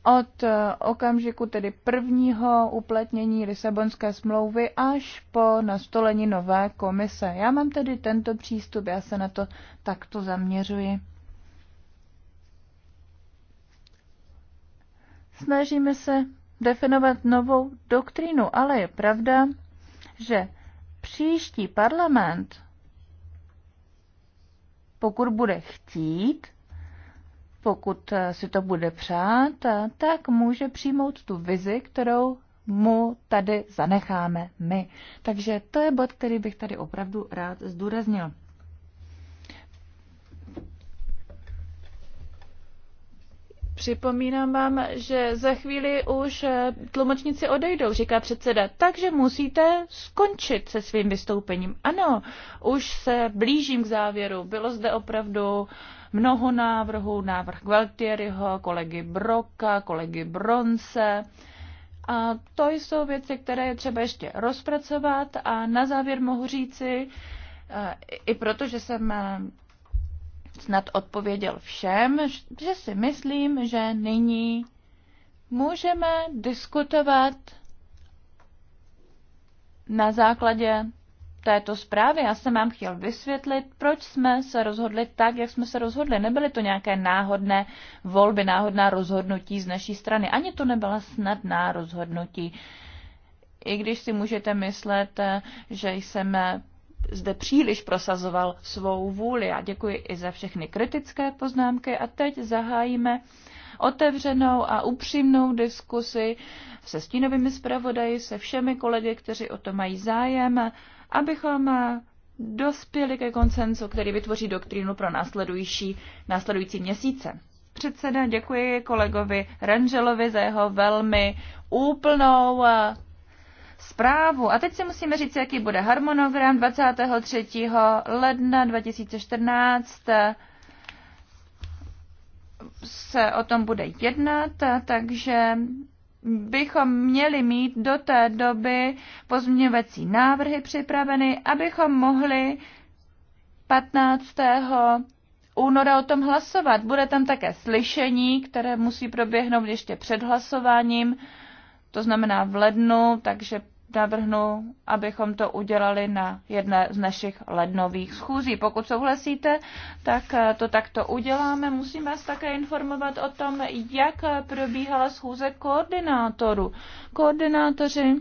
B: od eh, okamžiku tedy prvního uplatnění Lisabonské smlouvy až po nastolení nové komise. Já mám tedy tento přístup, já se na to takto zaměřuji. Snažíme se definovat novou doktrínu, ale je pravda, že příští parlament, pokud bude chtít, pokud si to bude přát, tak může přijmout tu vizi, kterou mu tady zanecháme my. Takže to je bod, který bych tady opravdu rád zdůraznil. Připomínám vám, že za chvíli už eh, tlumočníci odejdou, říká předseda, takže musíte skončit se svým vystoupením. Ano, už se blížím k závěru. Bylo zde opravdu mnoho návrhů, návrh Gualtieriho, kolegy Broka, kolegy Bronce. A to jsou věci, které je třeba ještě rozpracovat a na závěr mohu říci, eh, i protože jsem eh, snad odpověděl všem, že si myslím, že nyní můžeme diskutovat na základě této zprávy. Já jsem vám chtěl vysvětlit, proč jsme se rozhodli tak, jak jsme se rozhodli. Nebyly to nějaké náhodné volby, náhodná rozhodnutí z naší strany. Ani to nebyla snadná rozhodnutí. I když si můžete myslet, že jsem zde příliš prosazoval svou vůli. A děkuji i za všechny kritické poznámky a teď zahájíme otevřenou a upřímnou diskusi se stínovými zpravodaji, se všemi kolegy, kteří o to mají zájem, abychom dospěli ke koncenzu, který vytvoří doktrínu pro následující, následující měsíce. Předseda, děkuji kolegovi Rangelovi za jeho velmi úplnou zprávu. A teď si musíme říct, jaký bude harmonogram 23. ledna 2014 se o tom bude jednat, takže bychom měli mít do té doby pozměňovací návrhy připraveny, abychom mohli 15. února o tom hlasovat. Bude tam také slyšení, které musí proběhnout ještě před hlasováním, to znamená v lednu, takže navrhnu, abychom to udělali na jedné z našich lednových schůzí. Pokud souhlasíte, tak eh, to takto uděláme. Musím vás také informovat o tom, jak probíhala schůze koordinátorů. Koordinátoři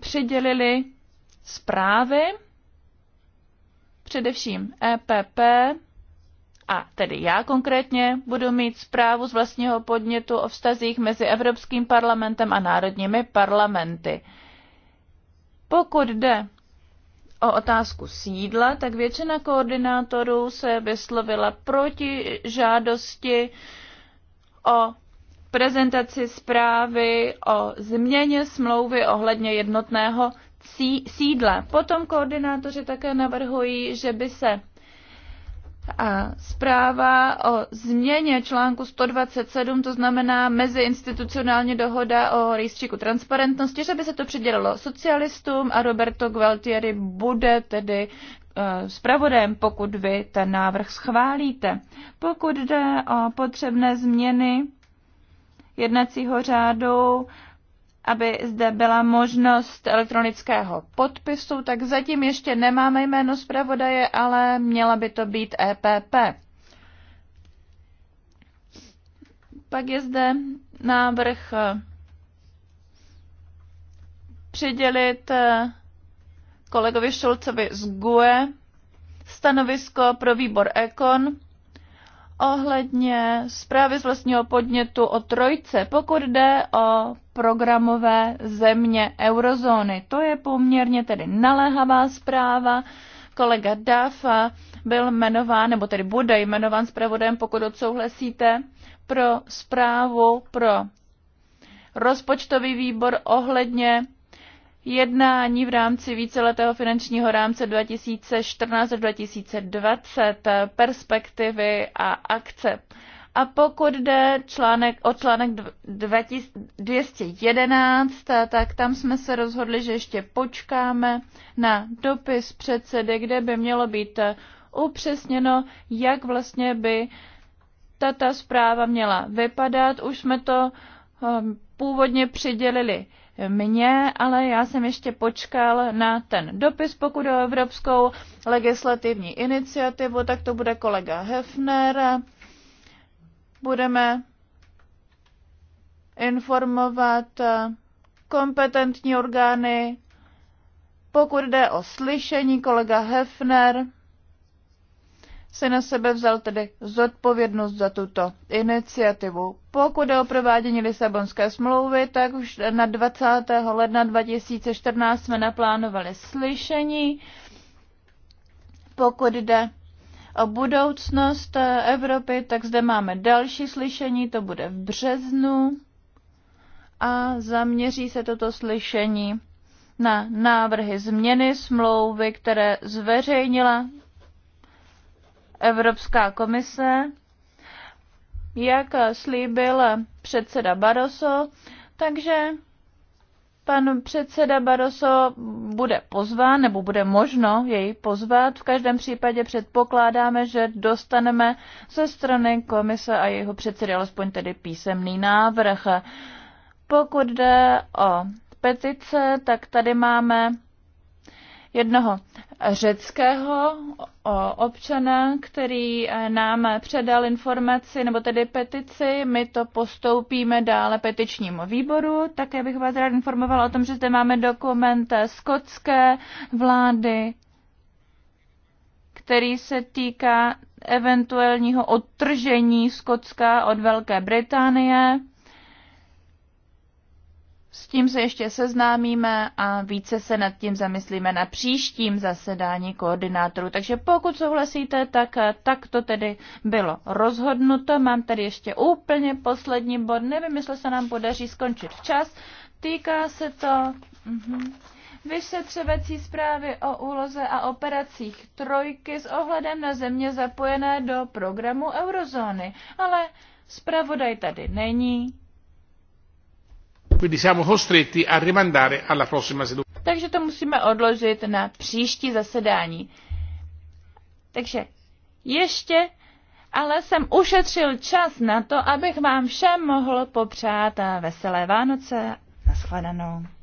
B: přidělili zprávy, především EPP, a tedy já konkrétně budu mít zprávu z vlastního podnětu o vztazích mezi Evropským parlamentem a národními parlamenty. Pokud jde o otázku sídla, tak většina koordinátorů se vyslovila proti žádosti o prezentaci zprávy o změně smlouvy ohledně jednotného sídla. Potom koordinátoři také navrhují, že by se a zpráva o změně článku 127, to znamená meziinstitucionální dohoda o rejstříku transparentnosti, že by se to přidělilo socialistům a Roberto Gualtieri bude tedy eh, zpravodajem, pokud vy ten návrh schválíte. Pokud jde o potřebné změny jednacího řádu, aby zde byla možnost elektronického podpisu, tak zatím ještě nemáme jméno zpravodaje, ale měla by to být EPP. Pak je zde návrh eh, přidělit eh, kolegovi Šulcovi z GUE stanovisko pro výbor EKON ohledně zprávy z vlastního podnětu o trojce, pokud jde o programové země eurozóny. To je poměrně tedy naléhavá zpráva. Kolega Dafa byl jmenován, nebo tedy bude jmenován zpravodajem, pokud odsouhlasíte, pro zprávu pro rozpočtový výbor ohledně jednání v rámci víceletého finančního rámce 2014 2020, perspektivy a akce. A pokud jde článek, o článek 211, tak tam jsme se rozhodli, že ještě počkáme na dopis předsedy, kde by mělo být upřesněno, jak vlastně by tato zpráva měla vypadat. Už jsme to um, původně přidělili mě, ale já jsem ještě počkal na ten dopis, pokud o evropskou legislativní iniciativu, tak to bude kolega Hefner. Budeme informovat kompetentní orgány. Pokud jde o slyšení, kolega Hefner se na sebe vzal tedy zodpovědnost za tuto iniciativu. Pokud je o provádění Lisabonské smlouvy, tak už na 20. ledna 2014 jsme naplánovali slyšení. Pokud jde o budoucnost Evropy, tak zde máme další slyšení, to bude v březnu a zaměří se toto slyšení na návrhy změny smlouvy, které zveřejnila Evropská komise, jak slíbil předseda Barroso, takže pan předseda Barroso bude pozván, nebo bude možno jej pozvat. V každém případě předpokládáme, že dostaneme ze strany komise a jeho předsedy alespoň tedy písemný návrh. Pokud jde o petice, tak tady máme jednoho řeckého občana, který eh, nám předal informaci, nebo tedy petici. My to postoupíme dále petičnímu výboru. Také bych vás rád informovala o tom, že zde máme dokument skotské vlády, který se týká eventuálního odtržení Skotska od Velké Británie. S tím se ještě seznámíme a více se nad tím zamyslíme na příštím zasedání koordinátorů. Takže pokud souhlasíte, tak, tak to tedy bylo rozhodnuto. Mám tady ještě úplně poslední bod. Nevím, jestli se nám podaří skončit včas. Týká se to uh-huh. vyšetřovací zprávy o úloze a operacích trojky s ohledem na země zapojené do programu eurozóny. Ale zpravodaj tady není. Takže to musíme odložit na příští zasedání. Takže ještě, ale jsem ušetřil čas na to, abych vám všem mohl popřát a veselé Vánoce. Naschledanou.